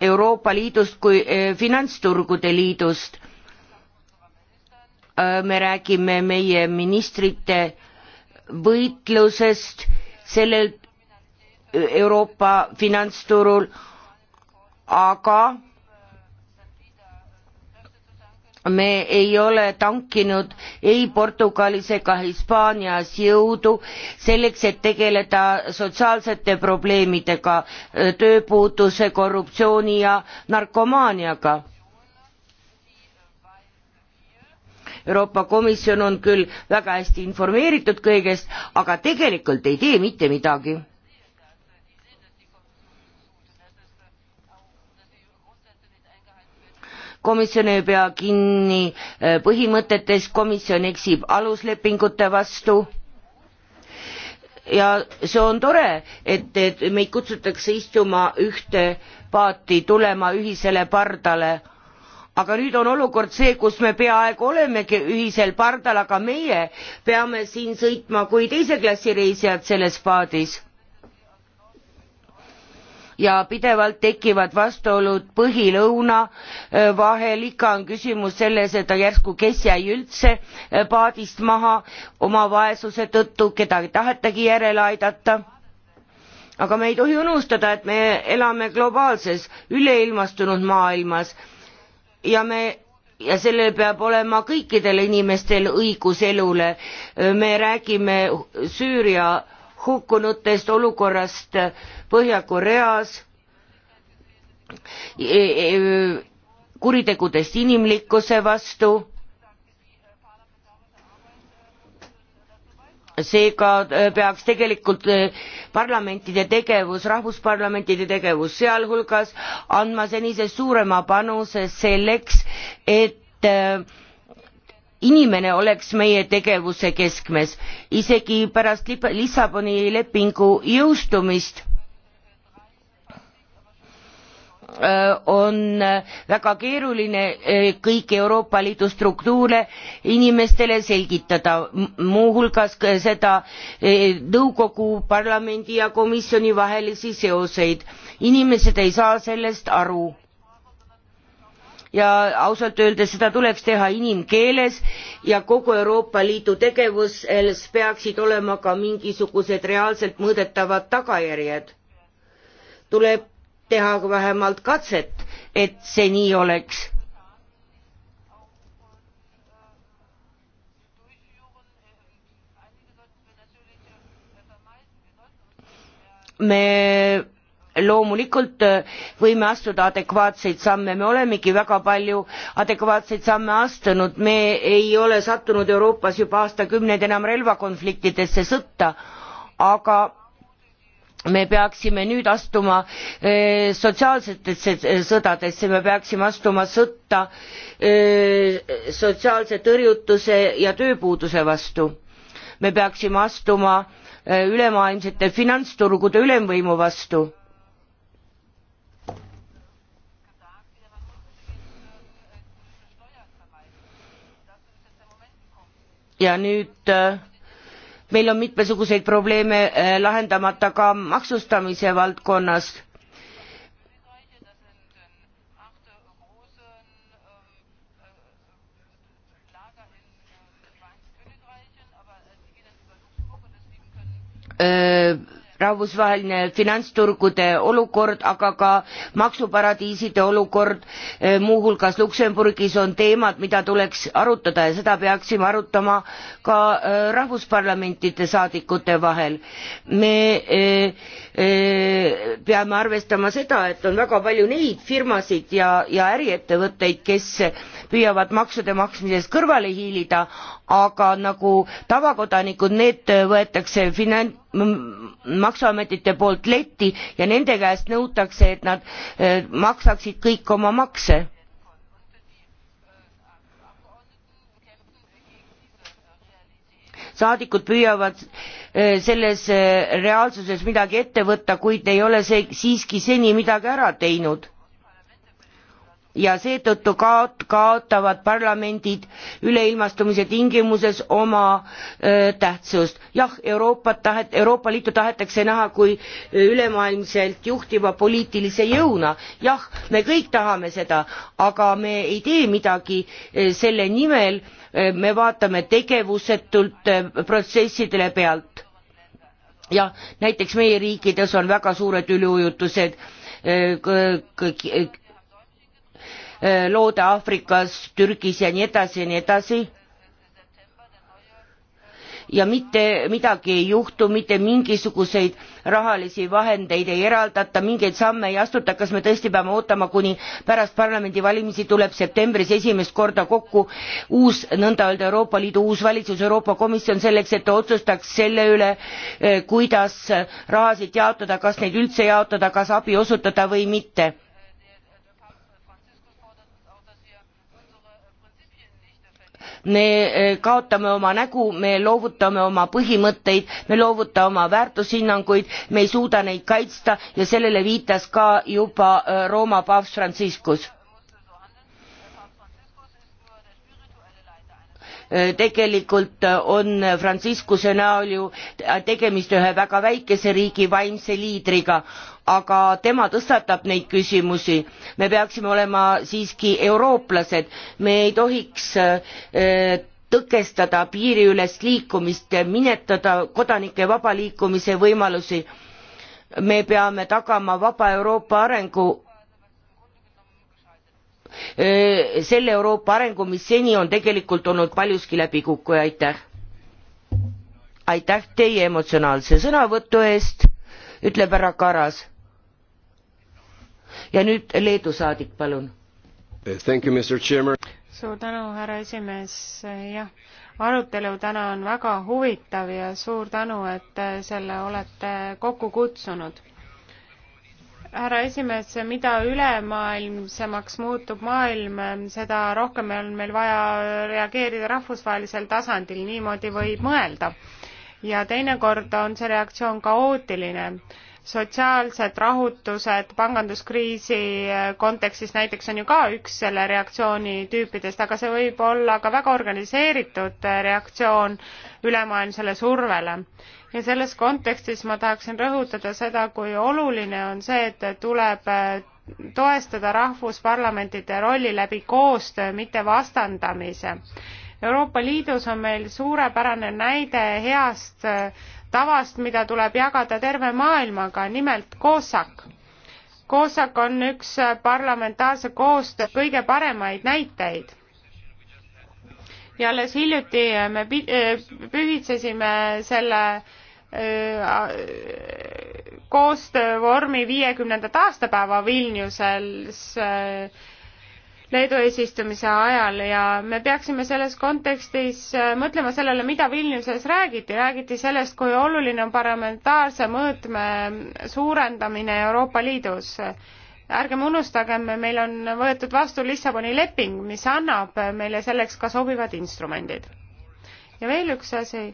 Euroopa Liidust kui eh, finantsturgude liidust. Äh, me räägime meie ministrite võitlusest sellel eh, Euroopa finantsturul, aga me ei ole tankinud ei Portugalis ega Hispaanias jõudu selleks, et tegeleda sotsiaalsete probleemidega, tööpuuduse, korruptsiooni ja narkomaaniaga. Euroopa Komisjon on küll väga hästi informeeritud kõigest, aga tegelikult ei tee mitte midagi komisjon ei pea kinni eh, põhimõtetest, komisjon eksib aluslepingute vastu ja see on tore, et, et meid kutsutakse istuma ühte paati, tulema ühisele pardale. aga nüüd on olukord see, kus me peaaegu olemegi ühisel pardal, aga meie peame siin sõitma kui teise klassi reisijad selles paadis ja pidevalt tekivad vastuolud põhi lõuna äh, vahel ikka on küsimus selles et järsku kes jäi üldse äh, paadist maha oma vaesuse tõttu keda ei tahetagi järele aidata aga me ei tohi unustada et me elame globaalses üleilmastunud maailmas ja me ja sellel peab olema kõikidel inimestel õigus elule äh, me räägime süüria hukkunutest, olukorrast Põhja-Koreas, e, e, kuritegudest inimlikkuse vastu. seega e, peaks tegelikult parlamentide tegevus, rahvusparlamentide tegevus sealhulgas andma senisest suurema panuse selleks, et inimene oleks meie tegevuse keskmes isegi pärast lissaboni lepingu jõustumist äh, on äh, väga keeruline äh, kõiki euroopa liidu struktuure inimestele selgitada muuhulgas seda nõukogu parlamendi ja komisjoni vahelisi seoseid inimesed ei saa sellest aru ja ausalt öeldes seda tuleks teha inimkeeles ja kogu euroopa liidu tegevuses peaksid olema ka mingisugused reaalselt mõõdetavad tagajärjed tuleb teha vähemalt katset et see nii oleks me loomulikult äh, võime astuda adekvaatseid samme me olemegi väga palju adekvaatseid samme astunud me ei ole sattunud euroopas juba aastakümneid enam relvakonfliktidesse sõtta aga me peaksime nüüd astuma öö, äh, sotsiaalsetesse äh, sõdadesse me peaksime astuma sõtta öö, sotsiaalse tõrjutuse ja tööpuuduse vastu me peaksime astuma öö, ülemaailmsete finantsturgude ülemvõimu vastu ja nüüd äh, meil on mitmesuguseid probleeme äh, lahendamata ka maksustamise valdkonnas Öö, äh, rahvusvaheline finantsturgude olukord aga ka maksuparadiiside olukord eh, muuhulgas luksemburgis on teemad mida tuleks arutada ja seda peaksime arutama ka eh, rahvusparlamentide saadikute vahel. me eh, peame arvestama seda et on väga palju neid firmasid ja ja äriettevõtteid kes püüavad maksude maksmisest kõrvale hiilida aga nagu tavakodanikud, need võetakse finan-, maksuametite poolt letti ja nende käest nõutakse, et nad eh, maksaksid kõik oma makse. saadikud püüavad eh, selles eh, reaalsuses midagi ette võtta, kuid ei ole see siiski seni midagi ära teinud ja seetõttu kaot-, kaotavad parlamendid üleilmastumise tingimuses oma öö, tähtsust. jah, Euroopat tahet-, Euroopa Liitu tahetakse näha kui ülemaailmselt juhtiva poliitilise jõuna, jah, me kõik tahame seda, aga me ei tee midagi selle nimel, me vaatame tegevusetult protsessidele pealt. jah, näiteks meie riikides on väga suured üleujutused, Äh, loode Aafrikas, Türgis ja nii edasi ja nii edasi. ja mitte midagi ei juhtu, mitte mingisuguseid rahalisi vahendeid ei eraldata, mingeid samme ei astuta, kas me tõesti peame ootama, kuni pärast parlamendivalimisi tuleb septembris esimest korda kokku uus nõnda öelda Euroopa Liidu uus valitsus, Euroopa Komisjon selleks, et ta otsustaks selle üle, äh, kuidas rahasid jaotada, kas neid üldse jaotada, kas abi osutada või mitte me eh, kaotame oma nägu me loovutame oma põhimõtteid me loovuta oma väärtushinnanguid me ei suuda neid kaitsta ja sellele viitas ka juba eh, rooma paavst franciscus. Äh, tegelikult äh, on Franciscuse näol ju äh, tegemist ühe väga väikese riigi vaimse liidriga, aga tema tõstatab neid küsimusi. me peaksime olema siiski eurooplased, me ei tohiks tõkestada piiriülest liikumist, minetada kodanike vaba liikumise võimalusi. me peame tagama vaba Euroopa arengu selle Euroopa arengu, mis seni on tegelikult olnud paljuski läbikukkuja, aitäh! aitäh teie emotsionaalse sõnavõtu eest, ütleb härra Karas. ja nüüd Leedu saadik, palun. suur tänu, härra esimees, jah arutelu täna on väga huvitav ja suur tänu, et selle olete kokku kutsunud härra esimees, mida ülemaailmsemaks muutub maailm, seda rohkem on meil vaja reageerida rahvusvahelisel tasandil, niimoodi võib mõelda. ja teinekord on see reaktsioon kaootiline sotsiaalsed rahutused panganduskriisi äh, kontekstis näiteks on ju ka üks selle reaktsiooni tüüpidest, aga see võib olla ka väga organiseeritud äh, reaktsioon ülemaailmsele survele. ja selles kontekstis ma tahaksin rõhutada seda, kui oluline on see, et tuleb äh, toestada rahvusparlamentide rolli läbi koostöö, mitte vastandamise. Euroopa Liidus on meil suurepärane näide heast tavast, mida tuleb jagada terve maailmaga, nimelt COSAC. COSAC on üks parlamentaarse koostöö kõige paremaid näiteid. ja alles hiljuti me pühitsesime selle äh, koostöövormi viiekümnendat aastapäeva Vilniuses äh, Leedu eesistumise ajal ja me peaksime selles kontekstis äh, mõtlema sellele, mida Vilniuses räägiti, räägiti sellest, kui oluline on parlamentaarse mõõtme suurendamine Euroopa Liidus. ärgem unustagem, meil on võetud vastu Lissaboni leping, mis annab meile selleks ka sobivad instrumendid. ja veel üks asi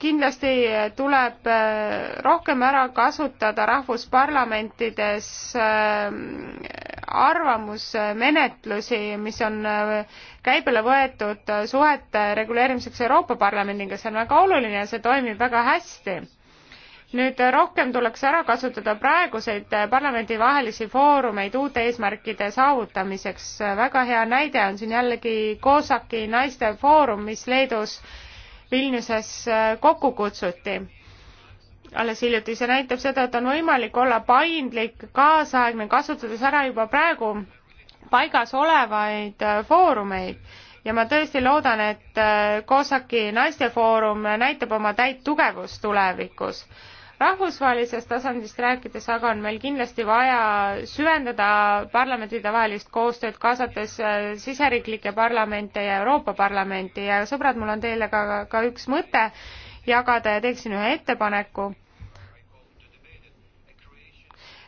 kindlasti tuleb äh, rohkem ära kasutada rahvusparlamentides äh, arvamusmenetlusi, mis on äh, käibele võetud äh, suhete reguleerimiseks Euroopa Parlamendiga, see on väga oluline ja see toimib väga hästi. nüüd äh, rohkem tuleks ära kasutada praeguseid parlamendivahelisi foorumeid uute eesmärkide saavutamiseks. väga hea näide on siin jällegi Kosaki naiste foorum, mis Leedus Vilniuses kokku kutsuti alles hiljuti, see näitab seda, et on võimalik olla paindlik, kaasaegne, kasutades ära juba praegu paigas olevaid äh, foorumeid ja ma tõesti loodan, et COSAC-i äh, naistefoorum näitab oma täit tugevust tulevikus. rahvusvahelisest tasandist rääkides aga on meil kindlasti vaja süvendada parlamentidevahelist koostööd, kaasates äh, siseriiklikke parlamente ja Euroopa Parlamenti ja sõbrad, mul on teile ka, ka üks mõte jagada ja teeksin ühe ettepaneku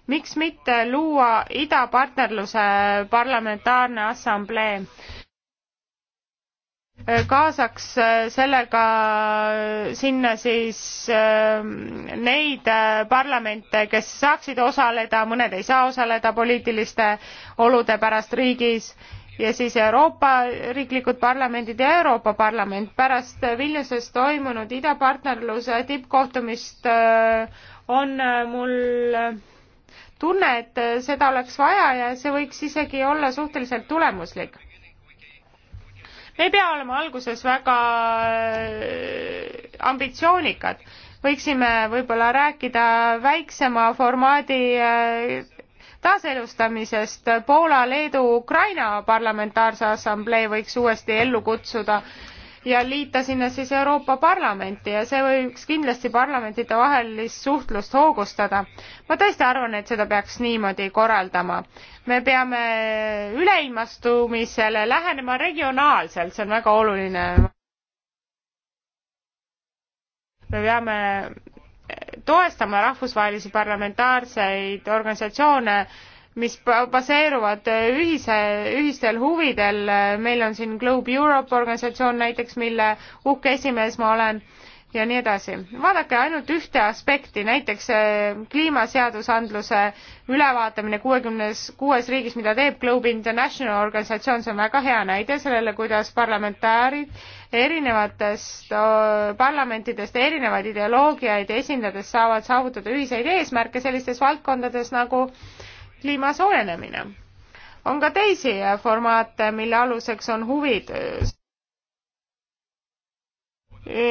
miks mitte luua idapartnerluse parlamentaarne assamblee? kaasaks äh, sellega äh, sinna siis äh, neid parlamente, kes saaksid osaleda, mõned ei saa osaleda poliitiliste olude pärast riigis ja siis Euroopa riiklikud parlamendid ja Euroopa Parlament. pärast Vilniuses toimunud idapartnerluse tippkohtumist on mul tunne, et seda oleks vaja ja see võiks isegi olla suhteliselt tulemuslik. me ei pea olema alguses väga äh, ambitsioonikad, võiksime võib-olla rääkida väiksema formaadi äh, taaselustamisest. Poola, Leedu, Ukraina parlamentaarse assamblee võiks uuesti ellu kutsuda ja liita sinna siis Euroopa Parlamenti ja see võiks kindlasti parlamentide vahelist suhtlust hoogustada. ma tõesti arvan, et seda peaks niimoodi korraldama. me peame üleilmastumisele lähenema regionaalselt, see on väga oluline. me peame toestama rahvusvahelisi parlamentaarseid organisatsioone mis baseeruvad äh, ühise, ühistel huvidel, meil on siin Globe Europe organisatsioon näiteks, mille uhke esimees ma olen, ja nii edasi. vaadake ainult ühte aspekti, näiteks äh, kliimaseadusandluse ülevaatamine kuuekümnes, kuues riigis, mida teeb Globe International organisatsioon, see on väga hea näide sellele, kuidas parlamentäärid erinevatest äh, parlamentidest erinevaid ideoloogiaid esindades saavad saavutada ühiseid eesmärke sellistes valdkondades nagu äh, kliima soojenemine. on ka teisi äh, formaate, mille aluseks on huvid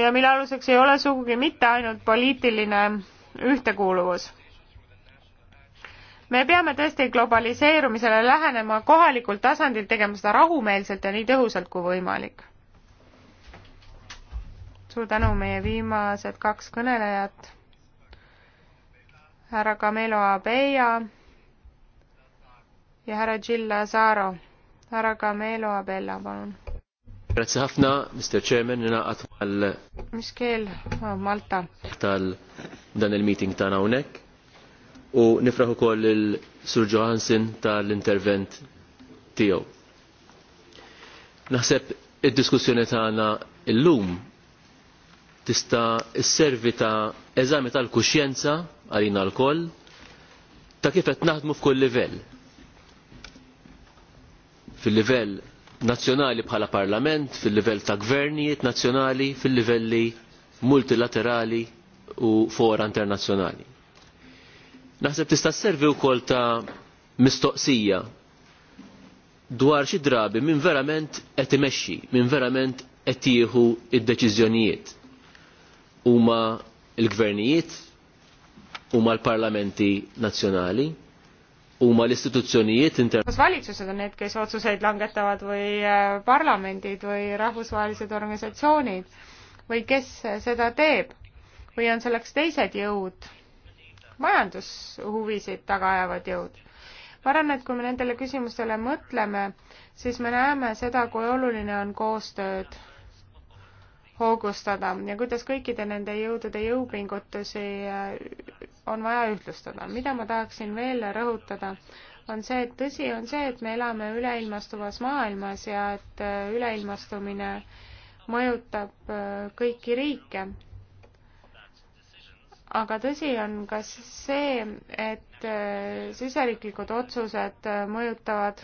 ja mille aluseks ei ole sugugi mitte ainult poliitiline ühtekuuluvus. me peame tõesti globaliseerumisele lähenema kohalikul tasandil, tegema seda rahumeelselt ja nii tõhusalt kui võimalik. suur tänu, meie viimased kaks kõnelejat, härra Camelo Abeja ja härra Jill Lazaro. härra Camelo Abella, palun. Grazie ħafna, Mr Chairman, nina għatmal. mis keel, ah, Malta. tal dan il-meeting tana unek u nifraħu koll il-Sur Johansen tal-intervent tiegħu. Naħseb id-diskussjoni tagħna illum tista' isservi ta' eżami tal-kuxjenza għalina l-koll ta' kif qed naħdmu f'kull livell fil-livell nazzjonali bħala parlament, fil-livell ta' gvernijiet nazzjonali, fil-livelli multilaterali u fora internazzjonali. Naħseb tista' servi wkoll ta' mistoqsija dwar xi drabi min verament qed imexxi, min verament qed jieħu id-deċiżjonijiet. Huma l-gvernijiet, huma l-parlamenti nazzjonali, huma l-istituzzjonijiet inter-. kas valitsused on need, kes otsuseid langetavad või äh, parlamendid või rahvusvahelised organisatsioonid või kes äh, seda teeb või on selleks teised jõud, majandushuvisid taga ajavad jõud? ma arvan, et kui me nendele küsimustele mõtleme, siis me näeme seda, kui oluline on koostööd hoogustada ja kuidas kõikide nende jõudude jõupingutusi äh, on vaja ühtlustada. mida ma tahaksin veel rõhutada, on see, et tõsi on see, et me elame üleilmastuvas maailmas ja et äh, üleilmastumine mõjutab äh, kõiki riike. aga tõsi on ka see, et siseriiklikud otsused mõjutavad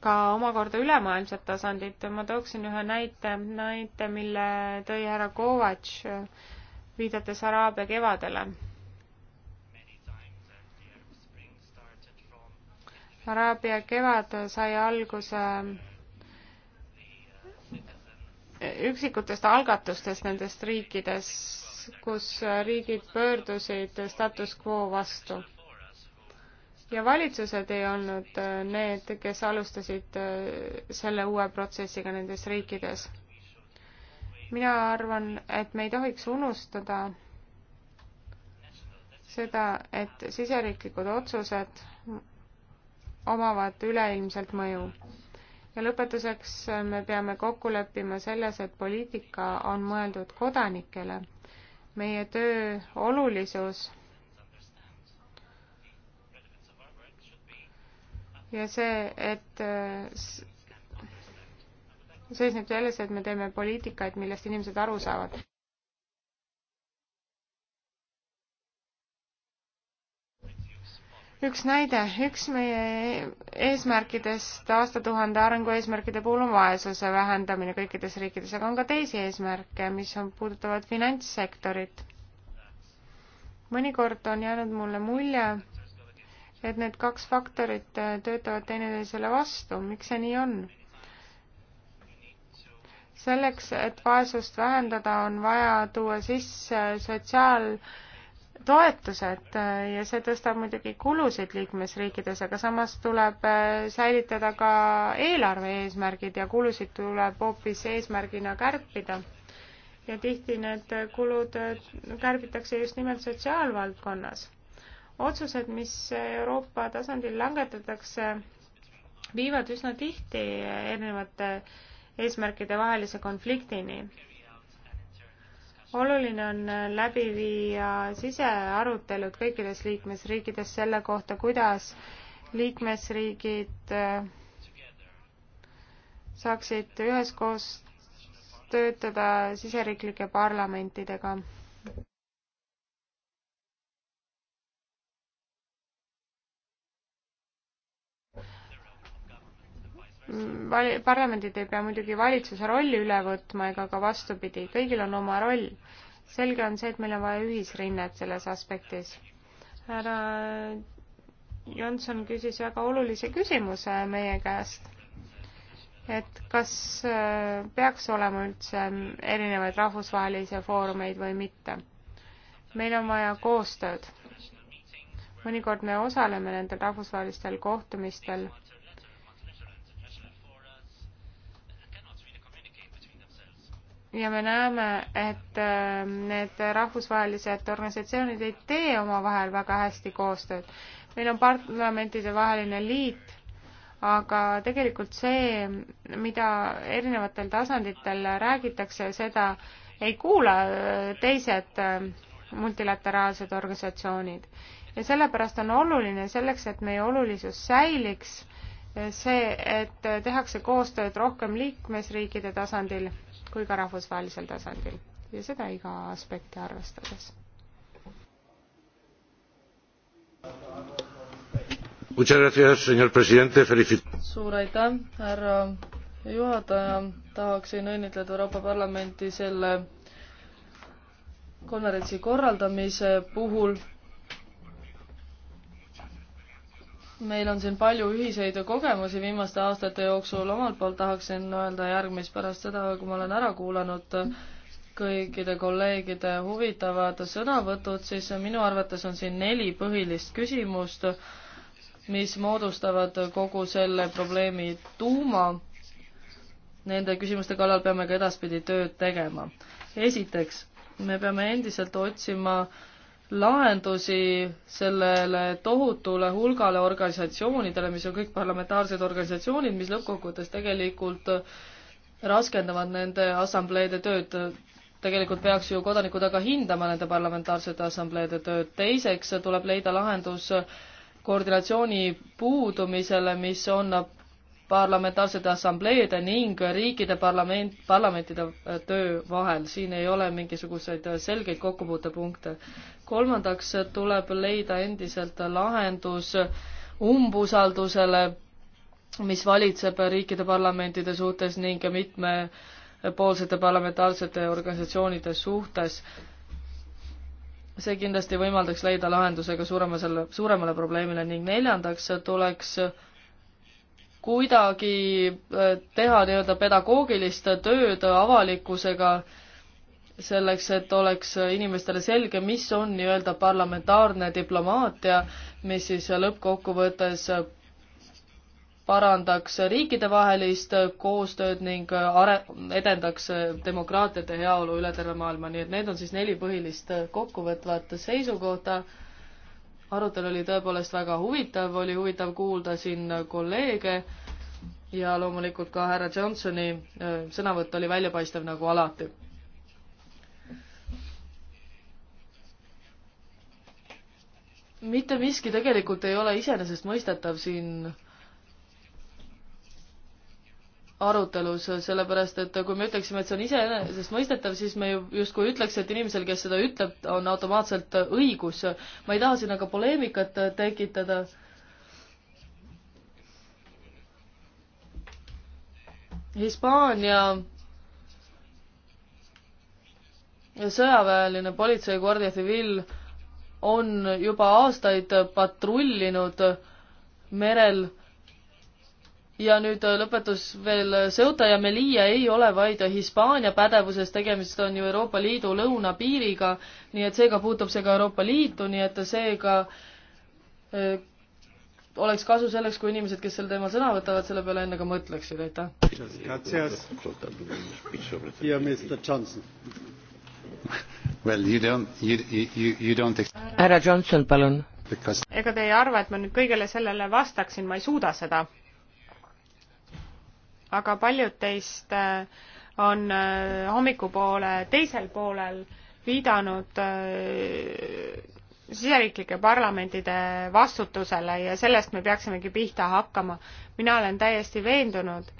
ka omakorda ülemaailmset tasandit. ma tooksin ühe näite, näite, mille tõi härra Kovatš, äh, viidates Araabia kevadele. Araabia kevad sai alguse üksikutest algatustest nendest riikides, kus riigid pöördusid status quo vastu ja valitsused ei olnud äh, need, kes alustasid äh, selle uue protsessiga nendes riikides. mina arvan, et me ei tohiks unustada seda, et siseriiklikud otsused omavad üleilmselt mõju. ja lõpetuseks äh, me peame kokku leppima selles, et poliitika on mõeldud kodanikele. meie töö olulisus ja see, et äh, seisneb selles, et me teeme poliitikaid, millest inimesed aru saavad. üks näide, üks meie eesmärkidest aastatuhande arengu eesmärkide puhul on vaesuse vähendamine kõikides riikides, aga on ka teisi eesmärke, mis on, puudutavad finantssektorit. mõnikord on jäänud mulle mulje, et need kaks faktorit äh, töötavad teineteisele vastu, miks see nii on? selleks, et vaesust vähendada, on vaja tuua sisse sotsiaaltoetused äh, ja see tõstab muidugi kulusid liikmesriikides, aga samas tuleb äh, säilitada ka eelarve eesmärgid ja kulusid tuleb hoopis eesmärgina kärpida. ja tihti need kulud kärbitakse just nimelt sotsiaalvaldkonnas otsused, mis Euroopa tasandil langetatakse, viivad üsna tihti erinevate eesmärkide vahelise konfliktini. oluline on läbi viia sisearutelud kõikides liikmesriikides selle kohta, kuidas liikmesriigid äh, saaksid üheskoos töötada siseriiklike parlamentidega vali-, parlamendid ei pea muidugi valitsuse rolli üle võtma ega ka vastupidi, kõigil on oma roll. selge on see, et meil on vaja ühisrinnet selles aspektis. härra Johnson küsis väga olulise küsimuse meie käest, et kas äh, peaks olema üldse erinevaid rahvusvahelisi foorumeid või mitte. meil on vaja koostööd. mõnikord me osaleme nendel rahvusvahelistel kohtumistel ja me näeme, et ähm, need rahvusvahelised organisatsioonid ei tee omavahel väga hästi koostööd. meil on parlamentide vaheline liit, aga tegelikult see, mida erinevatel tasanditel räägitakse, seda ei kuula äh, teised ähm, multilateraalsed organisatsioonid. ja sellepärast on oluline selleks, et meie olulisus säiliks, äh, see, et äh, tehakse koostööd rohkem liikmesriikide tasandil kui ka rahvusvahelisel tasandil ja seda iga aspekti arvestades. suur aitäh, härra juhataja, tahaksin õnnitleda Euroopa Parlamenti selle konverentsi korraldamise puhul meil on siin palju ühiseid kogemusi viimaste aastate jooksul, omalt poolt tahaksin öelda järgmist pärast seda, kui ma olen ära kuulanud kõikide kolleegide huvitavad sõnavõtud, siis minu arvates on siin neli põhilist küsimust, mis moodustavad kogu selle probleemi tuuma. Nende küsimuste kallal peame ka edaspidi tööd tegema. esiteks, me peame endiselt otsima äh, lahendusi sellele tohutule hulgale organisatsioonidele, mis on kõik parlamentaarsed organisatsioonid, mis lõppkokkuvõttes tegelikult raskendavad nende assambleede tööd. tegelikult peaks ju kodanikud aga hindama nende parlamentaarsete assambleede tööd. teiseks tuleb leida lahendus koordinatsiooni puudumisele, mis on parlamentaarsete assambleede ning riikide parlament, parlamentide töö vahel, siin ei ole mingisuguseid selgeid kokkupuutepunkte kolmandaks tuleb leida endiselt lahendus umbusaldusele, mis valitseb riikide parlamentide suhtes ning mitmepoolsete parlamentaarsete organisatsioonide suhtes. see kindlasti võimaldaks leida lahenduse ka suuremasele, suuremale probleemile ning neljandaks tuleks kuidagi eh, teha nii-öelda pedagoogilist tööd avalikkusega selleks, et oleks inimestele selge, mis on nii-öelda parlamentaarne diplomaatia, mis siis lõppkokkuvõttes parandaks riikidevahelist koostööd ning are-, edendaks demokraatiat ja heaolu üle terve maailma, nii et need on siis neli põhilist kokkuvõtvat seisukohta. arutelu oli tõepoolest väga huvitav, oli huvitav kuulda siin kolleege ja loomulikult ka härra Johnsoni äh, sõnavõtt oli väljapaistev nagu alati mitte miski tegelikult ei ole iseenesestmõistetav siin arutelus, sellepärast et kui me ütleksime, et see on iseenesestmõistetav, siis me ju justkui ütleks, et inimesel, kes seda ütleb, on automaatselt õigus. ma ei taha siin aga poleemikat tekitada. Hispaania sõjaväeline politsei Guardia Civil on juba aastaid patrullinud merel ja nüüd lõpetus veel, Ceuta ja Melilla ei ole vaid Hispaania pädevuses, tegemist on ju Euroopa Liidu lõunapiiriga, nii et seega puutub see ka Euroopa Liitu, nii et seega öö, eh, oleks kasu selleks, kui inimesed, kes sel teemal sõna võtavad, selle peale enne ka mõtleksid, aitäh. Well, you don't, you, you, you don't härra Johnson, palun. ega te ei arva, et ma nüüd kõigele sellele vastaksin, ma ei suuda seda. aga paljud teist äh, on äh, hommikupoole teisel poolel viidanud äh, siseriiklike parlamentide vastutusele ja sellest me peaksimegi pihta hakkama. mina olen täiesti veendunud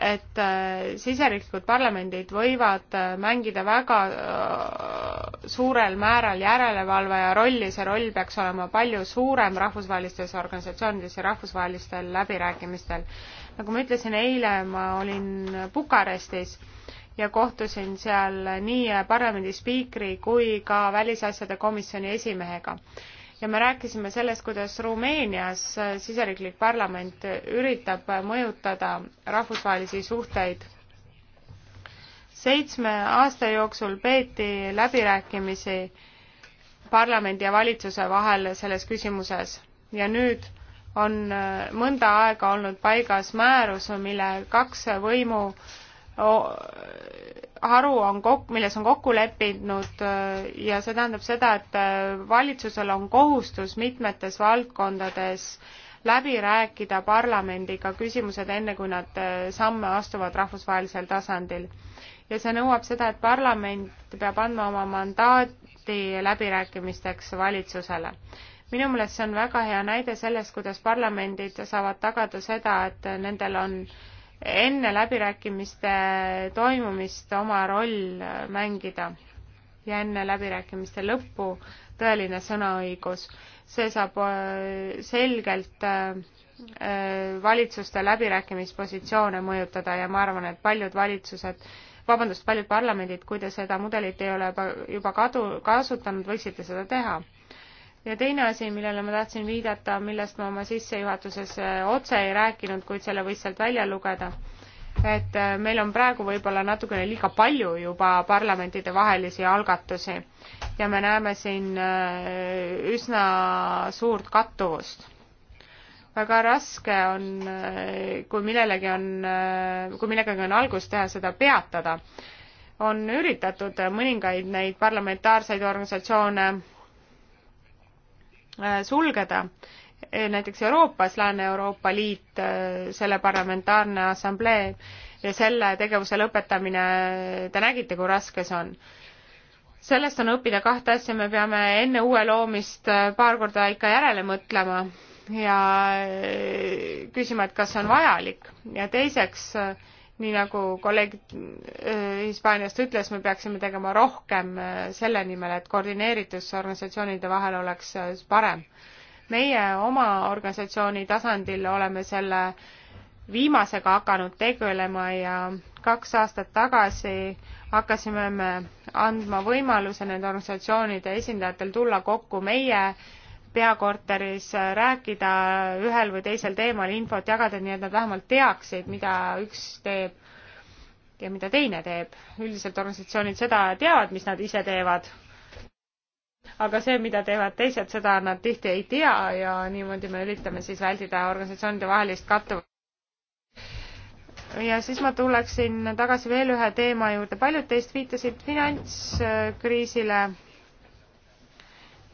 et äh, siseriiklikud parlamendid võivad äh, mängida väga äh, suurel määral järelevalveja rolli, see roll peaks olema palju suurem rahvusvahelistes organisatsioonides ja rahvusvahelistel läbirääkimistel. nagu ma ütlesin, eile ma olin Bukarestis ja kohtusin seal nii parlamendi spiikri kui ka välisasjade komisjoni esimehega ja me rääkisime sellest, kuidas Rumeenias äh, siseriiklik parlament üritab mõjutada rahvusvahelisi suhteid. seitsme aasta jooksul peeti läbirääkimisi parlamendi ja valitsuse vahel selles küsimuses ja nüüd on äh, mõnda aega olnud paigas määrus, mille kaks võimu haru on kok-, milles on kokku leppinud äh, ja see tähendab seda, et äh, valitsusel on kohustus mitmetes valdkondades läbi rääkida parlamendiga küsimused, enne kui nad äh, samme astuvad rahvusvahelisel tasandil. ja see nõuab seda, et parlament peab andma oma mandaati läbirääkimisteks valitsusele. minu meelest see on väga hea näide sellest, kuidas parlamendid saavad tagada seda, et nendel on äh, enne läbirääkimiste toimumist oma roll mängida ja enne läbirääkimiste lõppu tõeline sõnaõigus. see saab äh, selgelt äh, valitsuste läbirääkimispositsioone mõjutada ja ma arvan, et paljud valitsused, vabandust, paljud parlamendid, kui te seda mudelit ei ole juba kadu, kasutanud, võiksite seda teha ja teine asi, millele ma tahtsin viidata, millest ma oma sissejuhatuses äh, otse ei rääkinud, kuid selle võis sealt välja lugeda, et äh, meil on praegu võib-olla natukene liiga palju juba parlamentidevahelisi algatusi ja me näeme siin äh, üsna suurt kattuvust väga raske on, kui millelegi on, kui millegagi on algust teha, seda peatada. on üritatud mõningaid neid parlamentaarseid organisatsioone Äh, sulgeda. Äh, näiteks Euroopas, Lääne-Euroopa Liit, äh, selle parlamentaarne assamblee ja selle tegevuse lõpetamine, te nägite, kui raske see on sellest on õppida kahte asja, me peame enne uue loomist paar korda ikka järele mõtlema ja küsima, et kas see on vajalik ja teiseks äh, nii nagu kolleeg äh, Hispaaniast ütles, me peaksime tegema rohkem äh, selle nimel, et koordineeritus organisatsioonide vahel oleks äh, parem. meie oma organisatsiooni tasandil oleme selle viimasega hakanud tegelema ja kaks aastat tagasi hakkasime me andma võimaluse nende organisatsioonide esindajatel tulla kokku meie peakorteris äh, rääkida ühel või teisel teemal, infot jagada, nii et nad vähemalt teaksid, mida üks teeb ja mida teine teeb. üldiselt organisatsioonid seda teavad, mis nad ise teevad. aga see, mida teevad teised, seda nad tihti ei tea ja niimoodi me üritame siis vältida organisatsioonide vahelist kattuvust ja siis ma tuleksin tagasi veel ühe teema juurde. paljud teist viitasid finantskriisile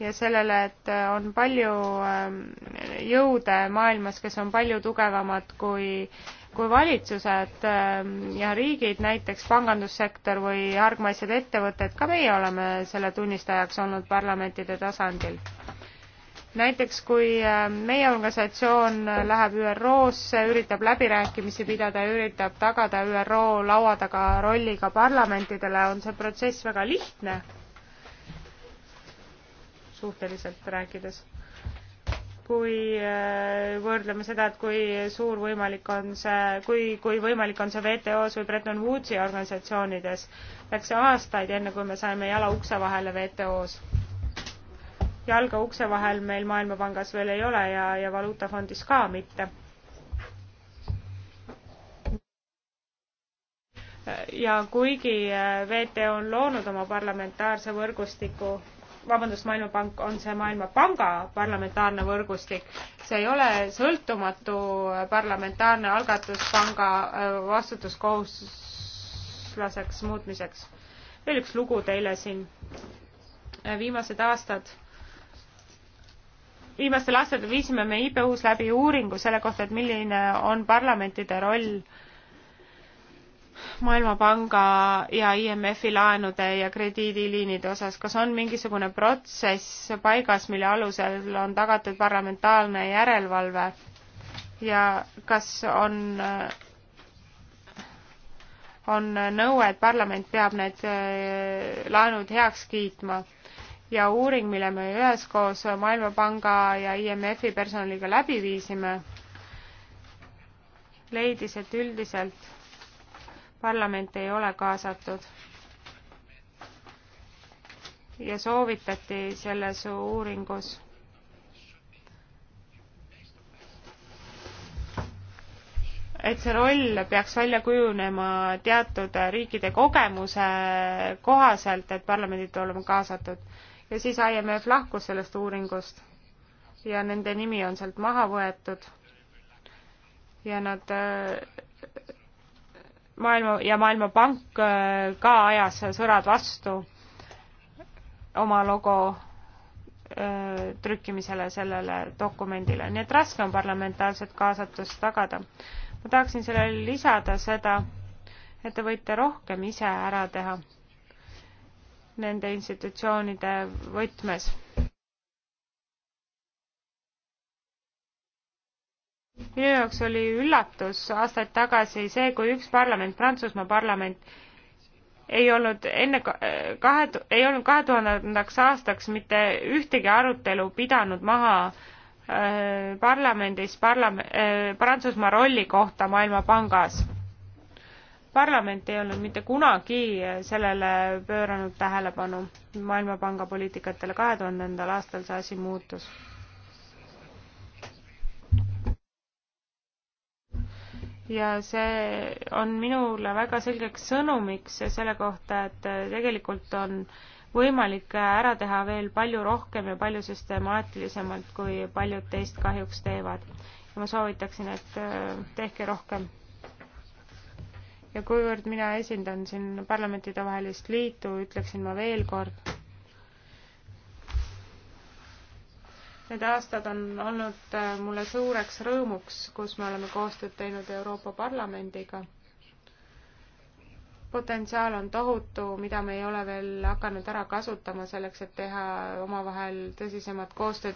ja sellele, et äh, on palju äh, jõude maailmas, kes on palju tugevamad kui, kui valitsused ähm, ja riigid, näiteks pangandussektor või hargmaised ettevõtted, ka meie oleme selle tunnistajaks olnud parlamentide tasandil. näiteks kui ähm, meie organisatsioon läheb ÜRO-sse, üritab läbirääkimisi pidada ja üritab tagada ÜRO laua taga rolli ka parlamentidele, on see protsess väga lihtne suhteliselt rääkides. kui äh, võrdleme seda, et kui suur võimalik on see, kui, kui võimalik on see WTO-s või Bretton Woodsi organisatsioonides, läks see aastaid, enne kui me saime jala ukse vahele WTO-s jalga ukse vahel meil Maailmapangas veel ei ole ja, ja Valuutafondis ka mitte. ja kuigi äh, WTO on loonud oma parlamentaarse võrgustiku vabandust, Maailmapank on see Maailmapanga parlamentaarne võrgustik. see ei ole sõltumatu parlamentaarne algatus panga äh, vastutuskohustuslaseks muutmiseks. veel üks lugu teile siin. Äh, viimased aastad viimastel aastatel viisime me IPU-s läbi uuringu selle kohta, et milline on parlamentide roll äh, Maailmapanga ja IMF-i laenude ja krediidiliinide osas, kas on mingisugune protsess paigas, mille alusel on tagatud parlamentaarne järelevalve ja kas on, on nõue, et parlament peab need äh, laenud heaks kiitma? ja uuring, mille me üheskoos Maailmapanga ja IMF-i personaliga läbi viisime, leidis, et üldiselt parlament ei ole kaasatud. ja soovitati selles uuringus et see roll peaks välja kujunema teatud riikide kogemuse kohaselt, et parlamendid olema kaasatud. ja siis IMF lahkus sellest uuringust ja nende nimi on sealt maha võetud. ja nad maailma ja Maailmapank äh, ka ajas sõrad vastu oma logo öö, äh, trükkimisele sellele dokumendile, nii et raske on parlamentaarset kaasatust tagada. ma tahaksin sellele lisada seda, et te võite rohkem ise ära teha nende institutsioonide võtmes minu jaoks oli üllatus aastaid tagasi see, kui üks parlament, Prantsusmaa parlament, ei olnud enne kahe, ei olnud kahe tuhandendaks aastaks mitte ühtegi arutelu pidanud maha äh, parlamendis parlam- äh,, Prantsusmaa rolli kohta Maailmapangas. parlament ei olnud mitte kunagi sellele pööranud tähelepanu, Maailmapanga poliitikatele, kahe tuhandendal aastal see asi muutus ja see on minule väga selgeks sõnumiks selle kohta, et tegelikult on võimalik ära teha veel palju rohkem ja palju süstemaatilisemalt, kui paljud teist kahjuks teevad. ja ma soovitaksin, et äh, tehke rohkem. ja kuivõrd mina esindan siin parlamentidevahelist liitu, ütleksin ma veel kord, Need aastad on olnud äh, mulle suureks rõõmuks, kus me oleme koostööd teinud Euroopa Parlamendiga. potentsiaal on tohutu, mida me ei ole veel hakanud ära kasutama selleks, et teha omavahel tõsisemat koostööd.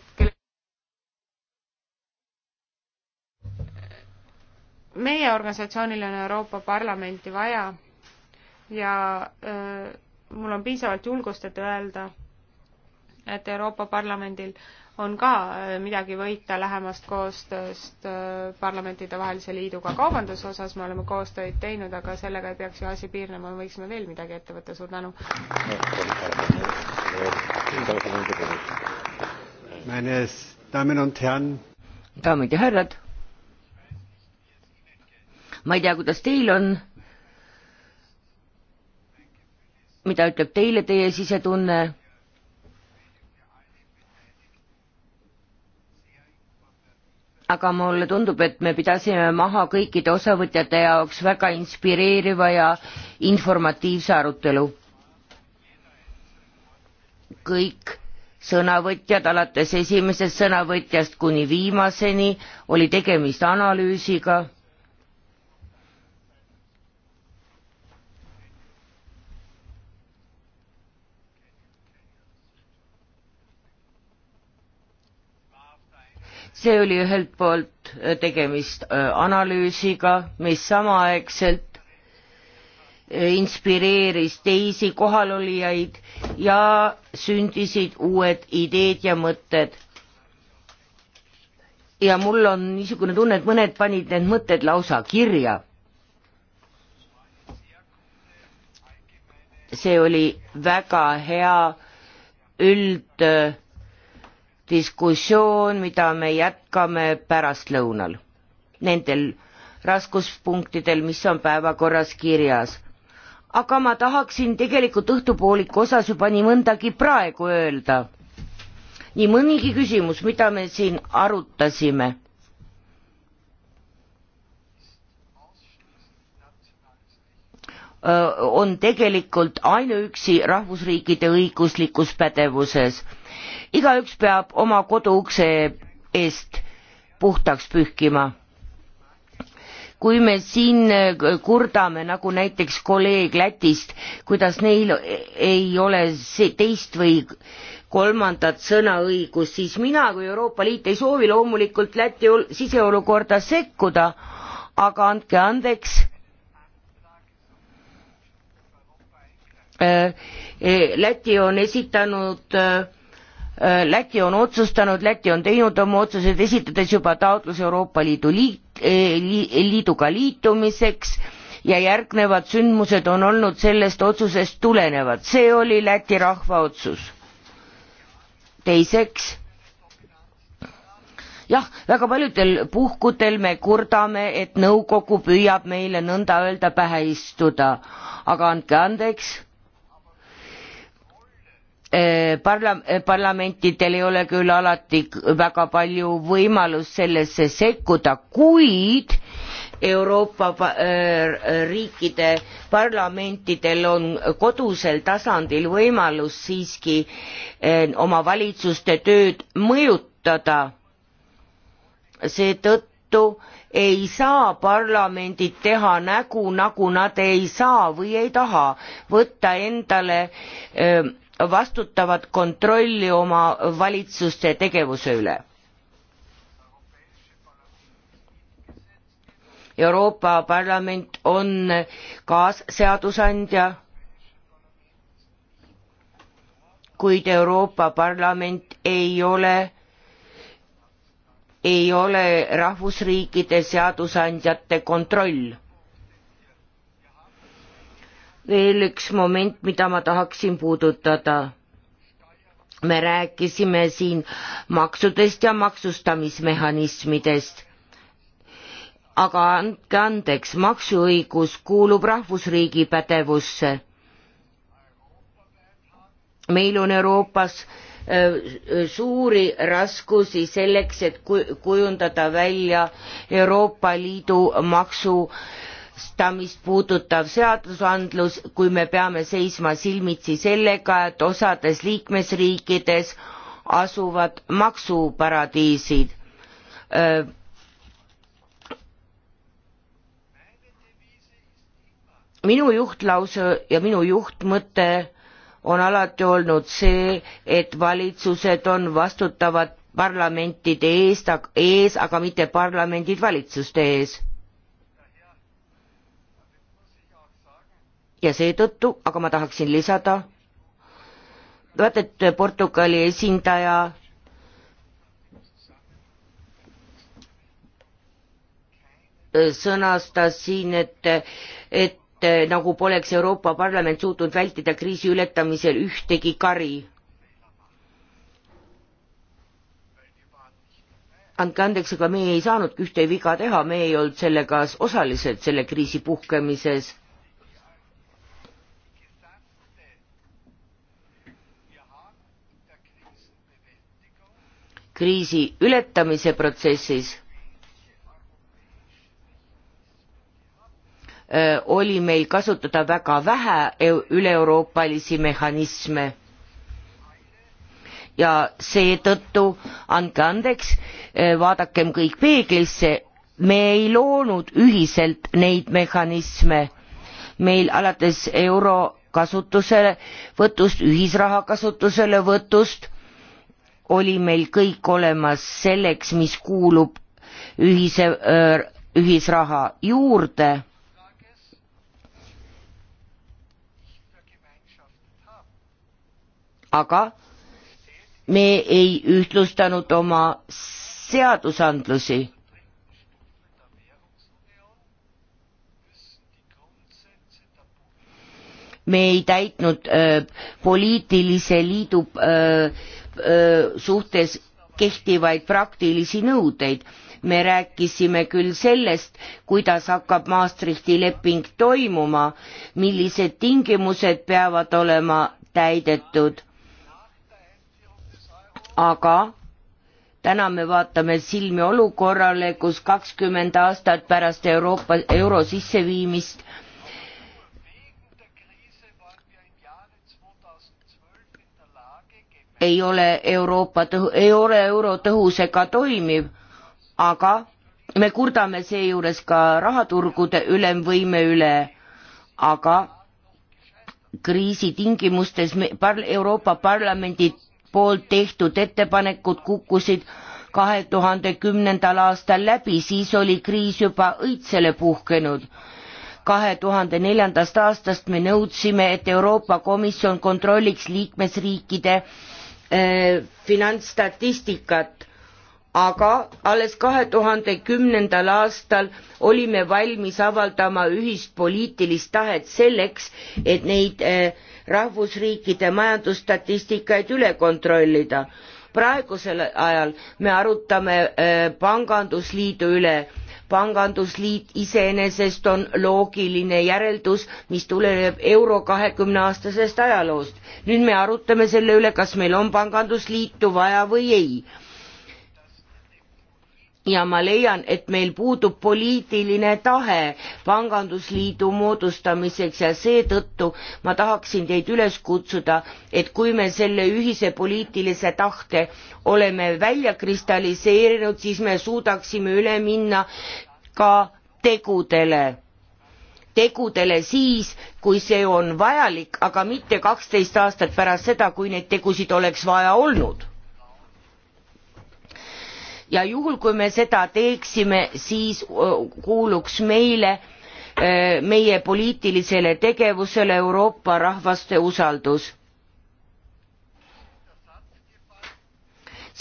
meie organisatsioonil on Euroopa Parlamenti vaja ja öö, äh, mul on piisavalt julgust, et öelda, et Euroopa Parlamendil öö, on ka äh, midagi võita lähemast koostööst äh, parlamentidevahelise liiduga kaubanduse osas, me oleme koostööd teinud, aga sellega ei peaks ju asi piirnema, me võiksime veel midagi ette võtta, suur tänu. daamid ja härrad, ma ei tea, kuidas teil on, mida ütleb teile teie sisetunne aga mulle tundub, et me pidasime maha kõikide osavõtjate jaoks väga inspireeriva ja informatiivse arutelu. kõik sõnavõtjad alates esimesest sõnavõtjast kuni viimaseni oli tegemist analüüsiga see oli ühelt poolt äh, tegemist äh, analüüsiga, mis samaaegselt äh, inspireeris teisi kohalolijaid ja sündisid uued ideed ja mõtted. ja mul on niisugune tunne, et mõned panid need mõtted lausa kirja. see oli väga hea üld diskussioon, mida me jätkame pärastlõunal, nendel raskuspunktidel, mis on päevakorras kirjas. aga ma tahaksin tegelikult õhtupooliku osas juba nii mõndagi praegu öelda. nii mõnigi küsimus, mida me siin arutasime on tegelikult ainuüksi rahvusriikide õiguslikus pädevuses. igaüks peab oma koduukse eest puhtaks pühkima. kui me siin kurdame, nagu näiteks kolleeg Lätist, kuidas neil ei ole teist või kolmandat sõnaõigust, siis mina kui Euroopa Liit ei soovi loomulikult Läti siseolukorda sekkuda, aga andke andeks Eh, eh, Läti on esitanud eh, Läti on otsustanud, Läti on teinud oma otsused, esitades juba taotluse Euroopa Liidu liit, liiduga liitumiseks ja järgnevad sündmused on olnud sellest otsusest tulenevad. see oli Läti rahva otsus. teiseks, jah, väga paljudel puhkudel me kurdame, et nõukogu püüab meile nõnda öelda pähe istuda, aga andke andeks Eh, parla-, eh, parlamentidel ei ole küll alati väga palju võimalust sellesse sekkuda, kuid Euroopa eh, riikide parlamentidel on kodusel tasandil võimalus siiski oma valitsuste tööd mõjutada. seetõttu ei saa parlamendid teha nägu, nagu nad ei saa või ei taha võtta endale öö, vastutavat kontrolli oma valitsuste tegevuse üle. Euroopa Parlament on kaasseadusandja, kuid Euroopa Parlament ei ole, ei ole rahvusriikide seadusandjate kontroll veel üks moment, mida ma tahaksin puudutada. me rääkisime siin maksudest ja maksustamismehhanismidest. aga andke andeks, maksuõigus kuulub rahvusriigi pädevusse. meil on Euroopas äh, suuri raskusi selleks, et kujundada välja Euroopa Liidu maksu äh, rahastamist puudutav seadusandlus, kui me peame seisma silmitsi sellega, et osades liikmesriikides asuvad maksuparadiisid. minu juhtlause ja minu juhtmõte on alati olnud see, et valitsused on vastutavad parlamentide eest, ees, aga mitte parlamendid valitsuste ees ja seetõttu, aga ma tahaksin lisada, vaata, et Portugali esindaja sõnastas siin, et, et nagu poleks Euroopa Parlament suutnud vältida kriisi ületamisel ühtegi kari. andke andeks, aga meie ei saanudki ühte viga teha, me ei olnud selle kaas osalised selle kriisi puhkemises kriisi ületamise protsessis oli meil kasutada väga vähe üleeuroopalisi mehhanisme ja seetõttu andke andeks vaadakem kõik peeglisse me ei loonud ühiselt neid mehhanisme meil alates euro kasutusele võtust ühisraha kasutusele võtust oli meil kõik olemas selleks, mis kuulub ühise, ühisraha juurde aga me ei ühtlustanud oma seadusandlusi. me ei täitnud öö, poliitilise liidu öö, Äh, suhtes kehtivaid praktilisi nõudeid. me rääkisime küll sellest, kuidas hakkab Maastrichti leping toimuma, millised tingimused peavad olema täidetud. aga täna me vaatame silmi olukorrale, kus kakskümmend aastat pärast Euroopa euro sisseviimist ei ole Euroopa tõhu-, ei ole euro tõhus ega toimiv, aga me kurdame seejuures ka rahaturgude ülemvõime üle, aga kriisi tingimustes me, par, Euroopa Parlamendi poolt tehtud ettepanekud kukkusid kahe tuhande kümnendal aastal läbi, siis oli kriis juba õitsele puhkenud. kahe tuhande neljandast aastast me nõudsime, et Euroopa Komisjon kontrolliks liikmesriikide Eh, finantsstatistikat, aga alles kahe tuhande kümnendal aastal olime valmis avaldama ühist poliitilist tahet selleks, et neid eh, rahvusriikide majandusstatistikaid üle kontrollida praegusel ajal me arutame äh, pangandusliidu üle pangandusliit iseenesest on loogiline järeldus mis tuleneb euro kahekümne aastasest ajaloost nüüd me arutame selle üle kas meil on pangandusliitu vaja või ei ja ma leian, et meil puudub poliitiline tahe pangandusliidu moodustamiseks ja seetõttu ma tahaksin teid üles kutsuda, et kui me selle ühise poliitilise tahte oleme välja kristalliseerinud, siis me suudaksime üle minna ka tegudele tegudele siis, kui see on vajalik, aga mitte kaksteist aastat pärast seda, kui neid tegusid oleks vaja olnud ja juhul, kui me seda teeksime, siis kuuluks meile, meie poliitilisele tegevusele Euroopa rahvaste usaldus.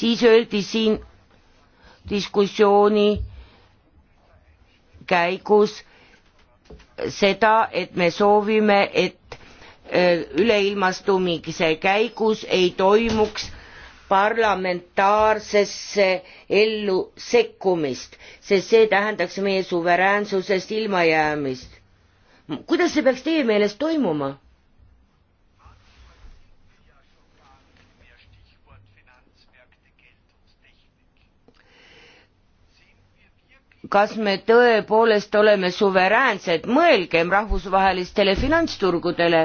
siis öeldi siin diskussiooni käigus seda, et me soovime, et üleilmastumise käigus ei toimuks parlamentaarsesse ellu sekkumist, sest see tähendaks meie suveräänsusest ilmajäämist. kuidas see peaks teie meelest toimuma? kas me tõepoolest oleme suveräänsed, mõelgem rahvusvahelistele finantsturgudele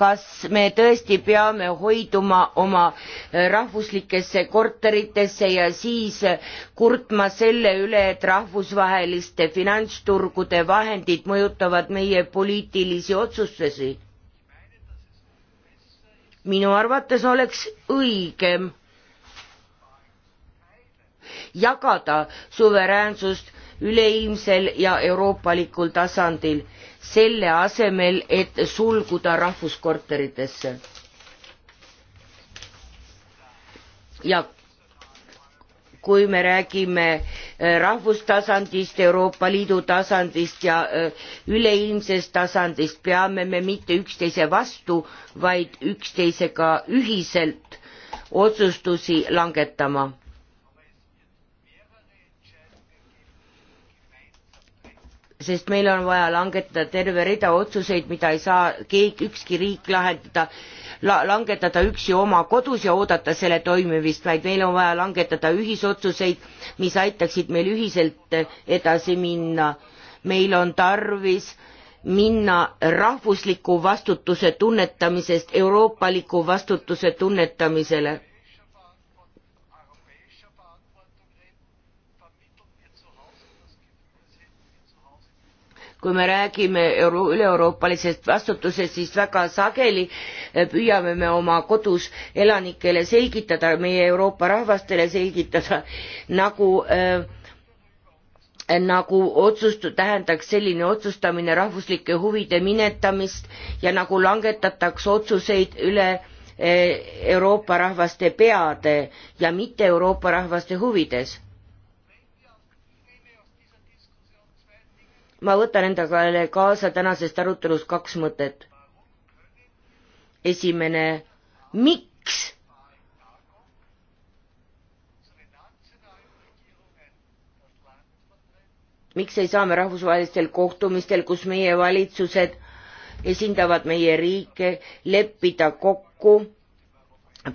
kas me tõesti peame hoiduma oma äh, rahvuslikesse korteritesse ja siis äh, kurtma selle üle, et rahvusvaheliste finantsturgude vahendid mõjutavad meie poliitilisi otsustusi? minu arvates oleks õigem jagada suveräänsust üleilmsel ja euroopalikul tasandil selle asemel, et sulguda rahvuskorteritesse. ja kui me räägime äh, rahvustasandist, Euroopa Liidu tasandist ja äh, üleilmsest tasandist, peame me mitte üksteise vastu, vaid üksteisega ühiselt otsustusi langetama sest meil on vaja langetada terve rida otsuseid, mida ei saa keegi, ükski riik lahendada la,, langetada üksi oma kodus ja oodata selle toimimist, vaid meil on vaja langetada ühisotsuseid, mis aitaksid meil ühiselt edasi minna. meil on tarvis minna rahvusliku vastutuse tunnetamisest euroopaliku vastutuse tunnetamisele kui me räägime euro üleeuroopalisest vastutusest, siis väga sageli eh, püüame me oma kodus elanikele selgitada, meie Euroopa rahvastele selgitada, nagu äh, nagu otsust tähendaks selline otsustamine rahvuslike huvide minetamist ja nagu langetataks otsuseid üle eh, Euroopa rahvaste peade ja mitte Euroopa rahvaste huvides ma võtan endaga kaasa tänasest arutelust kaks mõtet. esimene, miks miks ei saa me rahvusvahelistel kohtumistel, kus meie valitsused esindavad meie riike, leppida kokku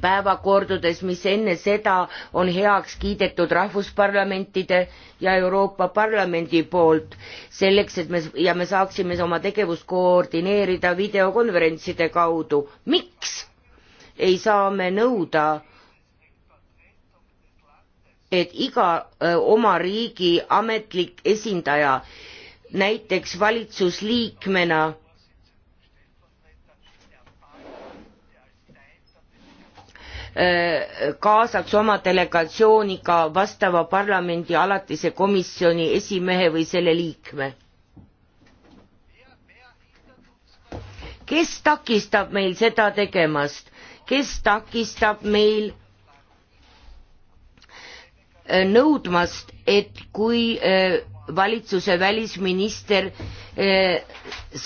päevakordades, mis enne seda on heaks kiidetud rahvusparlamentide ja Euroopa Parlamendi poolt, selleks et me ja me saaksime oma tegevust koordineerida videokonverentside kaudu. miks ei saa me nõuda, et iga öö, oma riigi ametlik esindaja, näiteks valitsusliikmena Äh, kaasaks oma delegatsiooni ka vastava parlamendi alatise komisjoni esimehe või selle liikme. kes takistab meil seda tegemast, kes takistab meil äh, nõudmast, et kui äh, valitsuse välisminister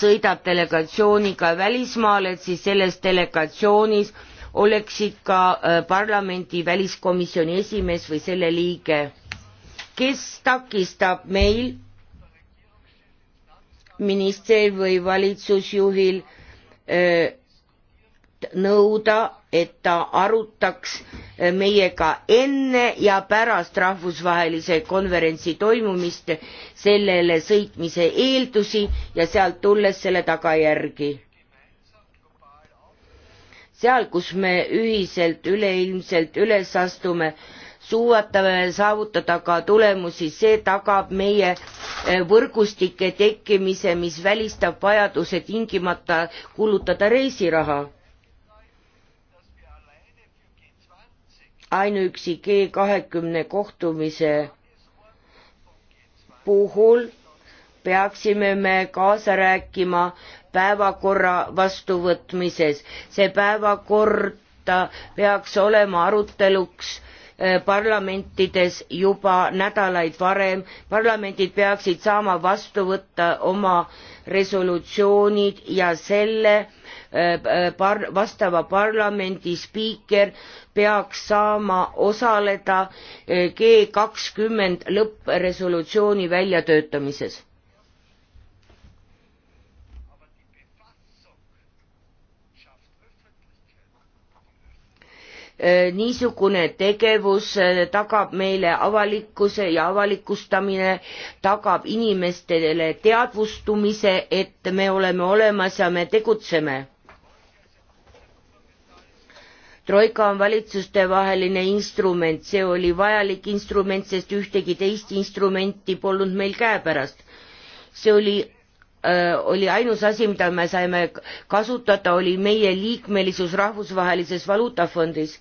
sõidab delegatsiooniga välismaale, et siis selles delegatsioonis oleksid ka äh, parlamendi väliskomisjoni esimees või selle liige. kes takistab meil, ministril või valitsusjuhil äh, nõuda, et ta arutaks äh, meiega enne ja pärast rahvusvahelise konverentsi toimumist sellele sõitmise eeldusi ja sealt tulles selle tagajärgi seal, kus me ühiselt üleilmselt üles astume, suudame saavutada ka tulemusi, see tagab meie eh, võrgustike tekkimise, mis välistab vajaduse tingimata kulutada reisiraha. ainuüksi G kahekümne kohtumise puhul peaksime me kaasa rääkima päevakorra vastuvõtmises. see päevakorda peaks olema aruteluks eh, parlamentides juba nädalaid varem, parlamendid peaksid saama vastu võtta oma resolutsioonid ja selle eh, eh, par-, vastava parlamendi spiiker peaks saama osaleda G kakskümmend lõppresolutsiooni väljatöötamises Äh, niisugune tegevus äh, tagab meile avalikkuse ja avalikustamine tagab inimestele teadvustumise, et me oleme olemas ja me tegutseme. troika on valitsustevaheline instrument, see oli vajalik instrument, sest ühtegi teist instrumenti polnud meil käepärast. see oli äh, oli ainus asi, mida me saime kasutada, oli meie liikmelisus Rahvusvahelises Valuutafondis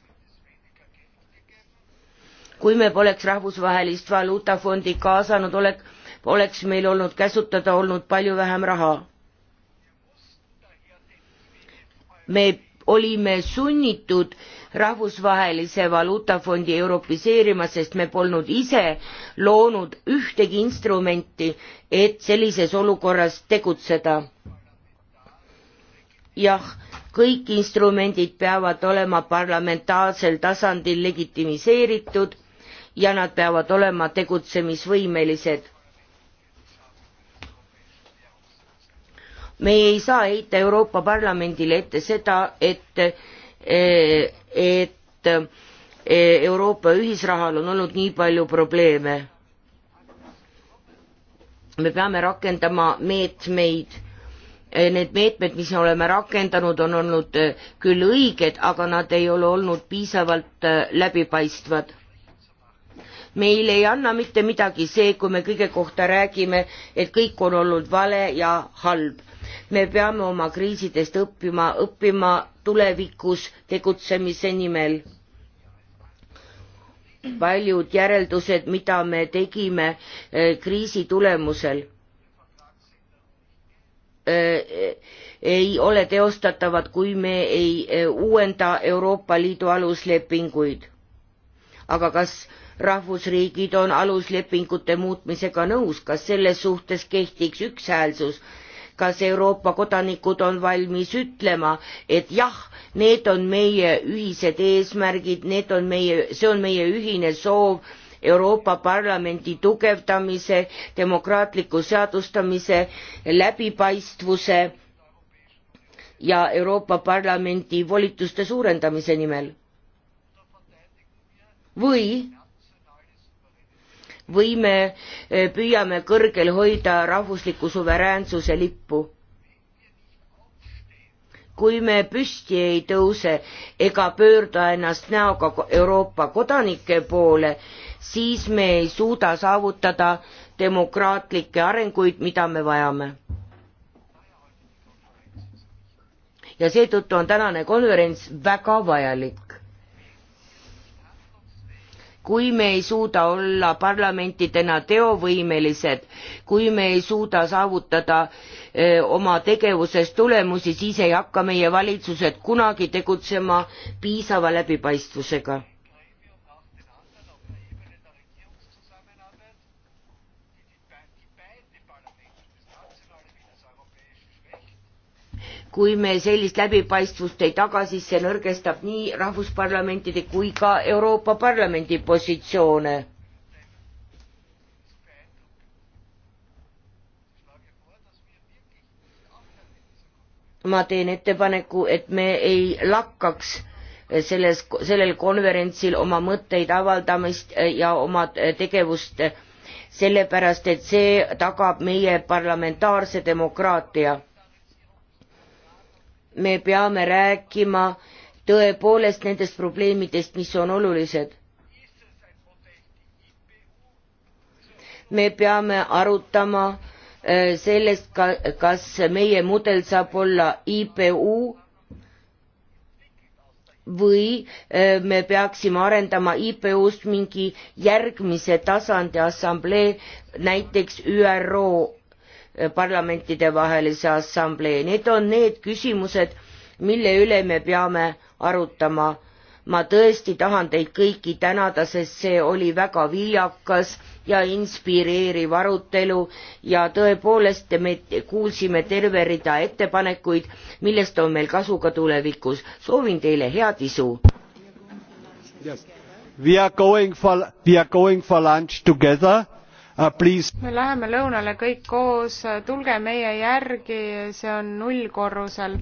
kui me poleks rahvusvahelist valuutafondi kaasanud, olek-, oleks meil olnud käsutada olnud palju vähem raha. me olime sunnitud rahvusvahelise valuutafondi europiseerima, sest me polnud ise loonud ühtegi instrumenti, et sellises olukorras tegutseda. jah, kõik instrumendid peavad olema parlamentaarsel tasandil legitimiseeritud ja nad peavad olema tegutsemisvõimelised. me ei saa heita Euroopa Parlamendile ette seda, et, eh, et eh, Euroopa ühisrahal on olnud nii palju probleeme. me peame rakendama meetmeid eh, need meetmed, mis me oleme rakendanud, on olnud küll õiged, aga nad ei ole olnud piisavalt läbipaistvad meil ei anna mitte midagi see, kui me kõige kohta räägime, et kõik on olnud vale ja halb. me peame oma kriisidest õppima, õppima tulevikus tegutsemise nimel. paljud järeldused, mida me tegime eh, kriisi tulemusel eh, ei ole teostatavad, kui me ei eh, uuenda Euroopa Liidu aluslepinguid. aga kas rahvusriigid on aluslepingute muutmisega nõus, kas selles suhtes kehtiks ükshäälsus? kas Euroopa kodanikud on valmis ütlema, et jah, need on meie ühised eesmärgid, need on meie, see on meie ühine soov Euroopa Parlamendi tugevdamise, demokraatliku seadustamise, läbipaistvuse ja Euroopa Parlamendi volituste suurendamise nimel. või või me eh, püüame kõrgel hoida rahvusliku suveräänsuse lippu. kui me püsti ei tõuse ega pöörda ennast näoga Euroopa kodanike poole, siis me ei suuda saavutada demokraatlikke arenguid, mida me vajame. ja seetõttu on tänane konverents väga vajalik kui me ei suuda olla parlamentidena teovõimelised, kui me ei suuda saavutada öö, oma tegevuses tulemusi, siis ei hakka meie valitsused kunagi tegutsema piisava läbipaistvusega kui me sellist läbipaistvust ei taga, siis see nõrgestab nii rahvusparlamentide kui ka Euroopa Parlamendi positsioone. ma teen ettepaneku, et me ei lakkaks selles, sellel konverentsil oma mõtteid avaldamist ja oma tegevust, sellepärast et see tagab meie parlamentaarse demokraatia me peame rääkima tõepoolest nendest probleemidest, mis on olulised. me peame arutama äh, sellest, kas meie mudel saab olla IPU või äh, me peaksime arendama IPU-st mingi järgmise tasandi assamblee, näiteks ÜRO parlamentidevahelise assamblee, need on need küsimused, mille üle me peame arutama. ma tõesti tahan teid kõiki tänada, sest see oli väga viljakas ja inspireeriv arutelu ja tõepoolest me kuulsime terve rida ettepanekuid, millest on meil kasu ka tulevikus. soovin teile head isu yes.. We are going for, we are going for lunch together Ah, me läheme lõunale kõik koos, tulge meie järgi, see on nullkorrusel.